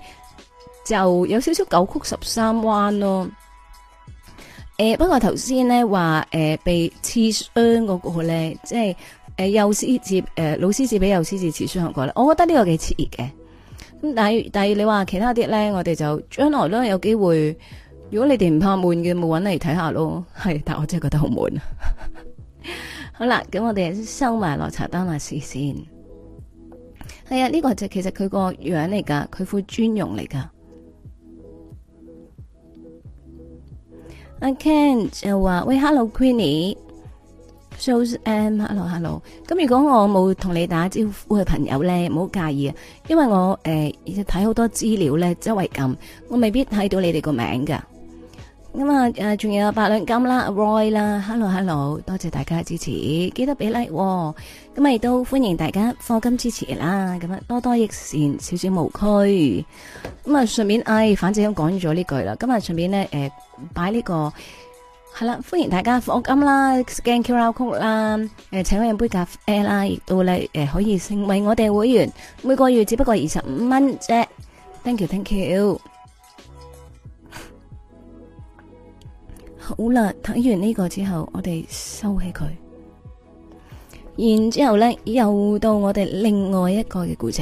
就有少少九曲十三彎咯。誒、呃，不過頭先咧話誒被刺傷嗰個咧，即係誒、呃、幼師節誒老師節俾幼師節刺傷過咧，我覺得呢個幾刺激嘅。咁但係但係你話其他啲咧，我哋就將來咧有機會，如果你哋唔怕悶嘅，冇搵嚟睇下咯。係，但我真係覺得好悶。 好啦，咁我哋收埋洛丹瑪斯先。係啊，呢、這個就其實佢個樣嚟噶，佢副專用嚟噶。阿 Ken、okay，就話喂，hello，Queenie，shows and、um, hello hello。咁如果我冇同你打招呼嘅朋友咧，唔好介意啊，因為我而且睇好多資料咧，周圍咁我未必睇到你哋個名噶。咁啊誒，仲、嗯、有八兩金啦，Roy 啦，Hello Hello，多謝大家支持，記得俾禮、like 哦，咁、嗯、啊，亦都歡迎大家課金支持啦，咁、嗯、啊多多益善，少少無拘，咁啊順便誒、哎，反正都講咗呢句啦，咁啊順便咧誒，擺、呃、呢、這個係啦、嗯，歡迎大家課金啦，Scan QR Code 啦，誒、呃，請我飲杯咖啡啦，亦都咧誒可以成為我哋會員，每個月只不過二十五蚊啫，Thank you Thank you。好啦，睇完呢個之後，我哋收起佢。然之後咧，又到我哋另外一個嘅故仔。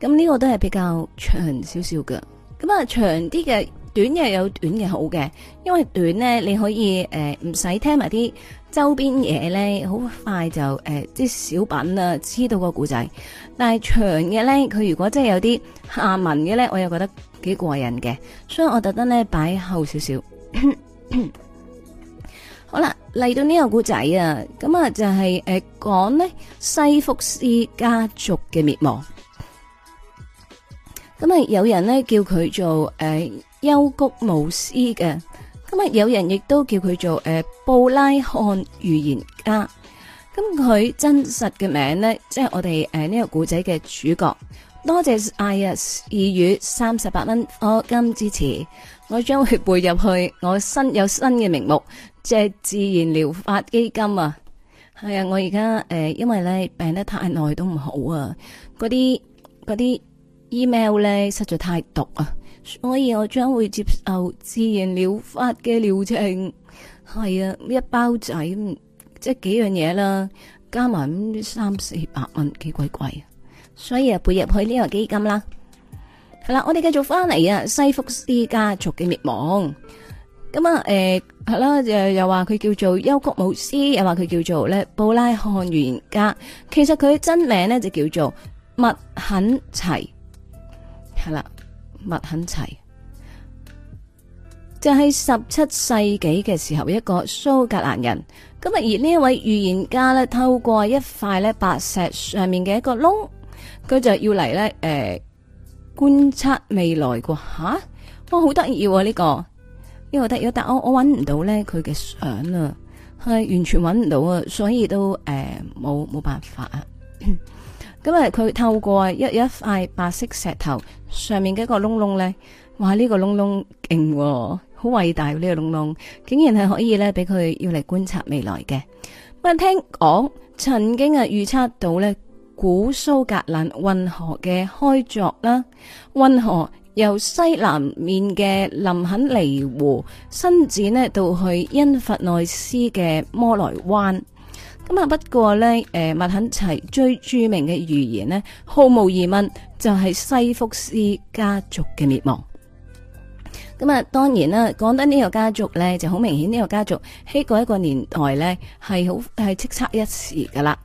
咁呢個都係比較長少少嘅。咁啊，長啲嘅，短嘅有短嘅好嘅，因為短呢，你可以誒唔使聽埋啲周邊嘢咧，好快就誒即係小品啦，啊，知道個故仔。但係長嘅咧，佢如果真係有啲下文嘅咧，我又覺得。幾過癮嘅，所以我特登呢擺後少少。 好啦，嚟到呢個古仔啊，咁啊就係誒講呢西福斯家族嘅滅亡。咁啊有人呢叫佢做誒優、呃、谷牧斯嘅，咁啊有人亦都叫佢做誒、呃、布拉漢預言家。咁佢真實嘅名字呢，即、就、係、是、我哋誒呢個古仔嘅主角。多謝 I 啊，二月三十八蚊，我今支持，我將會背入去，我新有新嘅名目，即自然療法基金啊，係啊，我而家誒，因為咧病得太耐都唔好啊，嗰啲嗰啲 email 咧實在太毒啊，所以我將會接受自然療法嘅療程，係啊，一包仔即係幾樣嘢啦，加埋三四百蚊，幾鬼貴啊！所以啊，背入去呢個基金啦，係啦。我哋繼續翻嚟啊，西福斯家族嘅滅亡咁啊。誒，係啦，又又話佢叫做丘格姆斯，又話佢叫做咧布拉漢預言家。其實佢真名咧就叫做麥肯齊，係啦，麥肯齊就係十七世紀嘅時候一個蘇格蘭人。咁啊而呢一位預言家咧，透過一塊咧白石上面嘅一個窿。佢就要嚟咧，誒、呃，觀察未來個吓、啊，哇，好得意喎呢個，呢個得意，但我我搵唔到咧佢嘅相啊，係完全搵唔到啊，所以都誒冇冇辦法啊。咁啊，佢、 嗯、透過一一塊白色石頭上面嘅一個窿窿咧，哇，呢、這個窿窿勁，好偉大呢、啊這個窿窿，竟然係可以咧俾佢要嚟觀察未來嘅。不過聽講曾經啊預測到咧。古蘇格蘭運河嘅開鑿啦，運河由西南面嘅林肯尼湖伸展咧到去因弗內斯嘅摩來灣。咁啊，不過呢，誒，麥肯齊最著名嘅預言呢，毫無疑問就係、是、西福斯家族嘅滅亡。咁啊，當然啦，講緊呢個家族呢，就好明顯呢、這個家族喺嗰一個年代呢，係好係叱咤一時噶啦。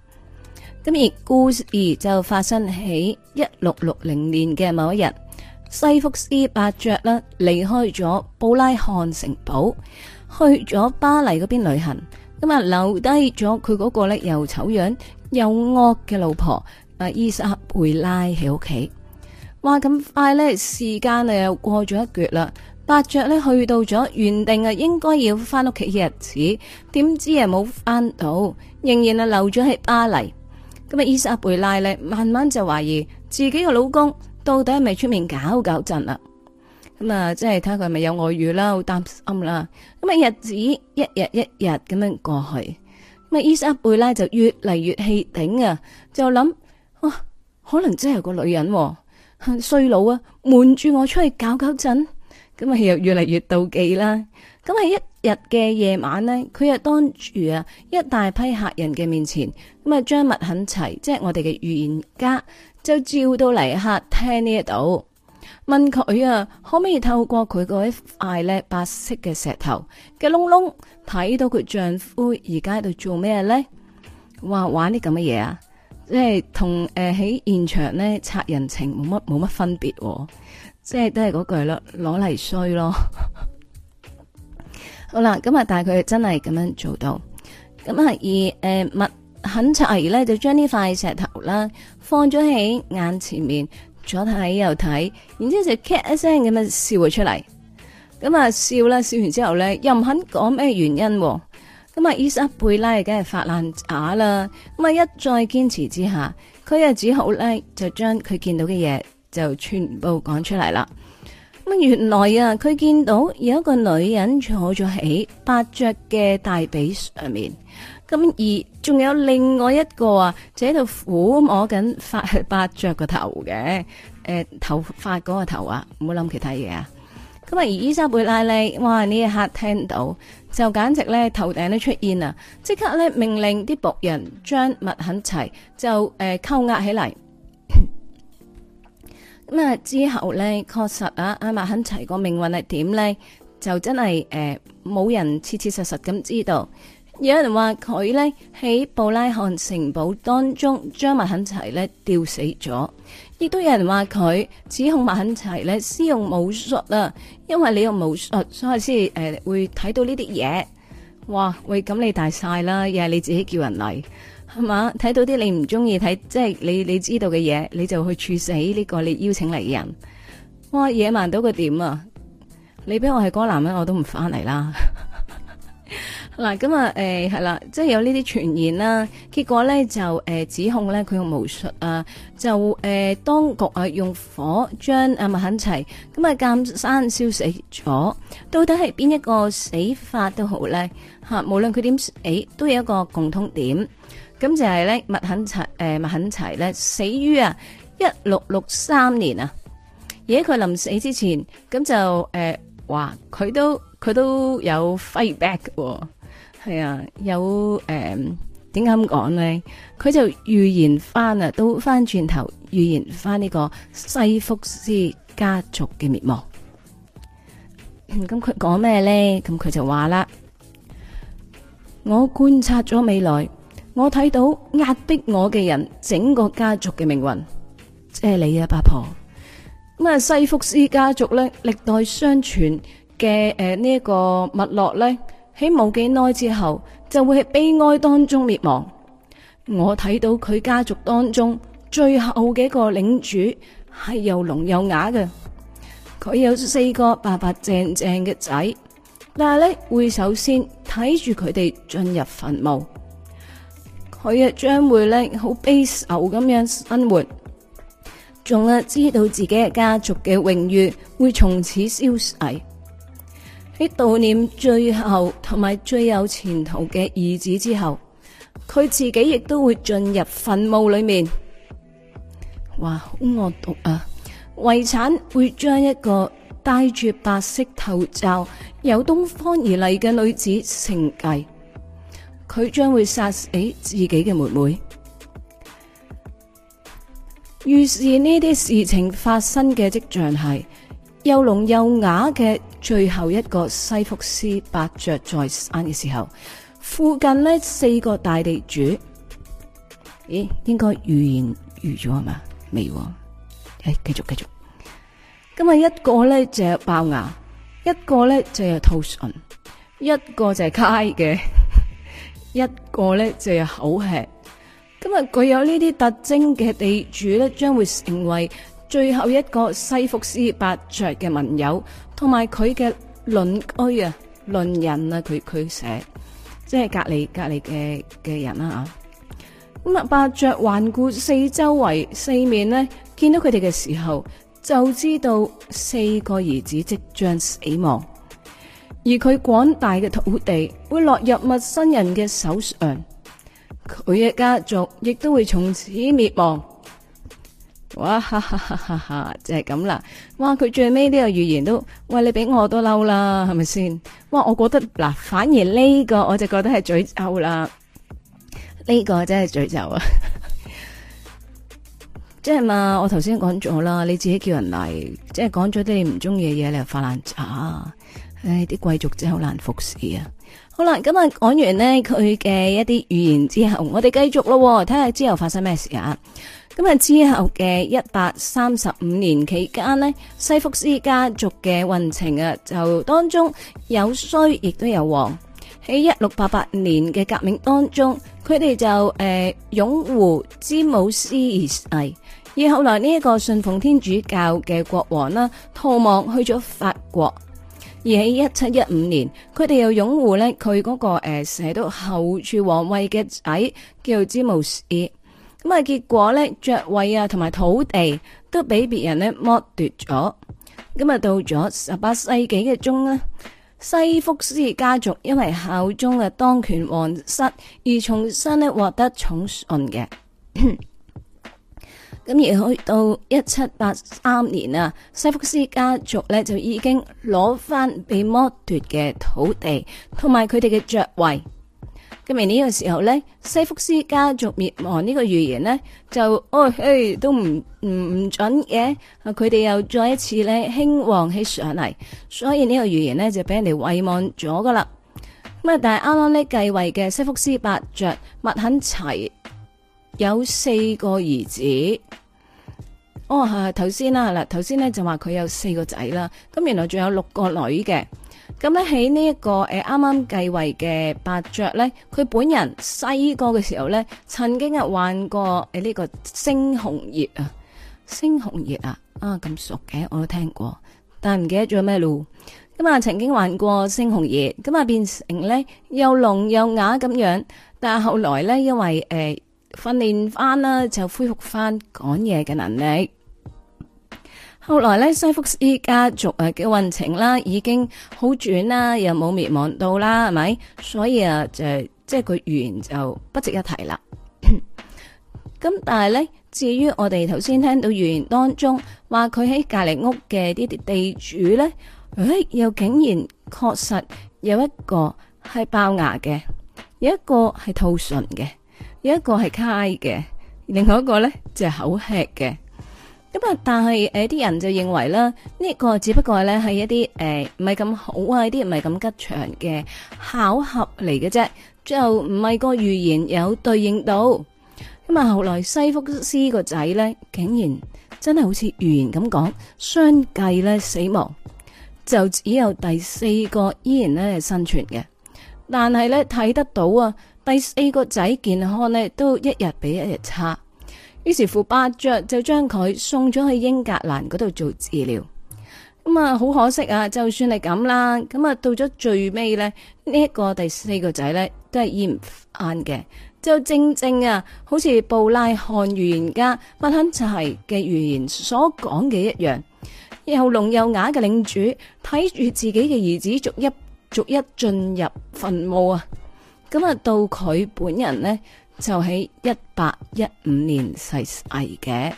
咁而故事就發生喺一六六零年嘅某一日，西福斯伯爵呢離開咗布拉漢城堡，去咗巴黎嗰邊旅行。咁啊，留低咗佢嗰個呢又醜樣又惡嘅老婆啊伊莎貝拉喺屋企。哇！咁快呢時間呢又過咗一橛啦。伯爵呢去到咗原定啊應該要翻屋企嘅日子，點知啊冇翻到，仍然啊留咗喺巴黎。咁啊，伊莎貝拉咧，慢慢就懷疑自己個老公到底係咪出面搞搞震啦，咁啊，即係睇下佢係咪有外遇啦，好擔心啦。咁、嗯、啊，日子一日一日咁樣過去，咁啊，伊莎貝拉就越嚟越氣頂啊，就諗哇可能真係個女人衰佬啊，瞞住、啊、我出去搞搞震，咁、嗯、啊，又越嚟越妒忌。啦。咁、嗯、啊，一、嗯日嘅夜晚咧，佢又當住啊一大批客人嘅面前，咁啊將物很齊，即係我哋嘅預言家就照到嚟客廳呢一度，問佢啊可唔可以透過佢嗰一塊咧白色嘅石頭嘅窿窿睇到佢丈夫而家喺度做咩咧？話玩啲咁嘅嘢啊，即係同誒喺現場咧拆人情冇乜冇乜分別，哦，即係都係嗰句咯，攞嚟衰咯。好啦，咁啊，但係佢真係咁樣做到，咁啊而誒、呃，麥肯柴咧就將呢塊石頭啦放咗喺眼前面，左睇右睇，然之後就咔一聲咁樣笑咗出嚟，咁、嗯、啊笑啦，笑完之後咧又唔肯講咩原因、啊，咁啊伊莎貝拉梗係發爛渣啦，咁、嗯、啊一再堅持之下，佢啊只好咧就將佢見到嘅嘢就全部講出嚟啦。咁原來啊，佢見到有一個女人坐咗喺伯爵嘅大髀上面，咁而仲有另外一個啊，就喺度撫摸緊伯、伯爵個頭嘅，誒、呃、頭髮嗰個頭啊，唔好諗其他嘢啊。咁啊，而伊莎貝拉呢，哇，呢一刻聽到就簡直咧頭頂都出現啦，即刻咧命令啲僕人將物很齊就誒、呃、扣押起嚟。咁啊！之後咧，確實啊，阿麥肯齊個命運係點咧？就真係誒冇人切切實實咁知道。有人話佢咧喺布拉漢城堡當中將麥肯齊咧吊死咗，亦都有人話佢指控麥肯齊咧施用巫術啊，因為你用巫術，所以先誒、呃、會睇到呢啲嘢。哇！喂，咁你大晒啦！又係你自己叫人嚟。係嘛？睇到啲你唔中意睇，即係你你知道嘅嘢，你就去處死呢、這個你邀請嚟嘅人。哇！野蠻到個點啊！你俾我係嗰個男人，我都唔翻嚟啦。嗱， 咁、欸、啊，誒，係啦，即係有呢啲傳言啦。結果咧就誒、呃、指控咧佢用巫術啊，就誒、呃、當局啊用火將阿麥肯齊咁啊鑑山燒死咗。到底係邊一個死法都好咧，吓，無論佢點誒，都有一個共通點。咁就係咧，麥肯齊誒，麥肯齊咧死於啊一六六三年啊。而喺佢臨死之前，咁就誒、呃、哇佢都佢都有 fight back，係、哦、啊，有誒點解咁講呢？佢就預言翻啊，都翻轉頭預言翻呢個西福斯家族嘅滅亡。咁佢講咩咧？咁佢就話啦，我觀察咗未來。我睇到壓迫我嘅人，整個家族嘅命運，即係你啊，八婆咁啊。西福斯家族咧，歷代相傳嘅誒呢一個脈絡咧，喺冇幾耐之後就會喺悲哀當中滅亡。我睇到佢家族當中最後嘅一個領主係又聾又啞嘅，佢有四個白白淨淨嘅仔，但係咧會首先睇住佢哋進入墳墓。佢亦，將會咧好悲愁咁樣生活，仲啊知道自己嘅家族嘅榮譽會從此消逝，喺悼念最後同埋最有前途嘅兒子之後，佢自己亦都會進入墳墓裏面。哇，好惡毒啊！遺產會將一個戴住白色頭罩，由東方而嚟嘅女子承繼。成績佢將會殺死自己嘅妹妹。於是呢啲事情發生嘅跡象係又聾又啞嘅最後一個西福斯伯爵在生嘅時候，附近呢四個大地主，咦？應該預言預咗係嘛？未？誒、哎，繼續繼續。今日一個咧就有、是、爆牙，一個咧就有兔唇，一個就係街嘅。一個咧，就係口吃。咁啊具有呢啲特徵嘅地主咧，將會成為最後一個西福斯伯爵嘅盟友，同埋佢嘅鄰居啊、鄰、哎、人啊，佢佢寫，即係、就是、隔籬隔籬嘅嘅人啦啊。咁啊，伯爵環顧四周圍，四面呢，見到佢哋嘅時候，就知道四個兒子即將死亡。而佢廣大嘅土地會落入陌生人嘅手上，佢嘅家族亦都會從此滅亡。哇！哈哈哈！哈哈，就係咁啦。哇！佢最尾呢個預言都喂，你俾我都嬲啦，係咪先？哇！我覺得嗱，反而呢個我就覺得係詛咒啦。呢個真係詛咒啊！即係嘛，我頭先講咗啦，你自己叫人嚟，即係講咗啲你唔中意嘅嘢，你又發爛渣。誒，啲貴族真係好難服侍啊！好啦，咁啊，講完呢佢嘅一啲語言之後，我哋繼續咯，睇下之後發生咩事啊！咁啊，之後嘅一百三十五年期間呢，西福斯家族嘅運程啊，就當中有衰亦都有旺。喺一六八八年嘅革命當中，佢哋就誒擁護詹姆斯二世，而後來呢一個信奉天主教嘅國王啦，逃亡去咗法國。而喺一七一五年，佢哋又擁護咧佢嗰個誒、呃、到後處皇位嘅仔叫詹姆斯，咁啊結果咧爵位啊同埋土地都俾別人咧剝奪咗。咁啊到咗十八世紀嘅中呢，西福斯家族因為效忠嘅當權皇室而重新呢獲得寵信嘅。 咁而去到一七八三年啊，西福斯家族咧，就已經攞翻被剝奪嘅土地，同埋佢哋嘅爵位。咁而呢個時候咧，西福斯家族滅亡呢個預言呢，就哦，唉、hey, 都唔唔唔準嘅。啊，佢哋又再一次咧興旺起上嚟，所以呢個預言呢，就俾人哋遺忘咗噶啦。咁啊，但係啱啱呢繼位嘅西福斯伯爵麥肯齊。有四個兒子哦，吓頭先啦嗱，頭先咧就話佢有四個仔啦，咁原來仲有六個女嘅。咁咧喺呢一個誒，啱啱繼位嘅伯爵咧，佢本人細個嘅時候咧，曾經啊患過誒呢個猩紅熱啊，猩紅熱啊啊咁熟嘅我都聽過，但係唔記得咗咩路咁啊。曾經患過猩紅熱，咁啊變成咧又聾又啞咁樣，但係後來咧因為誒。呃訓練翻啦，就恢復翻講嘢嘅能力。後來呢，西福斯家族嘅運程啦，已經好轉啦，又冇滅亡到啦，係咪？所以啊，就即係佢預言就不值一提啦。咁 但係呢，至於我哋頭先聽到預言當中話佢喺隔籬屋嘅呢啲地主呢，誒、哎，又竟然確實有一個係爆牙嘅，有一個係兔唇嘅。一個係差嘅，另外一個呢就係、是、口吃嘅。咁啊，但係誒啲人就認為啦，呢、這個只不過呢係一啲誒唔係咁好啊，啲唔係咁吉祥嘅巧合嚟嘅啫，最後唔係個預言有對應到。咁啊，後來西福斯個仔呢，竟然真係好似預言咁講，相繼呢死亡，就只有第四個依然呢係生存嘅，但係呢，睇得到啊！第四個仔健康呢，都一日比一日差，於是乎伯爵就將佢送咗去英格蘭嗰度做治療。咁、嗯、啊，好可惜啊！就算係咁啦，咁、嗯、啊，到咗最尾呢，呢、這、一個第四個仔呢，都係咽唔翻嘅。就正正啊，好似布拉漢預言家麥肯齊嘅預言所講嘅一樣，又聾又啞嘅領主睇住自己嘅兒子逐一逐一進入墳墓啊！咁啊，到佢本人呢，就喺一八一五年逝世嘅。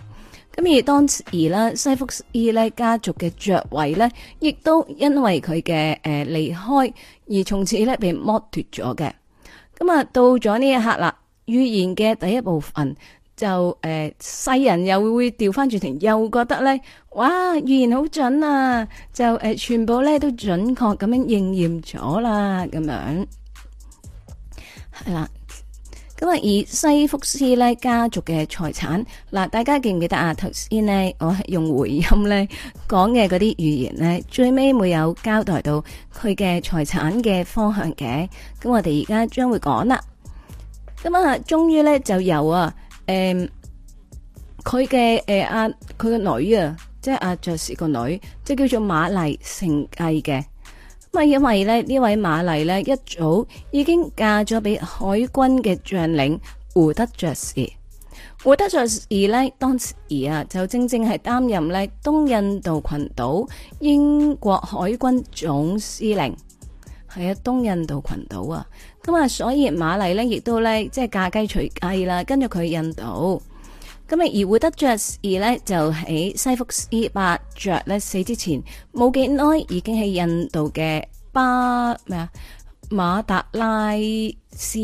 咁而當時啦，西福斯咧家族嘅爵位呢，亦都因為佢嘅誒離開，而從此呢被剝奪咗嘅。咁啊，到咗呢一刻啦，預言嘅第一部分就誒、呃，世人又會調翻轉頭，又覺得呢：「哇，預言好準啊！」就誒、呃，全部呢都準確咁樣應驗咗啦，咁樣。係啦，咁啊，以西福斯咧家族嘅財產，嗱，大家記唔記得啊？頭先咧，我係用回音咧講嘅嗰啲預言咧，最尾會有交代到佢嘅財產嘅方向嘅。咁我哋而家將會講啦。咁啊，終於咧就有、呃呃、啊，誒，佢嘅誒佢個女啊，即係阿爵士個女，即係叫做瑪麗承繼嘅。因為咧呢位瑪麗咧一早已經嫁咗俾海軍嘅將領胡德爵士，胡德爵士咧當時啊就正正係擔任咧東印度群島英國海軍總司令，係啊東印度群島啊，咁啊所以瑪麗呢亦都呢，即係嫁雞隨雞啦，跟住佢印度。咁啊，而胡德爵士二呢就喺西福斯伯、e、爵咧死之前，冇幾耐已經喺印度嘅巴咩啊馬達拉斯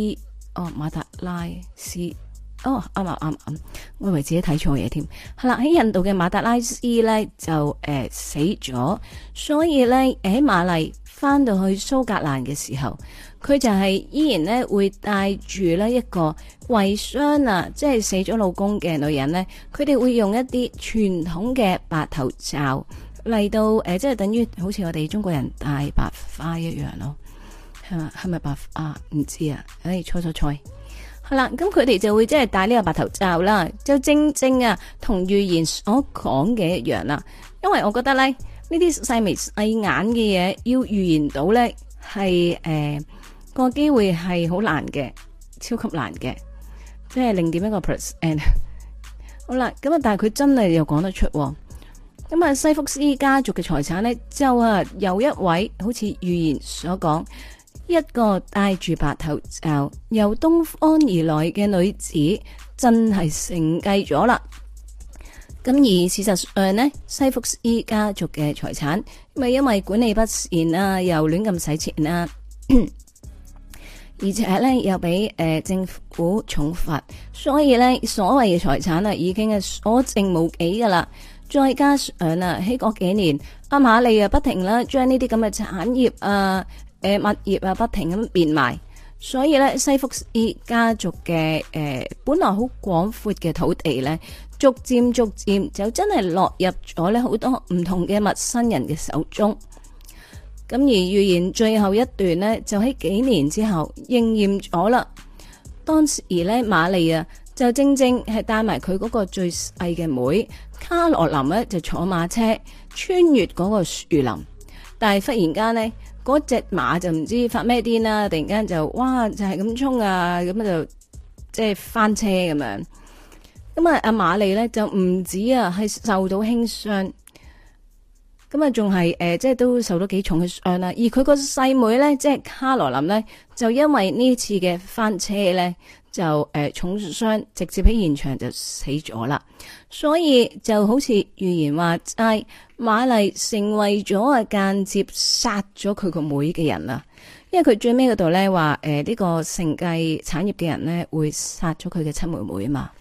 哦馬達拉斯。哦馬哦，啱啊啱啱我以為自己睇錯嘢添。係啦，喺印度嘅馬達拉斯咧就誒、呃、死咗，所以咧喺馬麗返到去蘇格蘭嘅時候，佢就係依然咧會帶住咧一個遺孀啊，即係死咗老公嘅女人咧，佢哋會用一啲傳統嘅白頭罩嚟到誒、呃，即係等於好似我哋中國人戴白花一樣咯。係咪係咪白啊？唔、啊、知啊，哎，錯錯錯。啦，咁佢哋就會即係戴呢個白頭罩啦，就正正啊，同預言所講嘅一樣啦。因為我覺得咧，呢啲細眉細眼嘅嘢，要預言到咧，係誒、呃那個機會係好難嘅，超級難嘅，即係零點一個 percent。好啦，咁啊，但係佢真係又講得出。咁啊，西福斯家族嘅財產咧，就啊，有一位好似預言所講。一個戴住白頭罩由東方而來嘅女子，真係承繼咗啦。咁而事實上呢，西福斯家族嘅財產，咪因為管理不善亂啊，又亂咁使錢啊，而且呢又俾誒、呃、政府重罰，所以呢，所謂嘅財產啊，已經係所剩無幾噶啦。再加上啊，喺嗰幾年，阿瑪莉啊不停啦，將呢啲咁嘅產業啊。誒，物業啊，不停咁變賣，所以咧，西福斯家族嘅誒，本來好廣闊嘅土地咧，逐漸逐漸就真係落入咗咧好多唔同嘅陌生人嘅手中。咁而預言最後一段呢，就喺幾年之後應驗咗啦。當時咧，瑪麗啊，就正正係帶埋佢嗰個最細嘅妹妹卡羅琳咧，就坐馬車穿越嗰個樹林，但係忽然間呢。嗰隻馬就唔知發咩癲啦，突然間就哇就係咁衝啊，咁就即係、就是、翻車咁樣。咁啊呢，阿瑪莉咧就唔止啊，係受到輕傷，咁啊仲係即係都受到幾重嘅傷啦。而佢個細妹咧，即係卡羅琳咧，就因為呢次嘅翻車咧。就誒、呃、重傷，直接喺現場就死咗啦。所以就好似預言話齋，瑪、哎、麗成為咗啊間接殺咗佢個妹嘅人啦。因為佢最尾嗰度咧話，誒、呃、呢、這個承繼產業嘅人咧會殺咗佢嘅親妹妹啊嘛。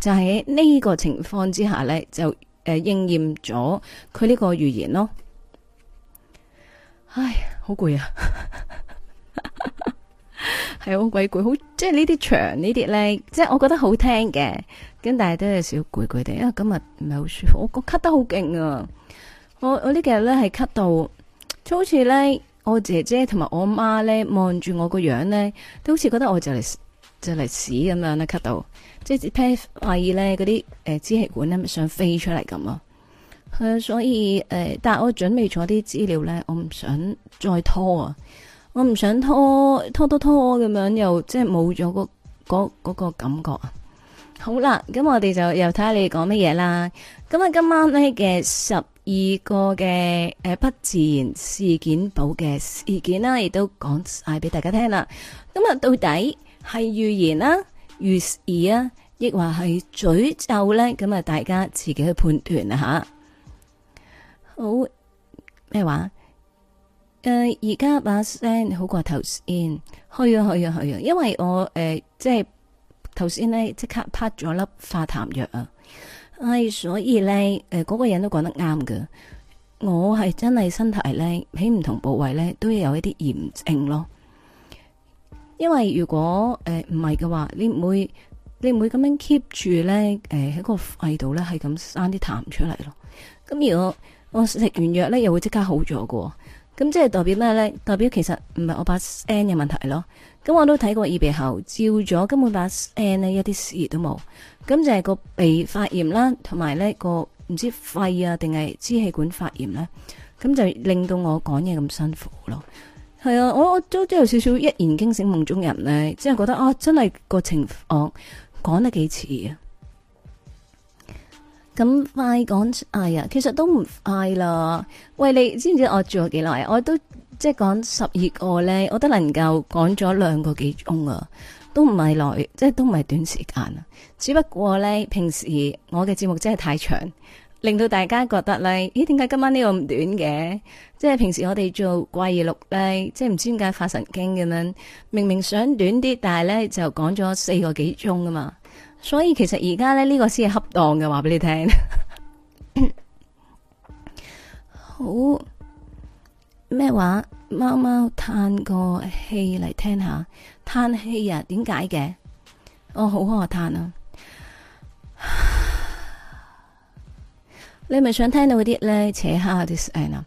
就喺呢個情況之下咧，就誒、呃、應驗咗佢呢個預言咯。唉，好攰啊！ 係好鬼攰，好即係呢啲長呢啲咧，即係我覺得好聽嘅，咁但係都係少攰攰地，因為今日唔係好舒服，我個咳得好勁啊！我我幾呢幾日咧係咳到，就好似咧我姐姐同埋我媽咧望住我個樣咧，都好似覺得我就嚟就嚟死咁樣咧咳到，即係只 a i 疑肺咧嗰啲誒支氣管咧想飛出嚟咁啊！所以誒、呃，但我準備咗啲資料咧，我唔想再拖啊。我唔想拖，拖拖拖拖咁樣，又即係冇咗嗰嗰嗰個感覺啊！好啦，咁我哋就又睇下你哋講乜嘢啦。咁啊，今晚呢嘅十二個嘅誒不自然事件簿嘅事件啦，啊，亦都講晒俾大家聽啦。咁啊，到底係預言啦，預視啊，亦或係詛咒咧？咁啊，大家自己去判斷吓。好咩話？誒，而家把聲好過頭先，去啊，去啊，去啊，因為我誒、呃，即係頭先咧，即刻拍咗粒化痰藥啊，唉，所以咧，誒、呃、嗰、那個人都講得啱嘅。我係真係身體咧，喺唔同部位咧都要有一啲炎症咯。因為如果誒唔係嘅話，你唔會你唔會咁樣 keep 住咧，誒、呃、喺個肺度咧係咁生啲痰出嚟咯。咁如果我食完藥咧，又會即刻好咗嘅。咁即係代表咩呢？代表其實唔係我把聲嘅問題咯。咁我都睇過耳鼻喉照咗，根本把聲呢一啲事都冇。咁就係個鼻發炎啦，同埋呢個唔知肺啊定係支氣管發炎呢。咁就令到我講嘢咁辛苦咯。係啊，我我都都有少少一言驚醒夢中人呢，即係覺得啊，真係個情況講得幾似。啊！咁快講，哎呀，其實都唔快啦。喂，你知唔知我做咗幾耐？我都即係講十二個呢，我都能夠講咗兩個幾鐘啊，都唔係耐，即係都唔係短時間啊。只不過呢，平時我嘅節目真係太長，令到大家覺得呢：咦？點解今晚呢個咁短嘅？即係平時我哋做怪異錄呢，即係唔知點解發神經咁樣，明明想短啲，但係呢就講咗四個幾鐘啊嘛。所以其實而家咧呢，這個先係恰當嘅， 話俾你聽，啊哦。好咩話？貓貓嘆個氣嚟聽下，嘆氣啊？點解嘅？我好可嘆啊！你係咪想聽到嗰啲咧？扯下啲誒啦，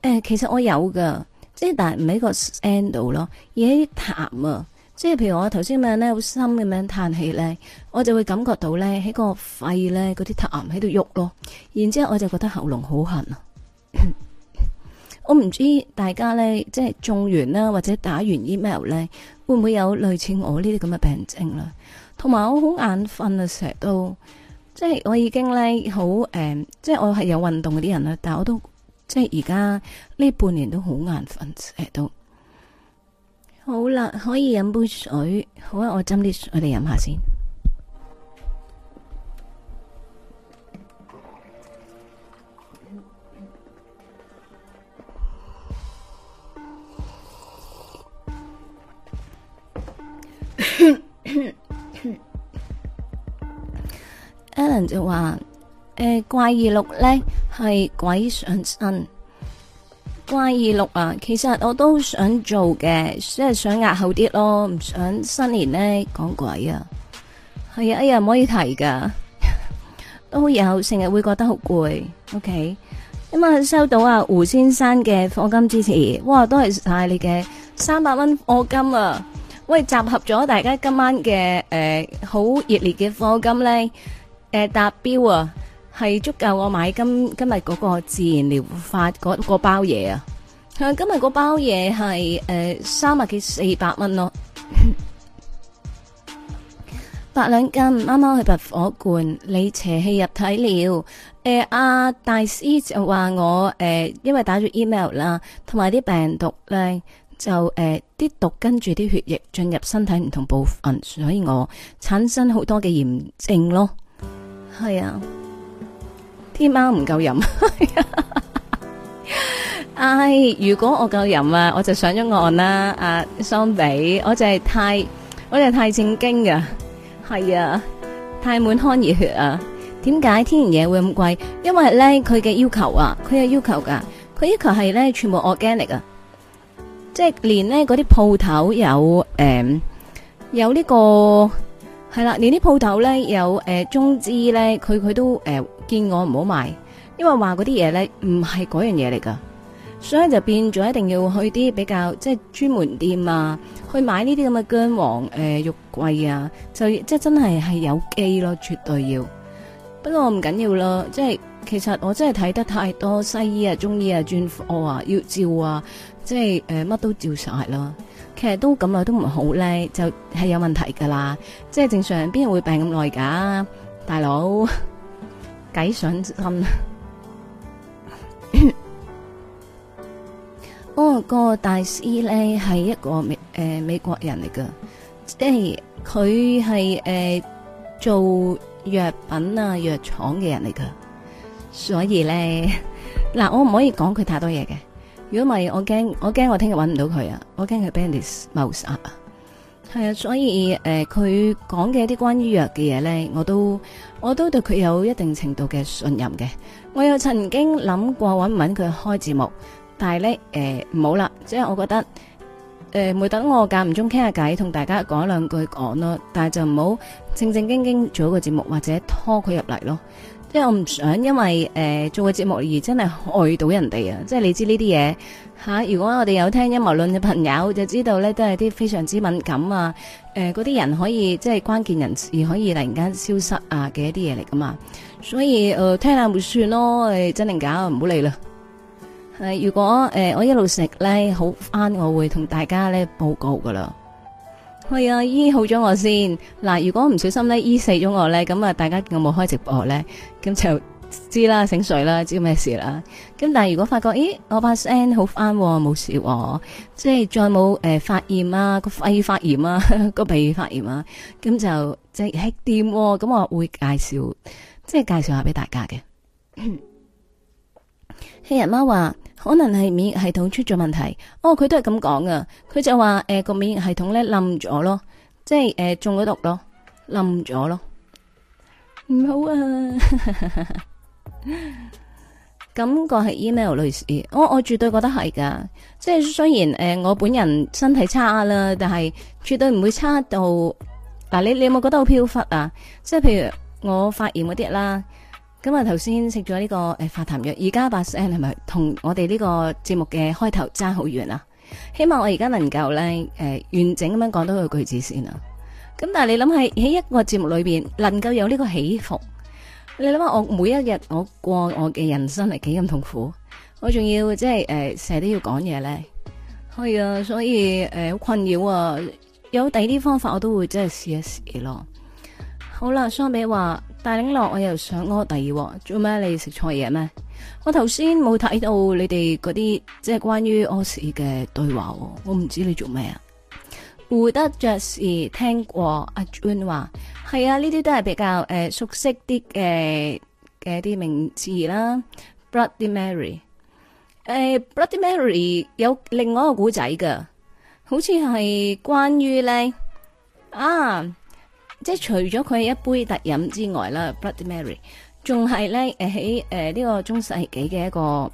誒、欸，其實我有噶，即係但係唔喺個 s a n d 度咯，而喺啲塔啊。即係譬如我頭先咁樣咧，好深咁樣嘆氣咧，我就會感覺到咧喺個肺咧嗰啲痰喺度喐咯，然之後我就覺得喉嚨好痕啊。 我唔知大家咧，即係中完啦或者打完 email 咧，會唔會有類似我呢啲咁嘅病症啦？同埋我好眼瞓啊，成日都即係我已經咧好誒，即係我係有運動嗰啲人啦，但係我都即係而家呢半年都好眼瞓，成日都。好啦，可以飲杯水。好啊，我斟啲水，你飲下先。Alan 就話：，誒，怪異錄呢係鬼上身。怪二六啊！其實我都想做嘅，即係想壓後啲咯，唔想新年咧講鬼啊！係啊，哎、呀，唔可以提噶， 都好有成日會覺得好攰。OK，今、嗯、啊，收到啊胡先生嘅課金支持，哇，都係晒、啊、你嘅三百蚊課金啊！喂，集合咗大家今晚嘅誒，好、呃、熱烈嘅課金咧，誒、呃、達標啊！係足夠我買今今日嗰個自然療法嗰個包嘢啊！今日嗰包嘢係誒三百幾四百蚊咯，八兩斤。啱啱去拔火罐，你邪氣入體了。誒、呃，阿、啊、大師就話我誒、呃，因為打咗 email 啦，同埋啲病毒咧就誒啲、呃、毒跟住啲血液進入身體唔同部分，所以我產生好多嘅炎症咯。係啊。啲貓唔夠飲，哎！如果我夠飲啊，我就上咗岸啦。阿桑比，我就係太，我就係太正經嘅。係啊，太滿腔熱血啊。點解天然嘢會咁貴？因為咧佢嘅要求啊，佢有要求噶，佢要求係咧全部 organic 啊，即係連咧嗰啲鋪頭有誒有呢個係啦，連啲鋪頭咧有誒中資咧，佢佢都誒。見我唔好買，因為話嗰啲嘢咧唔係嗰樣嘢嚟噶，所以就變咗一定要去啲比較即係專門店啊，去買呢啲咁嘅薑黃誒玉，呃、桂啊，就即係真係係有機咯，絕對要。我不過唔緊要咯，即係其實我真係睇得太多西醫啊、中醫啊、專科啊、要照啊，即係誒乜都照晒啦。其實都咁耐都唔好咧，就係有問題噶啦。即係正常邊人會病咁耐噶，大佬。計上心啦、 哦！我、那個大師咧係一個美誒、呃、美國人嚟噶，即係佢係誒做藥品啊藥廠嘅人嚟噶，所以咧嗱、呃，我唔可以講佢太多嘢嘅，如果唔係我驚我驚我聽日搵唔到佢啊，我驚佢俾人哋謀殺啊！係啊，所以誒佢講嘅一啲關於藥嘅嘢咧，我都。我都對佢有一定程度嘅信任嘅，我有曾經諗過搵唔搵佢開節目，但係呢，誒唔好啦，即係我覺得誒，每、呃、等我間唔中傾下偈，同大家講兩句講咯，但係就唔好正正經經做一個節目或者拖佢入嚟咯，即係我唔想因為誒、呃、做個節目而真係害到人哋啊，即係你知呢啲嘢。吓、啊！如果我哋有聽陰謀論嘅朋友，就知道呢都係啲非常之敏感啊，誒嗰啲人可以即係關鍵人士而可以突然間消失啊嘅一啲嘢嚟噶嘛，所以誒、呃、聽下冇算咯，誒真定假唔好理啦。係、啊、如果誒、呃、我一路食呢，好翻，我會同大家呢報告噶啦。係啊，醫好咗我先。嗱、啊，如果唔小心呢，醫死咗我呢，咁啊大家有冇開直播呢？咁就。知啦，醒水啦，知咩事啦？咁但係如果發覺，咦，我把聲好返，冇事喎。即係再冇誒、呃、發炎啊，個肺發炎啊，個鼻發炎啊，咁就即係掂喎。咁我會介紹，即係介紹下俾大家嘅。棄人媽話可能係免疫系統出咗問題，哦，佢都係咁講啊，佢就話誒個免疫系統咧冧咗咯，即係誒、呃、中咗毒咯，冧咗咯，唔好啊！ 感覺係 email 類似，我我絕對覺得係噶即係雖然誒、呃，我本人身體差啦，但係絕對唔會差到嗱、啊，你你有冇覺得好飄忽啊？即係譬如我發炎嗰啲啦，咁啊頭先食咗呢個誒發痰藥，而家把聲係咪同我哋呢個節目嘅開頭爭好遠啊？希望我而家能夠咧誒完整咁樣講到個句子先啊！咁但係你諗下，喺一個節目裏邊，能夠有呢個起伏。你諗下，我每一日我過我嘅人生係幾咁痛苦，我仲要即係誒，成日都要講嘢咧，係啊，所以誒好困擾啊。有第二啲方法，我都會即係試一試咯。好啦，相比話大檸樂，我又想屙第二喎。做咩？你食錯嘢咩？我頭先冇睇到你哋嗰啲即係關於屙屎嘅對話，我唔知你做咩啊。胡德爵士聽過阿 Jun 話。係啊，呢啲都係比較誒熟悉啲嘅嘅啲名字啦。Bloody Mary，誒 Bloody Mary 有另外一個古仔噶，好似係關於咧啊，即係除咗佢係一杯特飲之外啦，Bloody Mary 仲係咧喺誒呢個中世紀嘅一個。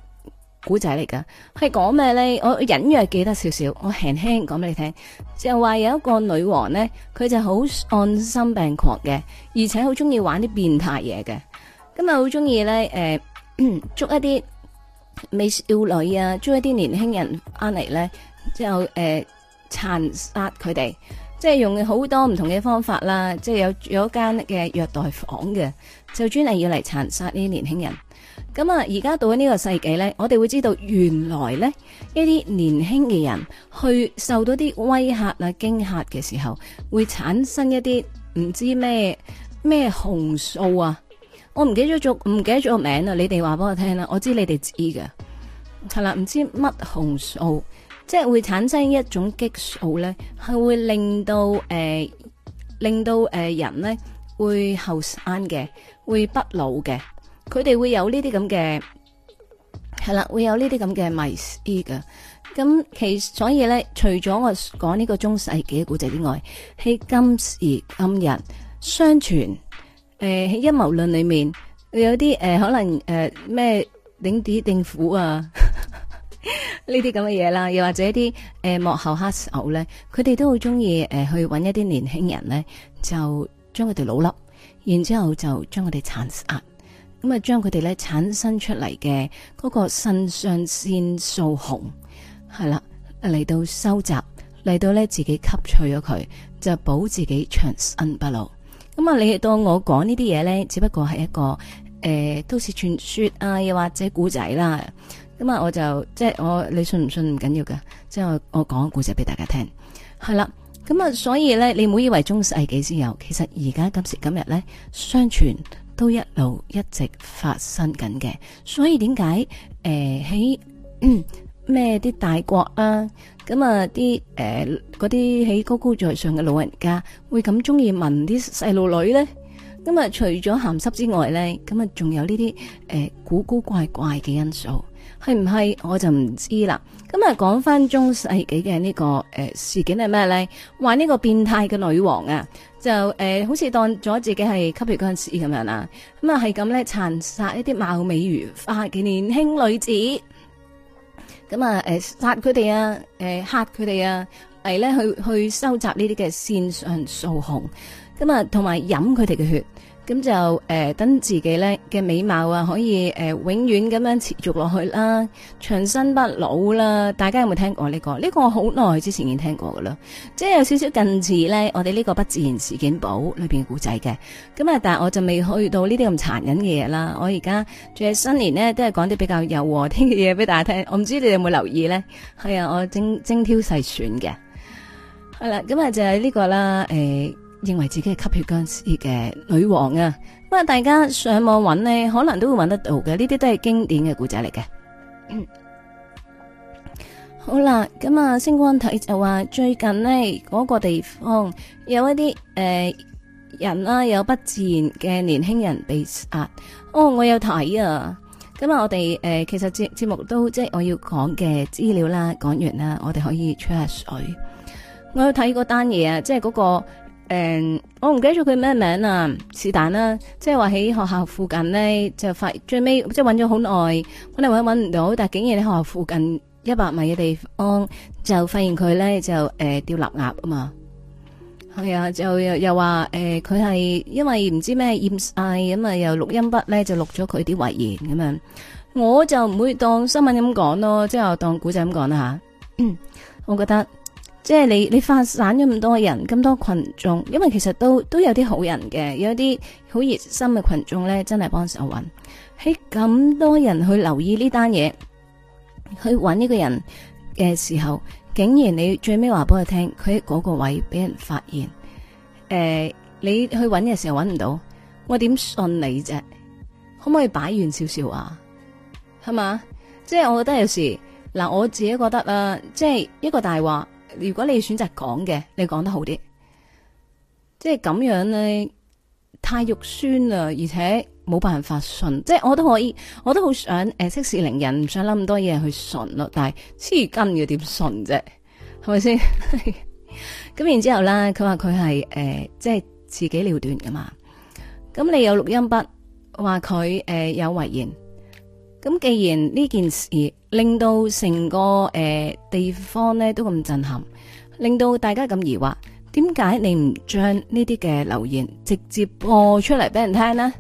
古仔嚟噶，係講咩咧？我隱約記得少少，我輕輕講俾你聽，就話有一個女王咧，佢就好喪心病狂嘅，而且好中意玩啲變態嘢嘅，今日好中意咧，誒、呃、捉一啲美少女啊，捉一啲年輕人翻嚟咧，之後誒殘殺佢哋，即係用好多唔同嘅方法啦，即係有有一間嘅虐待房嘅，就專係要嚟殘殺呢啲年輕人。咁啊，而家到咗呢個世紀咧，我哋會知道原來咧，一啲年輕嘅人去受到啲威嚇啊驚嚇嘅時候，會產生一啲唔知咩咩紅素啊，我唔記得咗做唔記得咗個名啦，你哋話俾我聽啦，我知你哋知㗎。係啦，唔知乜紅素，即係會產生一種激素咧，係會令到誒、呃、令到誒、呃、人咧會後生嘅，會不老嘅。佢哋會有呢啲咁嘅係啦，會有呢啲咁嘅迷思噶。咁其所以咧，除咗我講呢個中世紀嘅古仔之外，喺今時今日相傳誒喺、呃、陰謀論裏面，有啲誒、呃、可能誒咩領地政府啊呢啲咁嘅嘢啦，又或者啲誒、呃、幕後黑手咧，佢哋都好中意誒去搵一啲年輕人咧，就將佢哋老笠，然之後就將佢哋殘殺。咁啊，將佢哋咧產生出嚟嘅嗰個腎上腺素紅，係啦嚟到收集，嚟到咧自己吸取咗佢，就保自己長生不老。咁啊，你當我講呢啲嘢咧，只不過係一個誒、呃，都市傳說啊，又或者古仔啦。咁啊，我就即係我你信唔信唔緊要㗎？即係我我講個古仔俾大家聽，係啦。咁啊，所以咧，你唔好以為中世紀先有，其實而家今時今日咧，相傳。都一路一直發生緊嘅，所以點解誒喺咩啲大國啊，咁啊啲誒嗰啲喺高高在上嘅老人家會咁中意聞啲細路女咧？咁啊除咗鹹濕之外咧，咁啊仲有呢啲誒古古怪怪嘅因素，係唔係？我就唔知啦。咁啊講翻中世紀嘅呢個誒、啊、事件係咩咧？話呢個變態嘅女王啊！就誒、呃，好似當咗自己係吸血嗰陣時咁樣啦，咁啊係咁咧殘殺一啲貌美如花嘅年輕女子，咁啊誒殺佢哋啊，誒嚇佢哋啊，嚟、呃、咧去去收集呢啲嘅線上素紅，咁啊同埋飲佢哋嘅血。咁就誒，等自己咧嘅美貌啊，可以誒永遠咁樣持續落去啦，長生不老啦！大家有冇聽過呢個？呢個我好耐之前已經聽過噶啦，即係有少少近似咧，我哋呢個不自然事件簿裏邊嘅故仔嘅。咁啊，但係我就未去到呢啲咁殘忍嘅嘢啦。我而家仲係新年呢，都係講啲比較柔和聽嘅嘢俾大家聽。我唔知你哋有冇留意咧？係啊，我精精挑細選嘅。係啦，咁啊就係呢個啦，誒。認為自己係吸血僵屍嘅女王啊！不過大家上網揾呢，可能都會揾得到嘅。呢啲都係經典嘅故仔嚟嘅。好啦，咁啊，星光睇就話最近呢嗰、嗰個地方有一啲誒、呃、人啦、啊，有不自然嘅年輕人被殺。哦，我有睇啊。咁啊，我哋誒，其實節節目都即係我要講嘅資料啦，講完啦，我哋可以吹下水。我有睇嗰單嘢啊，即係嗰、嗰個。誒、嗯，我唔記得咗佢咩名啦，是但啦，即係話喺學校附近呢，就發，最尾即係揾咗好耐，揾嚟揾唔到。但係竟然喺學校附近一百米嘅地方就發現佢咧就誒掉立鴨啊嘛，係啊，就又又話誒佢係因為唔知咩染晒咁啊，又錄音筆咧就錄咗佢啲遺言咁樣，我就唔會當新聞咁講咯，即係我當古仔咁講啦嚇，我覺得。即係你你發散咗咁多人咁多群眾，因為其實都都有啲好人嘅，有啲好熱心嘅群眾咧，真係幫手搵。喺咁多人去留意呢單嘢，去搵一個人嘅時候，竟然你最尾話俾佢聽，佢喺嗰個位俾人發現。誒、呃，你去搵嘅時候搵唔到，我點信你啫？可唔可以擺遠少少啊？係嘛？即係我覺得有時嗱，我自己覺得啊，即係一個大話。如果你選擇講嘅，你講得好啲，即係咁樣咧太肉酸啦，而且冇辦法信。即係我都可以，我都好想誒、啊、息事寧人，唔想諗咁多嘢，去順咯。但係黐筋要點順啫，係咪先？咁 然之後咧，佢話佢係誒即係自己了斷噶嘛。咁你有錄音筆，話佢誒有遺言。咁既然呢件事令到成個誒地方咧都咁震撼，令到大家咁疑惑，點解你唔將呢啲嘅留言直接播出嚟俾人聽呢？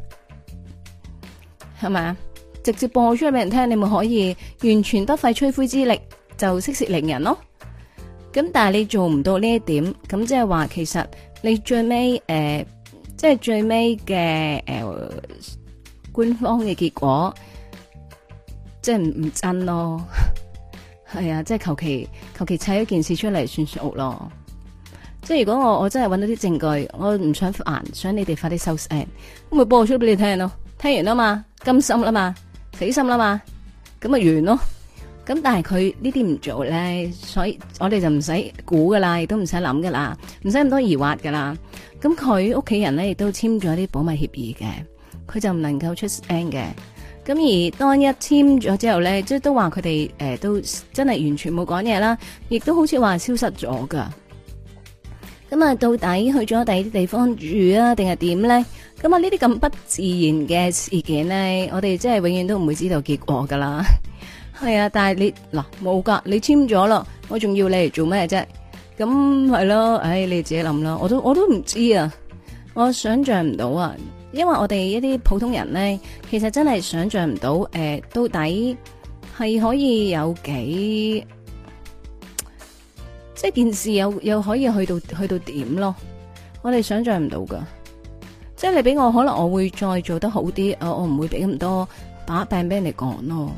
係嘛，直接播出嚟俾人聽，你咪可以完全不費吹灰之力就息事寧人咯。咁但係你做唔到呢一點，咁即係話其實你最尾誒，即係最尾嘅誒官方嘅結果。即係唔唔真咯，係 啊！即係求其求其砌一件事出嚟算數咯。即係如果我我真係揾到啲證據，我唔想煩，想你哋快啲收聲，咁咪播出俾你聽咯。聽完啊嘛，甘心啦嘛，死心啦嘛，咁咪完咯。咁但係佢呢啲唔做咧，所以我哋就唔使估噶啦，亦都唔使諗噶啦，唔使咁多疑惑噶啦。咁佢屋企人咧亦都簽咗啲保密協議嘅，佢就唔能夠出聲嘅。咁而當一簽咗之後咧，即係都話佢哋誒，都真係完全冇講嘢啦，亦都好似話消失咗噶。咁啊，到底去咗第啲地方住啊，定係點咧？咁啊，呢啲咁不自然嘅事件咧，我哋真係永遠都唔會知道結果噶啦。係 啊，但係你嗱冇噶，你簽咗咯，我仲要你嚟做咩啫？咁係咯，唉，你自己諗啦，我都我都唔知啊，我想象唔到啊。因為我哋一啲普通人咧，其實真係想象唔到，誒、呃、到底係可以有幾，即係件事又又可以去到去到點咯？我哋想象唔到噶，即係你俾我，可能我會再做得好啲，我我唔會俾咁多把柄俾人哋講咯。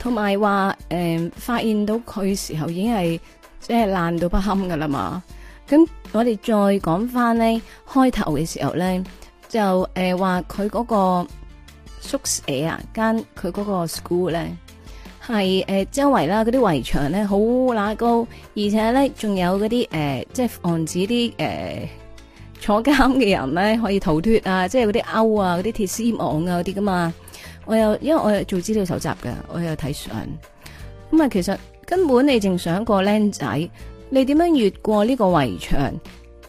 同埋話，誒、呃、發現到佢時候已經係即係爛到不堪噶啦嘛。咁我哋再講翻咧開頭嘅時候咧，就誒話佢嗰個宿舍啊間佢嗰個 school 咧係誒周圍啦嗰啲圍牆咧好乸高，而且咧仲有嗰啲誒即係防止啲誒坐監嘅人咧可以逃脫啊，即係嗰啲勾啊、嗰啲鐵絲網啊嗰啲噶嘛。我有因為我有做資料搜集噶，我有睇相，咁啊其實根本你淨想個僆仔。你點樣越過呢個圍牆？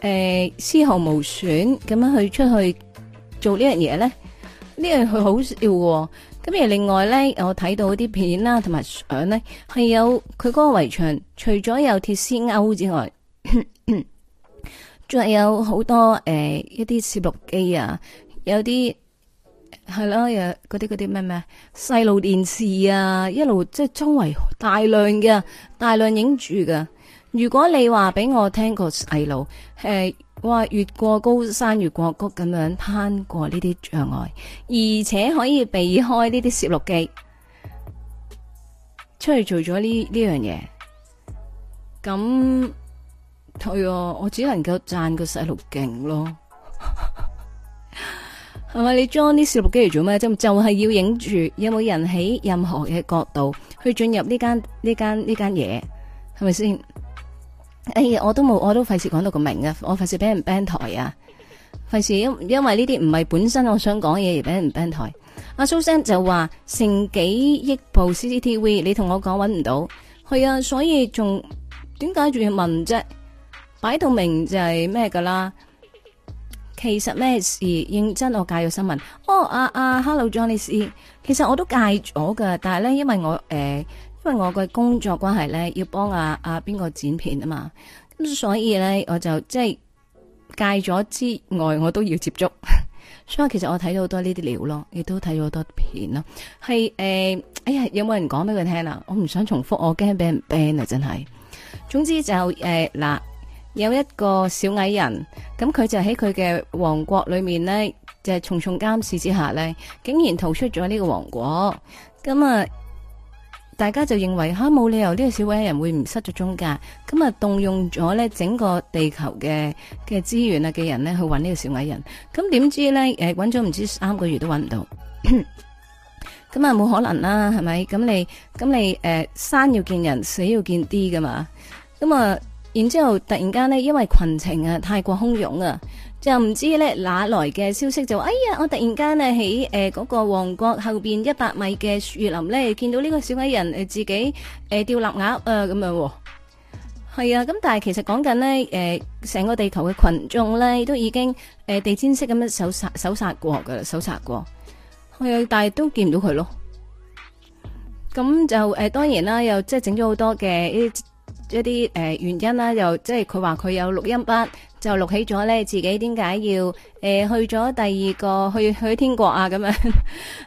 誒、呃，絲毫無損咁樣去出去做呢樣嘢咧？呢樣嘢好笑喎、哦。咁而另外咧，我睇到啲片啦，同埋相咧，係有佢嗰個圍牆，除咗有鐵絲勾之外，仲 有好多誒、呃、一啲攝錄機啊，有啲係咯，有嗰啲嗰啲咩咩閉路電視啊，一路即係、就是、周圍大量嘅，大量影住㗎。如果你話俾我聽個細路，誒，話越過高山，越過谷咁樣攀過呢啲障礙，而且可以避開呢啲攝錄機，出去做咗呢呢樣嘢，咁，係、哦、我只能夠讚個細路勁咯。係 咪你裝啲攝錄機嚟做咩啫？就係、是、要影住有冇人喺任何嘅角度去進入呢間呢間呢間嘢，係咪先？哎呀，我都冇，我都費事講到個名啊！我費事俾人 ban 台啊！費事因因為呢啲唔係本身我想講嘢，而俾人 ban 台。阿蘇生就話成幾億部 CCTV，你同我講揾唔到，係啊，所以仲點解仲要問啫？擺到明就係咩噶啦？其實咩事認真我介入新聞。哦，阿、啊、阿、啊、Hello Johnny 其實我都介咗噶，但係咧因為我誒。呃因為我嘅工作關係呢，要幫阿阿邊個剪片啊嘛，咁所以呢，我就即係戒咗之外，我都要接觸， 所以其實我睇到好多呢啲料咯，亦都睇到好多片囉。係誒、呃，哎呀，有冇人講俾佢聽啦？我唔想重複，我驚俾人 ban 啊！真係，總之就誒嗱、呃，有一個小矮人，咁佢就喺佢嘅王國裏面呢，就係、是、重重監視之下呢，竟然逃出咗呢個王國，咁啊～大家就認為吓冇理由呢個小矮人會唔失咗中介，咁啊動用咗咧整個地球嘅嘅資源啊嘅人咧去搵呢個小矮人，咁點知咧誒搵咗唔知三個月都搵唔到，咁啊冇可能啦係咪？咁你咁你誒、呃、生要見人死要見啲噶嘛，咁啊然之後突然間呢，因為群情啊太過洶湧啊。就唔知咧哪來嘅消息就，哎呀，我突然間咧喺誒嗰個王國後邊一百米嘅樹林咧，見到呢個小矮人誒、呃、自己誒、呃、吊臘鴨啊咁樣、哦，係啊，咁但係其實講緊呢，誒、呃，成個地球嘅群眾咧都已經誒、呃、地毯式咁樣搜殺搜殺過噶啦，搜殺過，過，啊、但係都見唔到佢咯。咁、嗯、就誒、呃，當然啦，又即係整咗好多嘅。一啲誒原因啦，又即係佢話佢有錄音筆，就錄、是、起咗咧。自己點解要誒去咗第二個去去天國啊？咁樣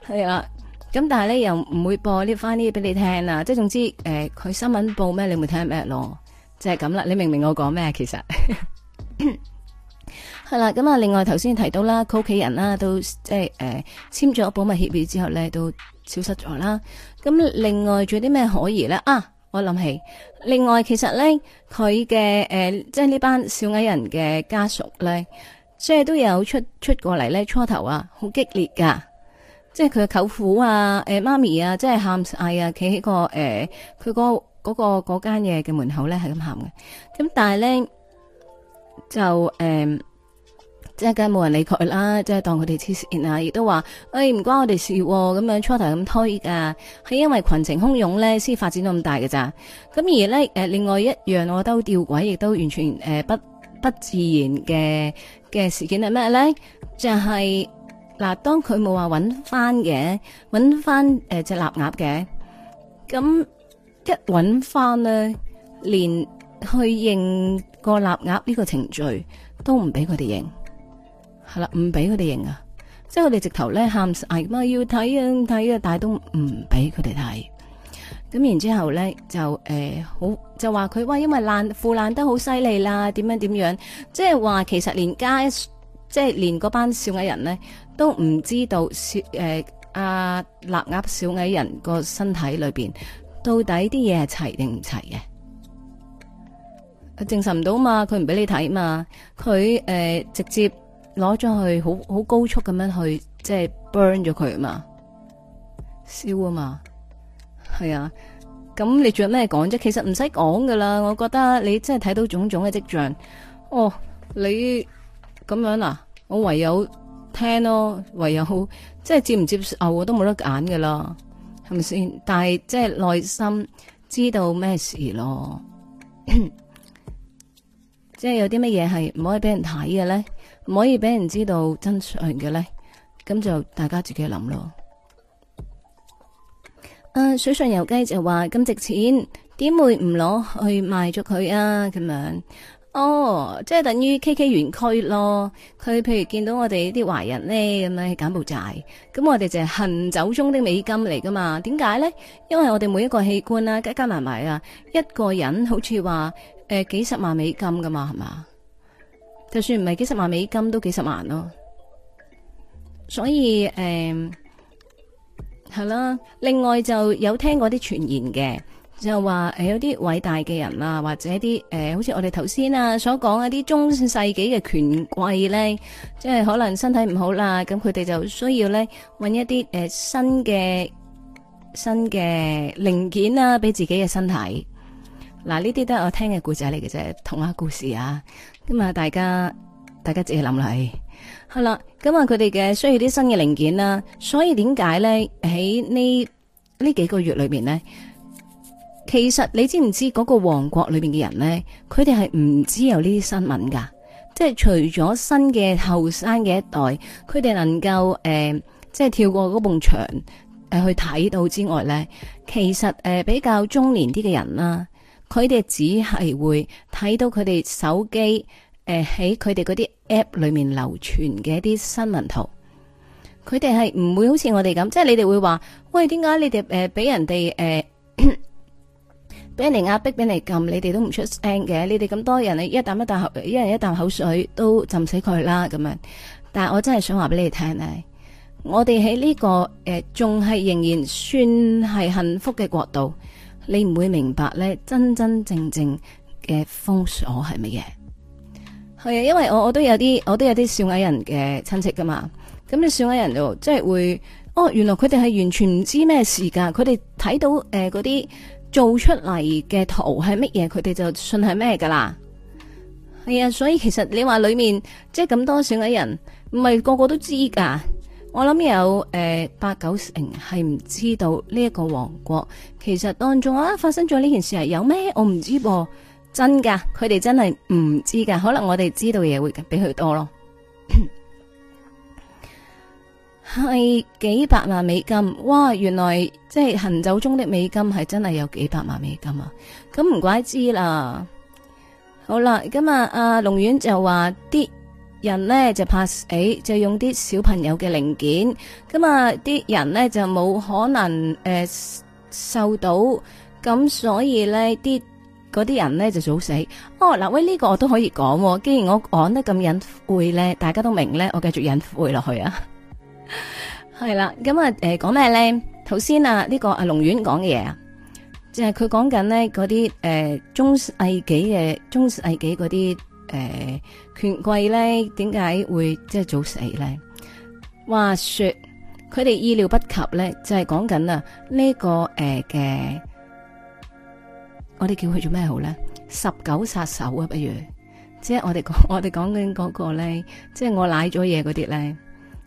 係啦，咁但係咧又唔會播呢翻啲嘢俾你聽啦。即係總之誒，佢、呃、新聞報咩，你會聽咩咯，即係咁啦。你明唔明我講咩？其實係啦，咁 啊，另外頭先提到啦，佢屋企人啦都即係誒簽咗保密協議之後咧都消失咗啦。咁另外仲有啲咩可疑咧？啊，我諗起。另外，其實咧，佢嘅誒，即係呢班小矮人嘅家屬咧，即係都有出出過嚟咧，初頭啊，好激烈噶，即係佢嘅舅父啊，誒、呃、媽咪啊，即係喊嗌啊，企喺個誒，佢、呃嗰個嗰、嗰個間嘢嘅門口咧，係咁喊嘅，咁但係咧就誒。呃一係梗冇人理佢啦，即係當佢哋黐線啊，亦都話誒唔關我哋事咁樣初頭咁推噶，係因為群情洶湧咧先發展到咁大嘅咋。咁而咧誒，另外一樣我都吊詭，亦都完全誒不不自然嘅嘅事件係咩咧？就係、是、嗱，當佢冇話揾翻嘅，揾翻誒隻臘鴨嘅，咁、呃、一揾翻咧，連去認個臘鴨呢個程序都唔俾佢哋認。係啦，唔俾佢哋認啊！即係佢哋直頭咧喊嗌咁啊，要睇啊睇啊，但係都唔俾佢哋睇。咁然之後咧就誒、呃、好，就話佢喂，因為爛腐爛得好犀利啦，點樣點樣？即係話其實連街，即係連嗰班小矮人咧都唔知道誒阿臘鴨小矮、呃啊、人個身體裏邊到底啲嘢係齊定唔齊嘅。證實唔到嘛，佢唔俾你睇嘛，佢誒、呃、直接。攞咗去好好高速咁樣去即係 burn 咗佢啊嘛，燒啊嘛，係啊，咁你仲有咩講啫？其實唔使講噶啦，我覺得你真係睇到種種嘅跡象。哦，你咁樣啦，啊，我唯有聽咯，唯有好，即係接唔接受，哦，我都冇得揀噶啦，係咪先？但係即係內心知道咩事咯， 即係有啲乜嘢係唔可以俾人睇嘅咧？唔可以俾人知道真相嘅咧，咁就大家自己諗咯。誒、啊，水上游雞就話咁值錢，點會唔攞去賣咗佢啊？咁樣哦，即係等於 KK 園區咯。佢譬如見到我哋啲華人呢，咁樣喺柬埔寨，咁我哋就係行走中的美金嚟噶嘛？點解呢？因為我哋每一個器官啦、啊，加加埋埋啊，一個人好似話誒幾十萬美金噶嘛，係嘛？就算唔係幾十萬美金，都幾十萬咯。所以誒，係、嗯、啦。另外就有聽過啲傳言嘅，就話誒有啲偉大嘅人啦，或者啲誒，好、呃、似我哋頭先啊所講一啲中世紀嘅權貴咧，即係可能身體唔好啦，咁佢哋就需要咧搵一啲誒新嘅新嘅零件啊，俾自己嘅身體。嗱，呢啲都係我聽嘅故仔嚟嘅啫，童話故事啊。咁啊，大家大家自己諗啦，係，係啦。咁啊，佢哋嘅需要啲新嘅零件啦，所以點解咧？喺呢呢幾個月裏邊咧，其實你知唔知嗰個王國裏邊嘅人咧，佢哋係唔知有呢啲新聞噶？即係除咗新嘅後生嘅一代，佢哋能夠誒、呃，即係跳過嗰埲牆誒去睇到之外咧，其實誒、呃、比較中年啲嘅人啦。佢哋只係會睇到佢哋手機，誒喺佢哋嗰啲 app 裏面流傳嘅一啲新聞圖，佢哋係唔會好似我哋咁，即係你哋會話，喂，點解你哋誒俾人哋誒俾人哋壓迫，俾人撳，你哋都唔出聲嘅？你哋咁多人，一啖一啖一人一啖口，口水都浸死佢啦咁樣。但係我真係想話俾你哋聽咧，我哋喺呢個誒仲係仍然算係幸福嘅國度。你唔會明白咧，真真正正嘅封鎖係乜嘢係啊，因為我我都有啲我都有啲小矮人嘅親戚噶嘛。咁你小矮人就即係會哦，原來佢哋係完全唔知咩事噶。佢哋睇到誒嗰啲做出嚟嘅圖係乜嘢，佢哋就信係咩噶啦。係啊，所以其實你話裏面即係咁多小矮人，唔係個個都知噶。我諗有誒、呃、八九成係唔知道呢一個王國，其實當中啊發生咗呢件事係有咩？我唔知噃、啊，真噶，佢哋真係唔知噶。可能我哋知道嘢會比佢多咯。係 幾百萬美金？哇！原來即係、就是、行走中的美金係真係有幾百萬美金啊！咁唔怪知啦。好啦，今日阿龍苑就話啲。人咧就怕死，就用啲小朋友嘅零件，咁啊啲人咧就冇可能誒、呃、受到，咁所以咧啲嗰啲人咧就早死。哦嗱，喂呢、這個我都可以講、啊，既然我講得咁隱晦咧，大家都明咧，我繼續隱晦落去啊。係 啦，咁啊誒講咩咧？頭先啊呢個阿龍苑講嘅嘢啊，這個、就係佢講緊咧嗰啲誒中世紀嘅中世紀嗰啲。誒，權貴咧，點解會即係早死咧？話說佢哋意料不及咧，就係講緊啊呢個誒嘅、呃，我哋叫佢做咩好咧？十九殺手啊，不如，即係我哋講，我哋講緊嗰個咧，即係我奶咗嘢嗰啲咧，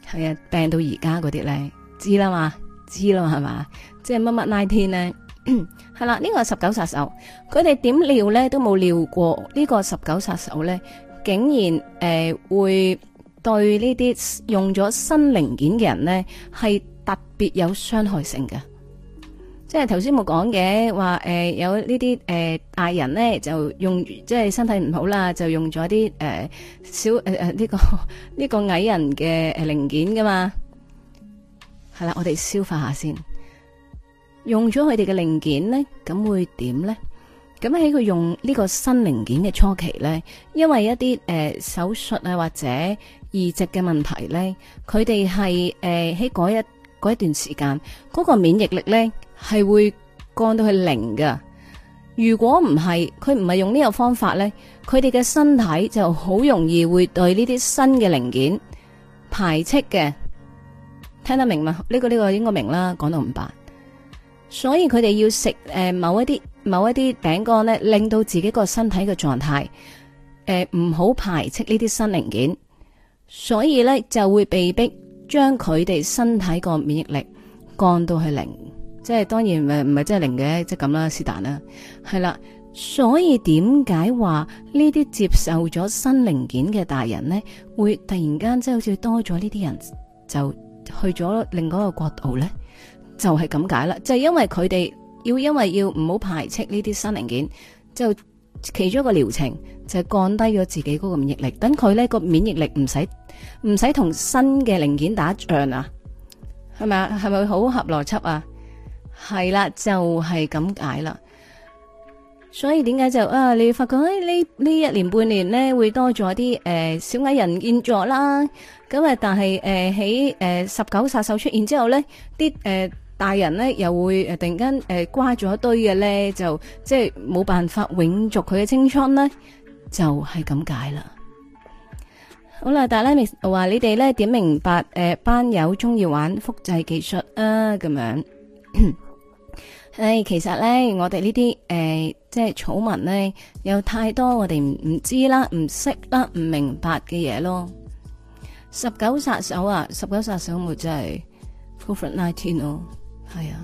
係啊，病到而家嗰啲咧，知啦嘛，知啦嘛，係嘛，即係乜乜拉天咧。 係啦，呢個十九殺手，佢哋點料咧都冇料過呢個十九殺手咧，竟然誒會對呢啲用咗新零件嘅人咧，係特別有傷害性嘅。即係頭先冇講嘅話，誒有呢啲誒大人咧就用，即係身體唔好啦，就用咗啲誒小誒誒呢個呢個矮人嘅誒零件噶嘛。係啦，我哋消化下先。用咗佢哋嘅零件呢，咁會點呢？咁喺佢用呢個新零件嘅初期呢，因為一啲誒、呃、手術啊或者移植嘅問題呢，佢哋係誒喺嗰一嗰一段時間，嗰、嗰個免疫力呢係會降到去零噶。如果唔係，佢唔係用呢個方法呢，佢哋嘅身體就好容易會對呢啲新嘅零件排斥嘅。聽得明嘛？呢、呢個呢、呢個應該明啦，講到唔白。所以佢哋要食誒、呃、某一啲某一啲餅乾咧，令到自己個身體嘅狀態誒唔好排斥呢啲新零件，所以咧就會被逼將佢哋身體個免疫力降到去零，即係當然唔唔係真係零嘅，即係咁啦，是但啦，係啦，所以點解話呢啲接受咗新零件嘅大人咧，會突然間即係好似多咗呢啲人就去咗另一個國度咧？就係咁解啦，就係因為佢哋要因為要唔好排斥呢啲新零件，就其中一個療程就係降低咗自己嗰個免疫力，等佢呢個免疫力唔使唔使同新嘅零件打仗啊，係咪啊？係咪好合邏輯啊？係啦，就係咁解啦。所以點解就啊，你發覺誒呢呢一年半年呢，會多咗啲誒小矮人現作啦，咁啊但係誒喺誒十九殺手出現之後呢啲誒。大人咧，又會誒突然間誒瓜住一堆嘅咧，就即係冇辦法永續佢嘅青春咧，就係、是、咁解啦。好啦，但呢，我話你哋咧點明白誒、呃、班友中意玩複製技術啊咁樣？誒， 其實咧我哋、呃、呢啲誒即係草民咧，有太多我哋唔唔知啦、唔識啦、唔明白嘅嘢咯。十九殺手啊，十九殺手咪就係 covid nineteen 咯。係啊，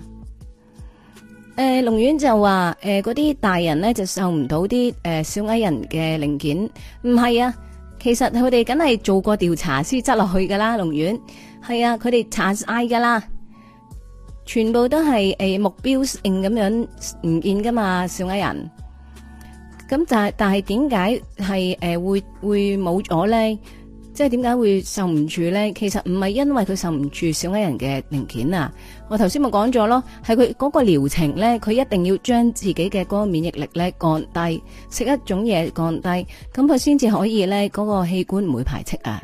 誒，龍苑就話誒，嗰啲大人咧就受唔到啲誒小矮人嘅零件，唔係啊，其實佢哋梗係做過調查先執落去噶啦，龍苑係啊，佢哋查晒噶啦，全部都係誒目標性咁樣唔見噶嘛小矮人，咁但係但係點解係誒會會冇咗咧？即係點解會受唔住咧？其實唔係因為佢受唔住小矮人嘅零件，啊！我頭先咪講咗咯，係佢嗰個療程咧，佢一定要將自己嘅嗰個免疫力咧降低，食一種嘢，降低，咁佢先至可以咧嗰個器官唔會排斥啊！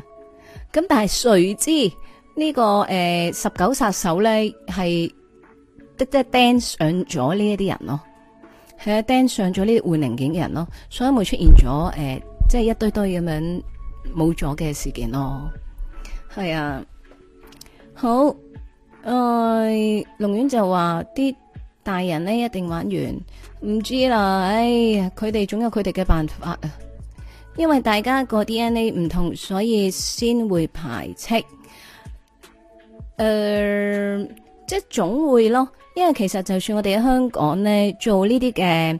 咁但係誰知呢個誒十九殺手咧係即係釘上咗呢一啲人咯，係啊釘上咗呢啲換零件嘅人咯，所以咪出現咗誒即係一堆堆咁樣。冇咗嘅事件咯，係啊，好，誒、呃，龍遠就話啲大人呢一定玩完，唔知啦，哎呀，佢哋總有佢哋嘅辦法啊，因為大家個 DNA 唔同，所以先會排斥，誒、呃，即係總會咯，因為其實就算我哋喺香港呢做呢啲嘅。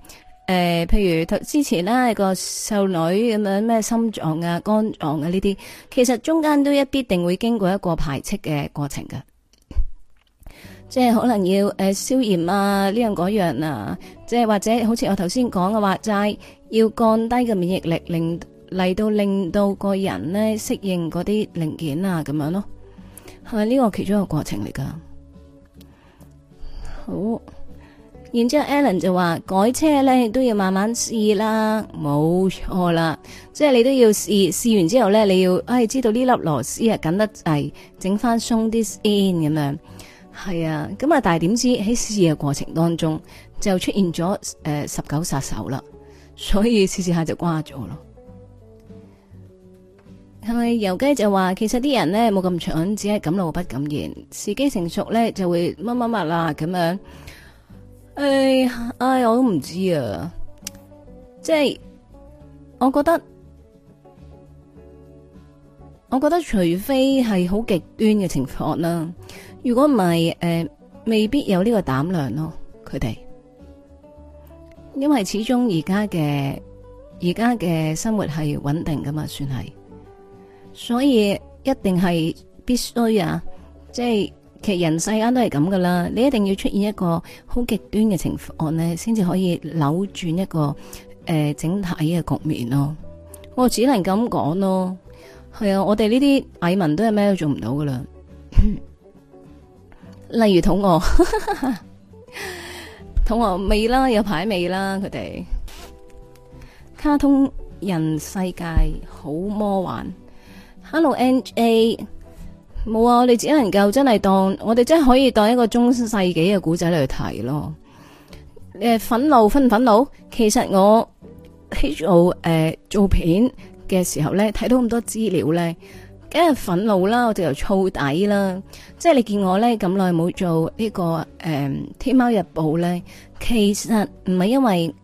誒、呃，譬如之前啦、啊，個瘦女咁樣咩心臟啊、肝臟啊呢啲，其實中間都一必定會經過一個排斥嘅過程噶，即係可能要誒、呃、消炎啊呢樣嗰樣啊，即係或者好似我頭先講嘅話齋，要降低嘅免疫力令，令嚟到令到個人呢適應嗰啲零件啊咁樣咯，係咪呢個其中一個過程嚟噶？好。然之後，Alan 就話改車咧，都要慢慢試啦，冇錯啦，即係你都要試試完之後咧，你要、哎，知道呢粒螺絲啊緊得滯，整翻鬆啲 in 咁樣，係啊，咁啊，但係點知喺試嘅過程當中就出現咗誒十九殺手啦，所以試試下就瓜咗咯。係咪游雞就話，其實啲人咧冇咁蠢，只係敢怒不敢言，時機成熟咧就會乜乜乜啦咁樣。誒，唉，我都唔知啊，即係我覺得，我覺得除非係好極端嘅情況啦，如果唔係，誒、呃，未必有呢個膽量咯，佢哋，因為始終而家嘅而家嘅生活係穩定噶嘛，算係，所以一定係必須啊，即係。其實人世間都係咁噶啦，你一定要出現一個好極端嘅情況咧，先至可以扭轉一個誒、呃、整體嘅局面咯。我、哦、只能咁講咯。係啊，我哋呢啲蟻民都係咩都做唔到噶啦。例如肚餓， 肚餓未啦？有排未啦？佢哋卡通人世界好魔幻。Hello N A。冇啊！我哋只能夠真係當我哋真係可以當一個中世紀嘅古仔嚟去睇咯。誒，憤怒分唔憤怒？其實我喺做誒、呃、做片嘅時候咧，睇到咁多資料咧，梗係憤怒啦！我哋又燥底啦。即係你見我咧咁耐冇做呢、這個誒、呃《天貓日報》咧，其實唔係因為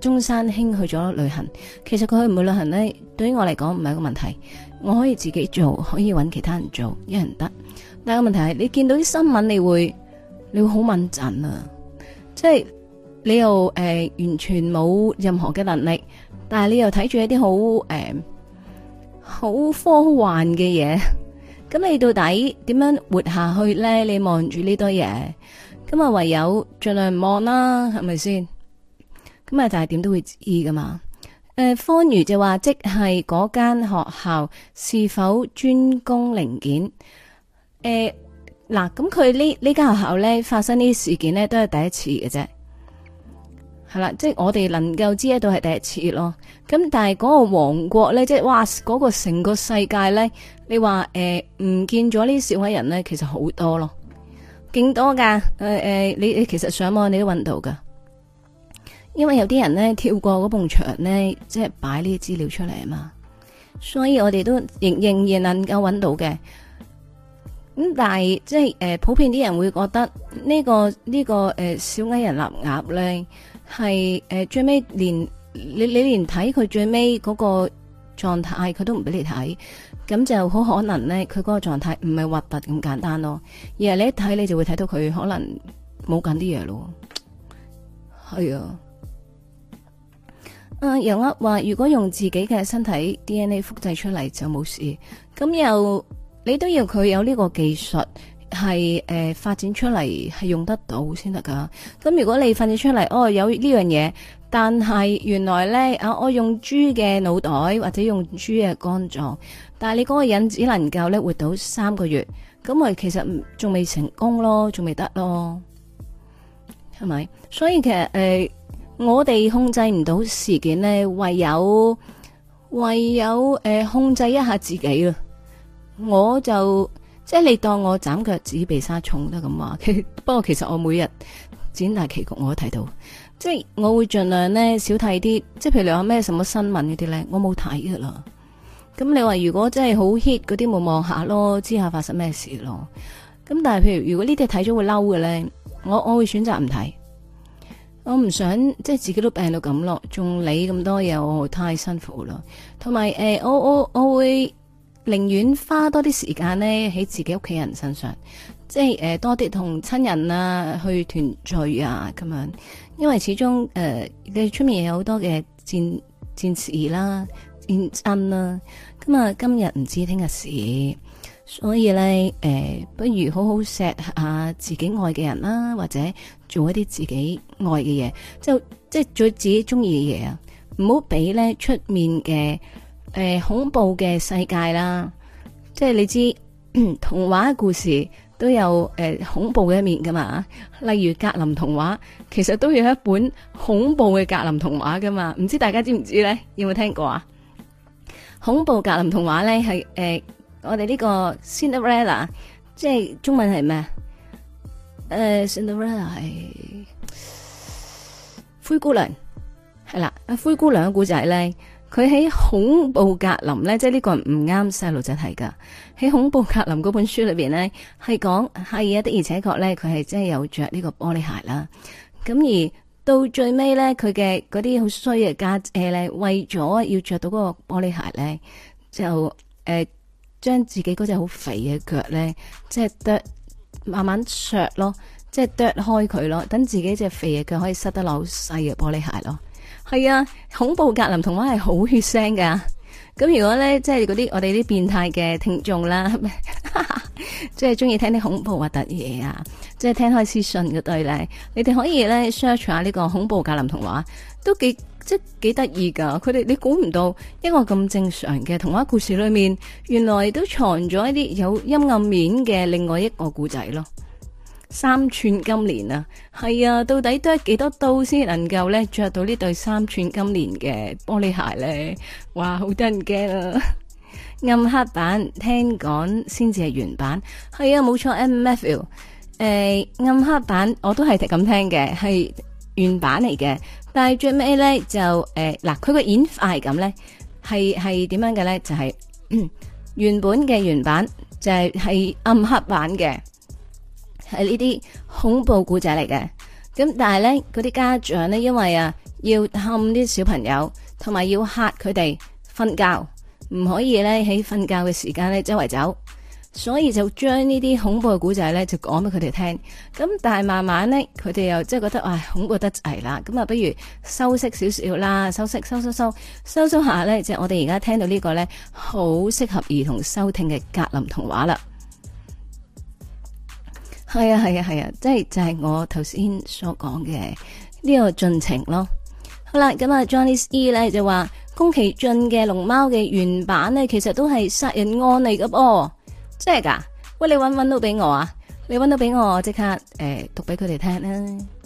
中山興去咗旅行，其實佢去唔去旅行咧，對於我嚟講唔係一個問題。我可以自己做，可以搵其他人做，一人得。但係個問題係，你見到啲新聞，你會你會好敏震啊！即係你又誒、呃、完全冇任何嘅能力，但係你又睇住一啲好誒好科幻嘅嘢，咁 你到底點樣活下去咧？你望住呢堆嘢，咁啊唯有盡量唔望啦，係咪先？咁啊就係點都會知噶嘛。誒、呃，方如就話，即係嗰間學校是否專攻零件？誒、呃，嗱，咁佢呢呢間學校咧，發生呢啲事件咧，都係第一次嘅啫。係、嗯、啦，即係我哋能夠知到係第一次咯。咁但係嗰個王國咧，即係哇，嗰、那個成個世界咧，你話誒，唔、呃、見咗呢啲小矮人咧，其實好多咯，勁多噶。誒、呃、誒，你你其實上網你都搵到噶。因為有啲人咧，跳過嗰埲牆咧，即係擺呢啲資料出嚟啊嘛，所以我哋都仍仍然能夠揾到嘅。咁但係即係誒、呃，普遍啲人會覺得，這個這個呃、蟻蟻蟻蟻呢個呢個誒小矮人立鴨咧係誒最尾連你你連睇佢最尾嗰個狀態佢都唔俾你睇，咁就好可能咧佢嗰個狀態唔係核突咁簡單咯，而係你一睇你就會睇到佢可能冇緊啲嘢咯，係啊。啊！有人話如果用自己嘅身體 DNA 複製出嚟就冇事，咁又你都要佢有呢個技術係誒發展出嚟係用得到先得噶。咁如果你發展出嚟哦有呢樣嘢，但係原來呢，啊我用豬嘅腦袋或者用豬嘅肝臟，但係你嗰個人只能夠咧活到三個月，咁咪其實仲未成功咯，仲未得咯，係咪？所以其實誒。呃我哋控制唔到事件呢，唯有唯有誒、呃、控制一下自己咯。我就即係你當我斬腳趾避沙蟲得咁話，不過其實我每日《剪大旗局》我都睇到，即係我會盡量呢少睇啲，即係譬如有咩什,什麼新聞嗰啲呢，我冇睇噶啦。咁你話如果真係好 hit 嗰啲，冇望下咯，知下發生咩事咯？咁但係譬如如果呢啲睇咗會嬲嘅呢，我我會選擇唔睇。我唔想即係自己都病到咁咯，仲理咁多嘢，我會太辛苦囉。同埋誒，我我我會寧願花多啲時間咧喺自己屋企人身上，即係誒、呃、多啲同親人啊去團聚啊咁樣，因為始終誒、呃、你出面有好多嘅戰戰事啦。認真啦，咁啊今日唔知聽日事，所以咧誒、欸，不如好好錫下自己愛嘅人啦，或者做一啲自己愛嘅嘢，就即係做自己中意嘅嘢啊！唔好俾咧出面嘅誒、欸、恐怖嘅世界啦，即係你知 童話故事都有誒、欸、恐怖嘅一面噶嘛，例如格林童話，其實都有一本恐怖嘅格林童話噶嘛，唔知大家知唔知咧？有冇聽過啊？恐怖格林童話咧係誒，我哋呢個 Cinderella，即係中文係咩？誒，呃，Cinderella 係灰姑娘，係啦。阿灰姑娘嘅故仔咧，佢喺恐怖格林咧，即係呢個唔啱細路仔睇噶。喺恐怖格林嗰本書裏邊咧，係講係啊，的而且確咧，佢係真係有着呢個玻璃鞋啦。咁而到最尾呢，佢嘅嗰啲好衰嘅家姐，呢咧，為咗要著到嗰個玻璃鞋呢，就誒、呃、將自己嗰隻好肥嘅腳呢，即係啄，慢慢削咯，即係啄開佢咯，等自己隻肥嘅腳可以塞得落好細嘅玻璃鞋咯。係啊，恐怖格林童話係好血腥㗎。咁如果咧，即係嗰啲我哋啲變態嘅聽眾啦，哈哈，即係中意聽啲恐怖核突嘢啊，即係聽開私信嘅對咧，你哋可以咧 search 下呢個恐怖格林童話，都幾即幾幾得意噶。佢哋你估唔到一個咁正常嘅童話故事裏面，原來都藏咗一啲有陰暗面嘅另外一個故仔咯。三寸金蓮啊，係啊，到底都係幾多刀先能夠咧着到呢對三寸金蓮嘅玻璃鞋咧？哇，好得人驚啊！暗黑版聽講先至係原版，係啊，冇錯，M. Matthew，誒，哎就是嗯板就是、暗黑版我都係咁聽嘅，係原版嚟嘅。但係最尾咧就誒，嗱，佢個演化咁咧係係點樣嘅咧？就係原本嘅原版就係係暗黑版嘅。係呢啲恐怖故仔嚟嘅，咁但係呢，嗰啲家長呢，因為啊要氹啲小朋友，同埋要嚇佢哋瞓覺，唔可以呢喺瞓覺嘅時間呢周圍走，所以就將呢啲恐怖嘅故仔呢就講俾佢哋聽。咁但係慢慢呢，佢哋又即係覺得唉，恐怖得滯啦，咁啊不如收息少少啦，收息收收收收，收收下呢。即係我哋而家聽到呢個呢，好適合兒童收聽嘅格林童話啦。係啊係啊係啊，即係、啊啊啊啊、就係、是、我頭先所講嘅呢個進程咯。好啦，咁啊，Johnny E 咧就話宮崎駿嘅龍貓嘅原版咧，其實都係殺人案嚟嘅噃，真係噶？喂，你搵唔搵到俾我啊？你搵到俾我，即刻誒、呃、讀俾佢哋聽咧。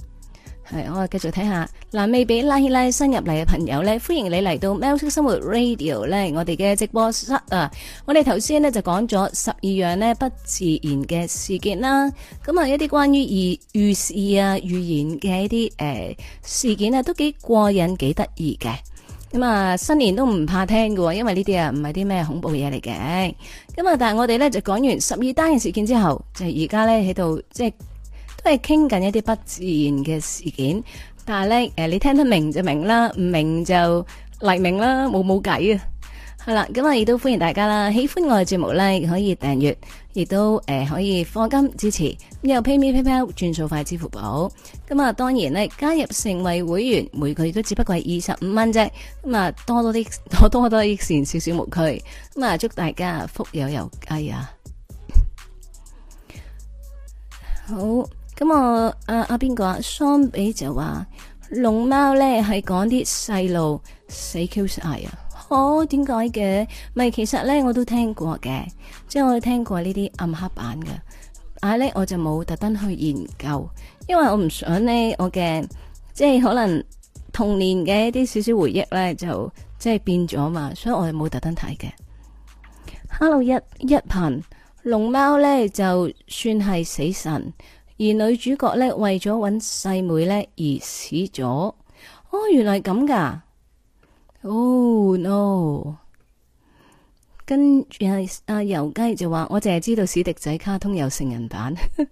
係，我啊繼續睇下嗱，未俾拉起拉新入嚟嘅朋友咧，歡迎你嚟到 m 喵式生活 Radio 咧，我哋嘅直播室啊！我哋頭先咧就講咗十二樣咧不自然嘅事件啦，咁、嗯、啊一啲關於預預示啊預言嘅一啲誒、呃、事件啊，都幾過癮，幾得意嘅。咁、嗯、啊新年都唔怕聽喎，因為呢啲啊唔係啲咩恐怖嘢嚟嘅。咁、嗯、啊，但係我哋咧就講完十二單嘅事件之後，就而家咧喺度即係。都係傾緊一啲不自然嘅事件，但係咧，誒，你聽得明就明啦，唔明就黎明啦，冇冇計啊！係啦，咁啊亦都歡迎大家啦，喜歡我嘅節目咧可以訂閱，亦都誒可以課金支持，又 PayMe PayPal 轉數快支付寶，咁啊當然呢，加入成為會員，每個月都只不過係二十五蚊啫，咁啊多多啲，多多益善少少木佢，咁啊祝大家福有攸歸、啊，哎呀，好。咁啊！阿阿邊個啊？雙比就話龍貓咧係講啲細路死 Q 晒啊！哦點解嘅？咪其實咧我都聽過嘅，即係我都聽過呢啲暗黑版嘅，但係咧我就冇特登去研究，因為我唔想呢，我嘅即係可能童年嘅一啲少少回憶咧就即係變咗嘛，所以我係冇特登睇嘅。Hello，一一鵬龍貓咧就算係死神。而女主角呢，為咗搵細妹呢，而死咗，哦，原來咁噶，Oh no！跟住阿阿游雞就話：我淨係知道史迪仔卡通有成人版。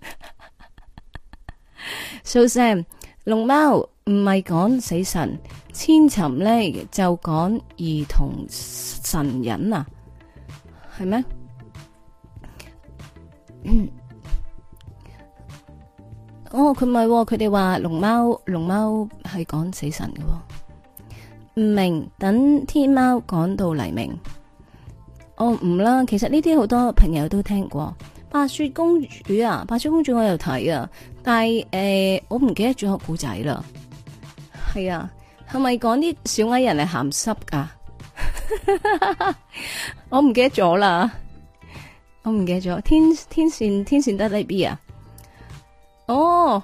So Sam，龍貓唔係講死神，千尋呢就講兒童神隱啊，係咩.？ 哦，佢咪喎，佢哋話龍貓龍貓係講死神嘅、哦，唔明等天貓講到黎明。哦，唔啦，其實呢啲好多朋友都聽過白雪公主啊，白雪公主我又睇啊，但係誒、呃，我唔記得住個故仔啦。係啊，係咪講啲小矮人係咸濕噶？ 我唔記得咗啦，我唔記得咗。天天線天線得呢邊啊？哦，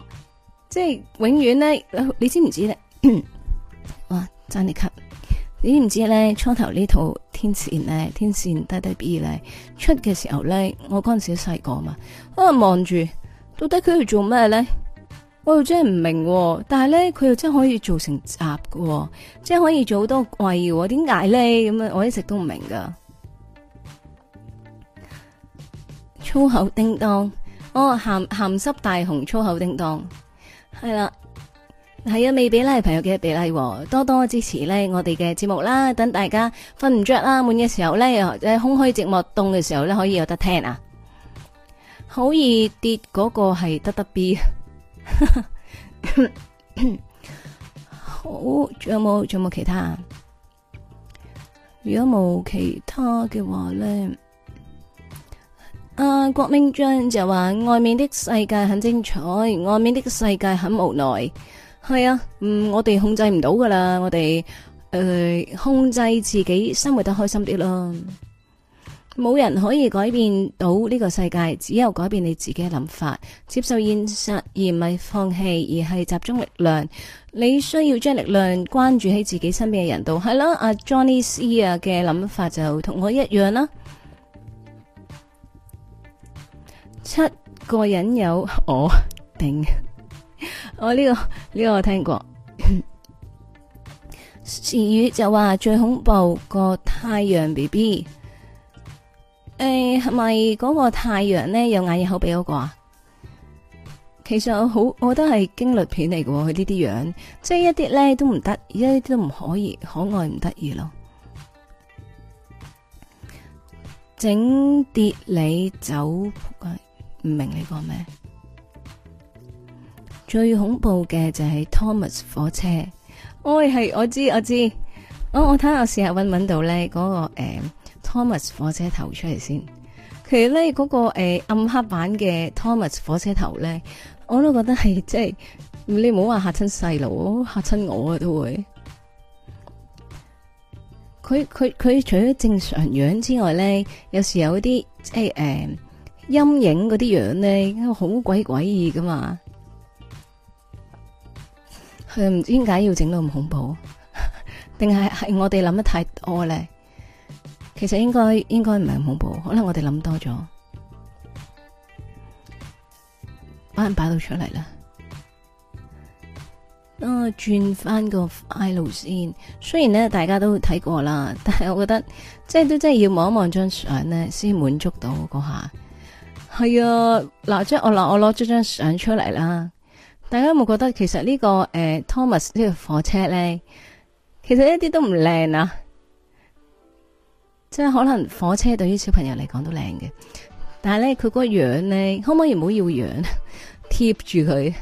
即係永遠咧，你知唔知咧？ 哇，讚你級，你知唔知咧？初頭呢套天線咧，天線低低 B 咧，出嘅時候咧，我嗰陣時細個嘛，可能望住到底佢要做咩咧？我又真係唔明、哦，但係咧佢又真係可以做成輯嘅、哦，即係可以做好多季嘅，點解咧咁樣？我一直都唔明噶，粗口叮當。我、oh, 鹹鹹濕大雄粗口叮當係啦，係啊，未俾拉朋友嘅比例，多多支持咧我哋嘅節目啦。等大家瞓唔着啦、悶嘅時候咧、空虛寂寞凍嘅時候咧，可以有得聽啊！好易跌嗰個係得得 B， 好，仲有冇？仲有冇其他？如果冇其他嘅話咧。啊，郭明章就話：外面的世界很精彩，外面的世界很無奈。係啊，嗯，我哋控制唔到噶啦，我哋誒、呃、控制自己生活得開心啲咯。冇人可以改變到呢個世界，只有改變你自己嘅諗法，接受現實而唔係放棄，而係集中力量。你需要將力量關注喺自己身邊嘅人度。係啦、啊，阿、啊、Johnny C 啊嘅諗法就同我一樣啦。七個人有、我頂 哦呢個呢個、我頂，我呢個呢個聽過。詞 語就話最恐怖嗰個太陽 B B，誒係咪嗰個太陽呢？有眼耳口鼻嗰個啊？其實我好，我覺得係驚栗片嚟嘅喎，佢、即係、呢啲樣，即係一啲呢都唔得，一啲都唔可以，可愛唔得意咯。整碟你走。唔明呢個咩？最恐怖嘅就係 Thomas 火車。哦、哎，係我知我知。哦，我睇下試下搵唔搵到咧、那、嗰個誒、欸、Thomas 火車頭出嚟先。其實咧嗰、那個誒、欸、暗黑版嘅 Thomas 火車頭咧，我都覺得係即係你唔好話吓親細路，吓親我啊都會。佢佢佢除咗正常樣之外咧，有時有啲即係誒。呃陰影嗰啲樣咧，好鬼詭異噶嘛？佢唔知點解要整到咁恐怖，定係係我哋諗得太多咧？其實應該應該唔係恐怖，可能我哋諗多咗，把人擺到出嚟啦。啊，轉翻個 file 先。雖然咧，大家都睇過啦，但係我覺得，即係都真係要望一望張相咧，先滿足到嗰下。係啊，嗱，即係我，嗱，我攞咗張相出嚟啦。大家有冇覺得其實呢、這個誒、欸、Thomas 呢個火車咧，其實一啲都唔靚啊。即係可能火車對於小朋友嚟講都靚嘅，但係咧佢嗰個樣咧，可唔可以唔好要,要樣貼住佢？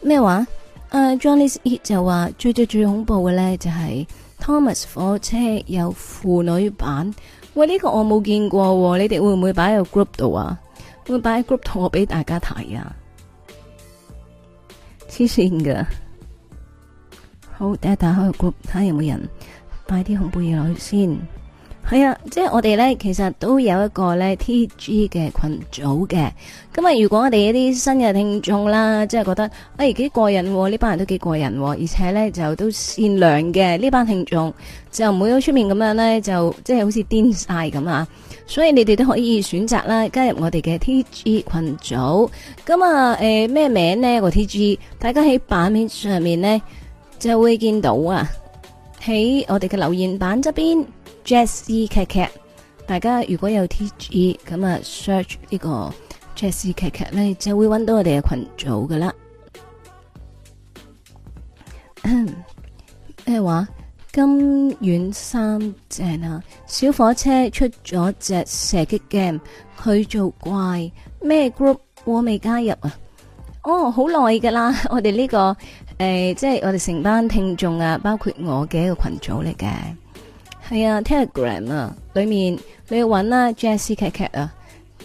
咩 話？誒、uh,，Johnny Heath、e. 就話最最最恐怖嘅咧就係 Thomas 火車有婦女版。喂，呢、這個我冇見過，你哋會唔會擺喺 group 度啊？會擺喺 group 度我俾大家睇啊！黐線㗎，好，等一下打開個 group，睇有冇有人，快啲紅背葉落去先。係啊，即係我哋呢其實都有一個呢 T G 嘅群組嘅。咁啊，如果我哋一啲新嘅聽眾啦，即係覺得，哎，幾過癮喎！呢班人都幾過癮，而且呢就都善良嘅呢班聽眾，就唔會喺出面咁樣呢，就即係好似癲晒咁啊！所以你哋都可以選擇啦，加入我哋嘅 T G 群組。咁啊，誒、呃、咩名呢個 T G？大家喺版面上面呢，就會見到啊，喺我哋嘅留言版側邊。Jazzycatcat，大家如果有 T G 咁啊，search 呢個 Jazzycatcat 咧，就會搵到我哋嘅群組噶啦。咩話？金遠三正啊，小火車出咗隻射擊 game，佢做怪咩 group？我未加入啊。哦，好耐噶啦，我哋呢、這個誒、呃，即係我哋成班聽眾啊，包括我嘅一個群組嚟嘅。係啊，Telegram 啊，裏面你要搵啦，Jazzy Cat Cat 啊，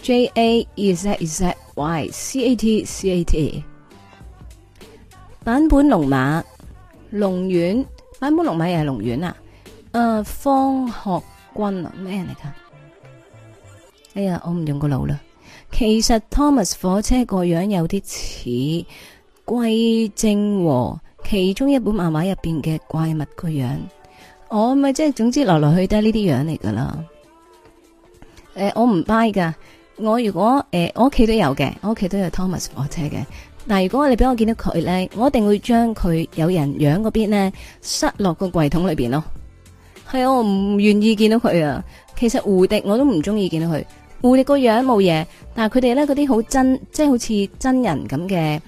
Jessica, 啊，J A Z Z Y C A T C A T，版本龍馬龍丸，版本龍馬又係龍丸啊。誒、呃，方學軍啊，咩人嚟噶？哎呀，我唔用個腦啦。其實 Thomas 火車個樣有啲似桂正和，其中一本漫畫入邊嘅怪物個樣。我咪即係，總之來來去都係呢啲樣嚟噶啦。誒、呃，我唔 buy 噶。我如果誒、呃，我屋企都有嘅，我屋企都有 Thomas 火車嘅。但係如果你俾我見到佢咧，我一定會將佢有人樣嗰邊咧，塞落個櫃桶裏邊咯。係、嗯、我唔願意見到佢啊。其實蝴蝶我都唔中意見到佢。蝴蝶個樣冇嘢，但係佢哋咧，嗰啲好真，即係好似真人咁嘅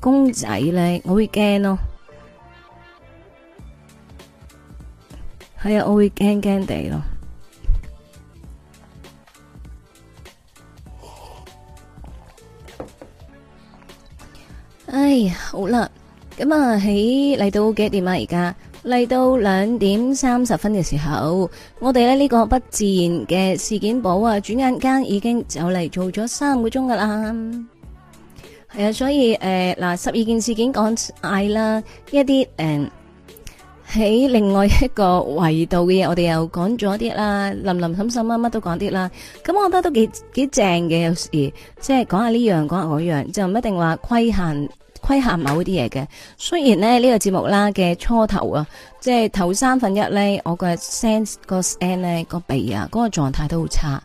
公仔咧，我會驚咯。係啊、嗯，我會驚驚地咯。哎呀，好啦，咁啊，起嚟到幾點啊？而家嚟到兩點三十分嘅時候，我哋咧呢、呢個不自然嘅事件簿啊，轉眼間已經就嚟做咗三個鐘噶啦。係啊，所以誒嗱、呃，十二件事件講嗌啦，一啲誒。呃喺另外一個維度嘅嘢，我哋又講咗啲啦，林林森森啊，乜乜都講啲啦。咁我覺得都幾幾正嘅，有時即係講下呢樣，講下嗰樣，就唔一定話規限規限某啲嘢嘅。雖然呢呢個節目啦嘅初頭啊，即係頭三分一呢，我個聲個聲呢個鼻啊，嗰個狀態都好差，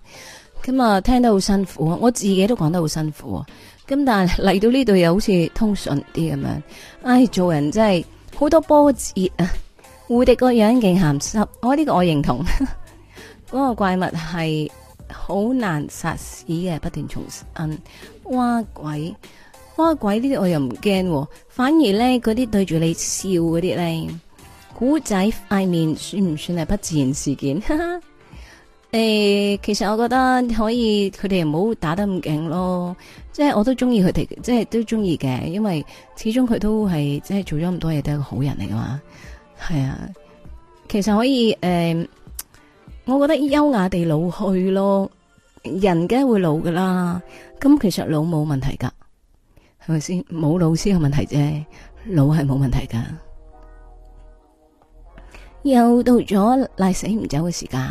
咁啊聽得好辛苦啊，我自己都講得好辛苦。咁但係嚟到呢度又好似通順啲咁樣。唉，做人真係好多波折啊！胡迪個樣勁鹹濕，我呢個我認同。嗰 個怪物係好難殺死嘅，不斷重生。哇鬼哇鬼呢啲我又唔驚，反而咧嗰啲對住你笑嗰啲咧，古仔塊面算唔算係不自然事件？哈 誒、欸，其實我覺得可以，佢哋唔好打得咁勁咯。即係我都中意佢哋，即係都中意嘅，因為始終佢都係即係做咗咁多嘢，都係一個好人嚟噶嘛。係啊，其實可以誒、呃，我覺得優雅地老去咯。人梗係會老噶啦，咁其實老冇問題噶，係咪先？冇老先有問題啫，老係冇問題噶。又到咗賴死唔走嘅時間，誒、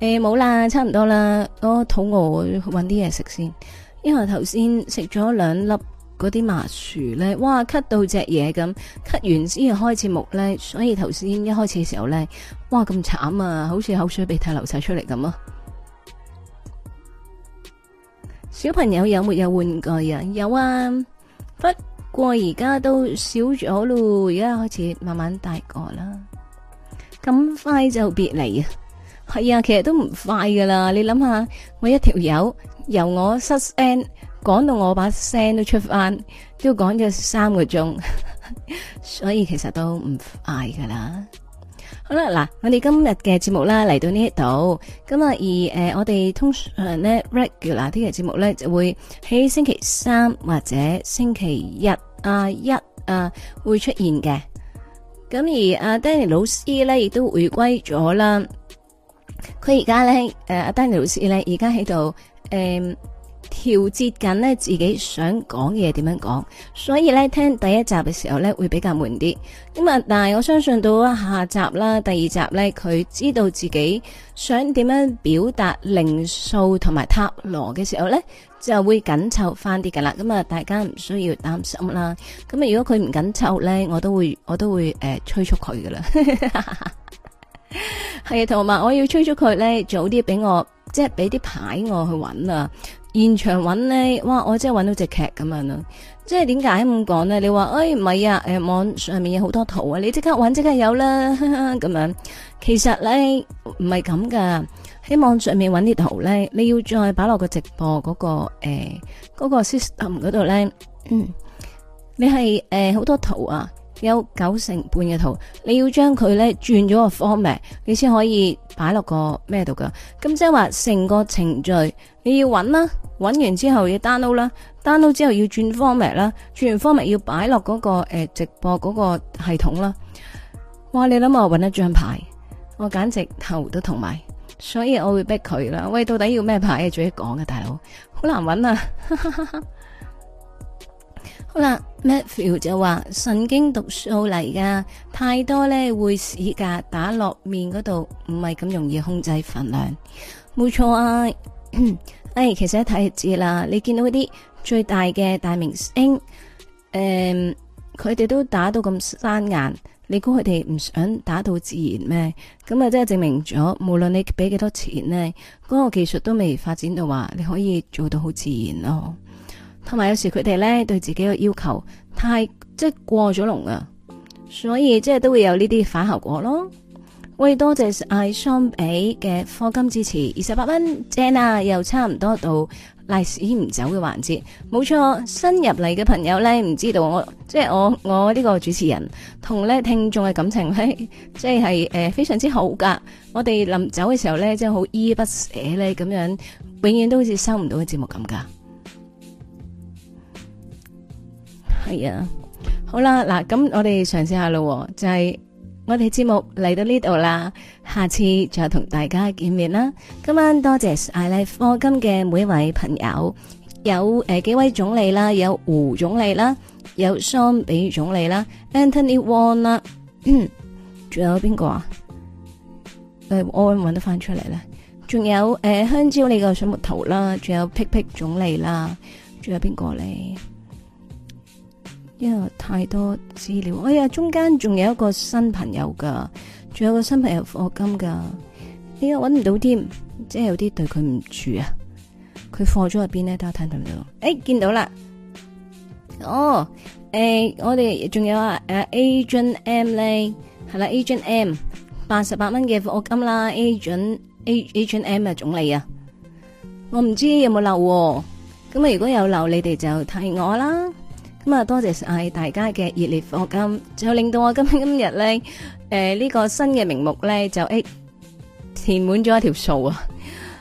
呃，冇啦，差唔多啦，我肚餓，搵啲嘢食先，因為我頭先食咗兩粒。嗰啲麻薯咧，哇！咳到隻嘢咁，咳完先開始木咧。所以頭先一開始嘅時候咧，哇！咁慘啊，好似口水鼻涕流晒出嚟咁啊！ 小朋友有沒有玩具啊？有啊，不過而家都少咗咯，而家開始慢慢大個啦。咁快就別離啊？係啊，其實都唔快噶啦。你諗下，我一條友由我失講到我，我把聲都出翻，都講咗三個鐘呵呵，所以其實都唔快噶啦。好啦，嗱，我哋今日嘅節目啦，嚟到呢一度，咁啊而誒、呃，我哋通常咧 regular 嗱呢嘅節目咧就會喺星期三或者星期日啊一啊一啊會出現嘅。咁而阿 Danny 老師咧亦都回歸咗啦，佢而家咧誒阿 Danny 老師咧而家喺度誒。調節緊咧自己想講嘢點樣講，所以咧聽第一集嘅時候咧會比較悶啲。咁啊，但係我相信到下集啦，第二集咧佢知道自己想點樣表達靈數同埋塔羅嘅時候咧，就會緊湊翻啲噶啦。咁啊，大家唔需要擔心啦。咁啊，如果佢唔緊湊咧，我都會我都會誒催促佢噶啦。係、呃、啊，同埋 我要催促佢咧，早啲俾我，即係俾啲牌我去揾啊！現場揾呢？哇！我真係揾到隻劇咁樣咯，即係點解咁講呢？你話，哎咪啊，誒、呃、網上面有好多圖啊，你即刻揾即刻有啦咁樣。其實呢，唔係咁噶，喺網上面揾啲圖呢，你要再擺落個直播嗰、嗰個誒嗰、呃嗰個 system 嗰度呢。嗯，你係誒好多圖啊，有九成半嘅圖，你要將佢呢轉咗個 format，你先可以擺落個咩度噶。咁即係話成個程序。你要揾啦，揾完之後要 download 啦，download 之後要轉 format 啦，轉完 format 要擺落嗰個誒、呃、直播嗰個系統啦。哇！你諗下，我揾一張牌，我簡直頭都痛埋，所以我會逼佢啦。喂，到底要咩牌呢啊？最一講嘅大佬，好難揾啊哈哈哈哈。好啦，Matthew 就話神經毒素嚟噶，太多咧會死噶，打落面嗰度唔係咁容易控制份量，冇錯啊。誒， 其實一睇字啦，你見到啲最大嘅大明星，誒、嗯，佢哋都打到咁生硬，你估佢哋唔想打到自然咩？咁啊，即係證明咗，無論你俾幾多錢呢，嗰、嗰個技術都未發展到話你可以做到好自然咯。同埋有,有時佢哋咧對自己個要求太即係過咗籠啊，所以即係都會有呢啲反效果咯。喂，我多謝艾桑比嘅課金支持，二十八蚊正啊，又差唔多到賴屎唔走嘅環節，冇錯。新入嚟嘅朋友咧，唔知道我即係、就是、我我呢個主持人同咧聽眾嘅感情咧，即係誒、呃、非常之好噶。我哋臨走嘅時候咧，即係好依依不捨咧，咁樣永遠都好似收唔到嘅節目咁噶。係、哎、啊，好啦，嗱，咁我哋嘗試下咯，就係、是。我哋節目嚟到呢度啦，下次再同大家見面啦。今晚多謝、s、I Life 課金嘅每一位朋友，有誒、呃、幾位總理啦，有胡總理啦，有 s 桑比總理啦，Anthony Won 啦，仲有邊個啊？誒，我唔揾得翻出嚟啦。仲有誒、呃、香蕉你個水木頭啦，仲有 p i 霹靂總理啦，仲有邊個你？因為、yeah，太多資料，哎呀，中間仲有一個新朋友噶，仲有一個新朋友霍金噶，點解搵唔到添？即係有啲對佢唔住啊！佢放咗入邊咧，睇下睇唔到。哎、欸，見到啦，哦，誒、欸，我哋仲有啊，誒，Agent M 咧，係啦，Agent M 八十八蚊嘅霍金啦 Agent，Agent M 嘅總理啊，我唔知道有冇漏咁啊，如果有漏，你哋就提我啦。咁啊，多謝晒大家嘅熱烈課金，就令到我今今日咧，誒、呃、呢、這個新嘅名目咧就誒、欸、填滿咗一條數 啊！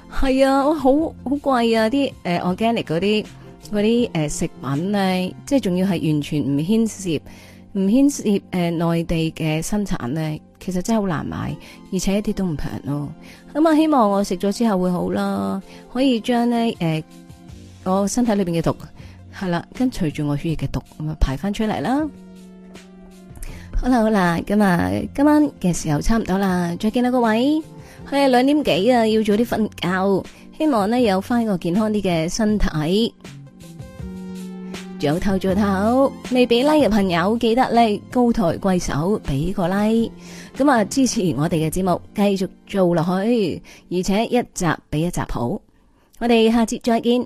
係啊，哇好好貴啊，啲、呃、誒 organic 嗰啲啲誒食品咧，即係仲要係完全唔牽涉唔牽涉誒內、呃、地嘅生產咧，其實真係好難買，而且一啲都唔平咯。咁、呃、啊，希望我食咗之後會好啦，可以將咧誒我身體裏邊嘅毒。係啦，跟隨住我血液嘅毒。咁啊，排翻出嚟啦！好啦好啦，咁啊，今晚嘅時候差唔多啦，再見啦，各位，係兩點幾啊，要早啲瞓覺，希望呢有翻一個健康啲嘅身體。早唞早唞，未俾拉嘅朋友，記得呢高抬貴手，俾個拉，咁啊支持我哋嘅節目，繼續做落去，而且一集比一集好，我哋下節再見。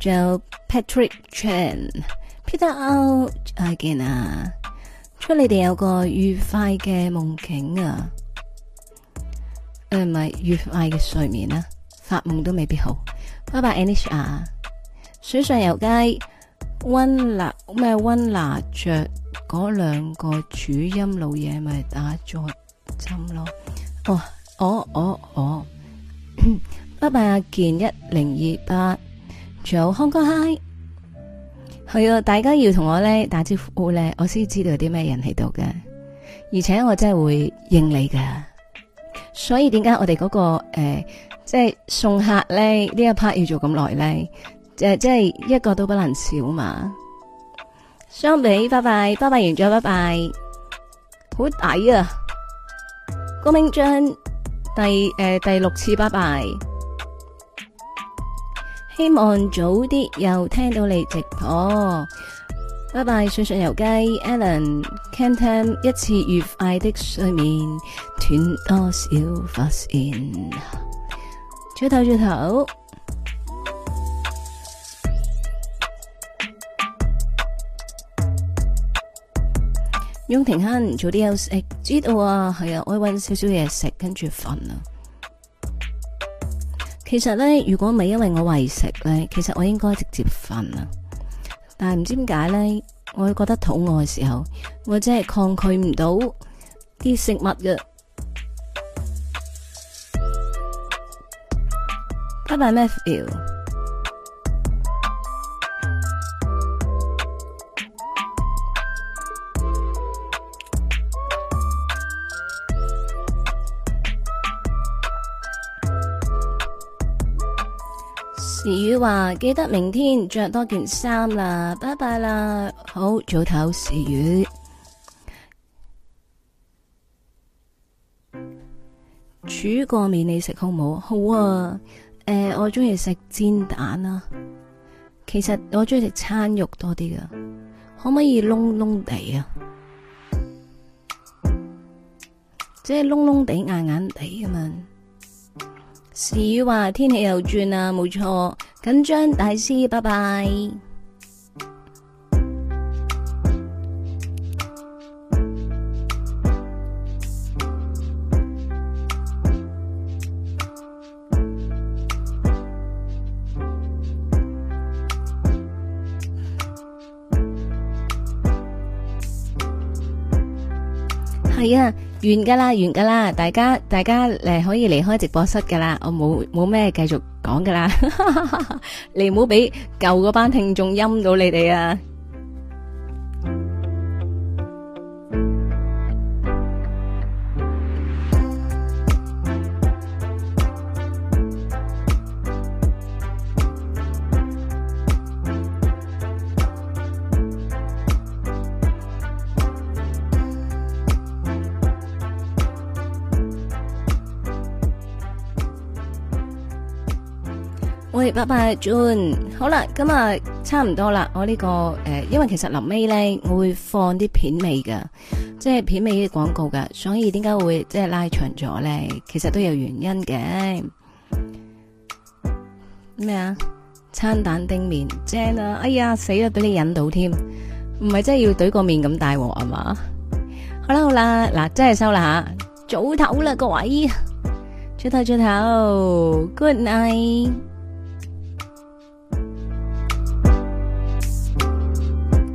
仲 Patrick Chan、Pat Chen, Peter O，阿健啊，祝你哋有個愉快嘅夢境啊。誒、呃，唔係愉快嘅睡眠啊？發夢都未必好。拜拜，Anisha、啊。水上游街，溫拿咩溫拿着嗰兩個主音老嘢，咪打咗針咯。哦，哦哦哦，拜、哦、拜，阿健一零二八。 拜拜阿健。仲有康哥 hi，係啊！大家要同我咧打招呼咧，我先知道有啲咩人喺度㗎。而且我真係會應你噶。所以點解我哋嗰，那個誒、即、呃、係送客咧呢一 part 要做咁耐咧？誒、呃、即、就、係、是、一個都不能少嘛。相比，拜拜，拜拜完咗，拜拜，好抵啊！高明將第誒、呃、第六次拜拜。希望早啲又聽到你直播，哦、拜拜睡睡游雞 a l a n c a n 聽唔聽一次愉快的睡眠斷多少髮線，早唞早唞，翁 庭亨早啲休息。知道啊，係啊，我揾少少嘢食跟住瞓啊。其實咧，如果唔係因為我為食咧，其實我應該直接瞓啦。但係唔知點解咧，我會覺得肚餓嘅時候，或者係抗拒唔到啲食物嘅。拜拜，Matthew。時雨話記得明天着多件衫啦，拜拜啦。好，早唞，時雨煮個麵你食好唔好？好啊，誒、呃，我中意食煎蛋啊。其實我中意食餐肉多啲噶，可唔可以燶燶地啊？即係燶燶地，硬硬地噉樣？時雨話天氣又轉啦，冇錯。緊張大師，拜拜。係啊。 完㗎啦，完㗎啦，大家大家可以離開直播室㗎啦，我冇冇咩繼續講㗎啦。 你唔好俾舊嗰班聽眾陰到你哋啊！拜拜，Joan。好啦，咁啊，差唔多啦。我呢、個誒、呃，因為其實臨尾咧，我會放啲片尾噶，即係片尾嘅廣告噶。所以點解會即係拉長咗咧？其實都有原因嘅。咩啊？餐蛋丁麵正啊！哎呀，死啦！俾你引到添，唔係真係要懟個麵咁大鑊係嘛？好啦好啦，嗱，真係收啦吓，早唞啦，各位，早唞早唞 Good night。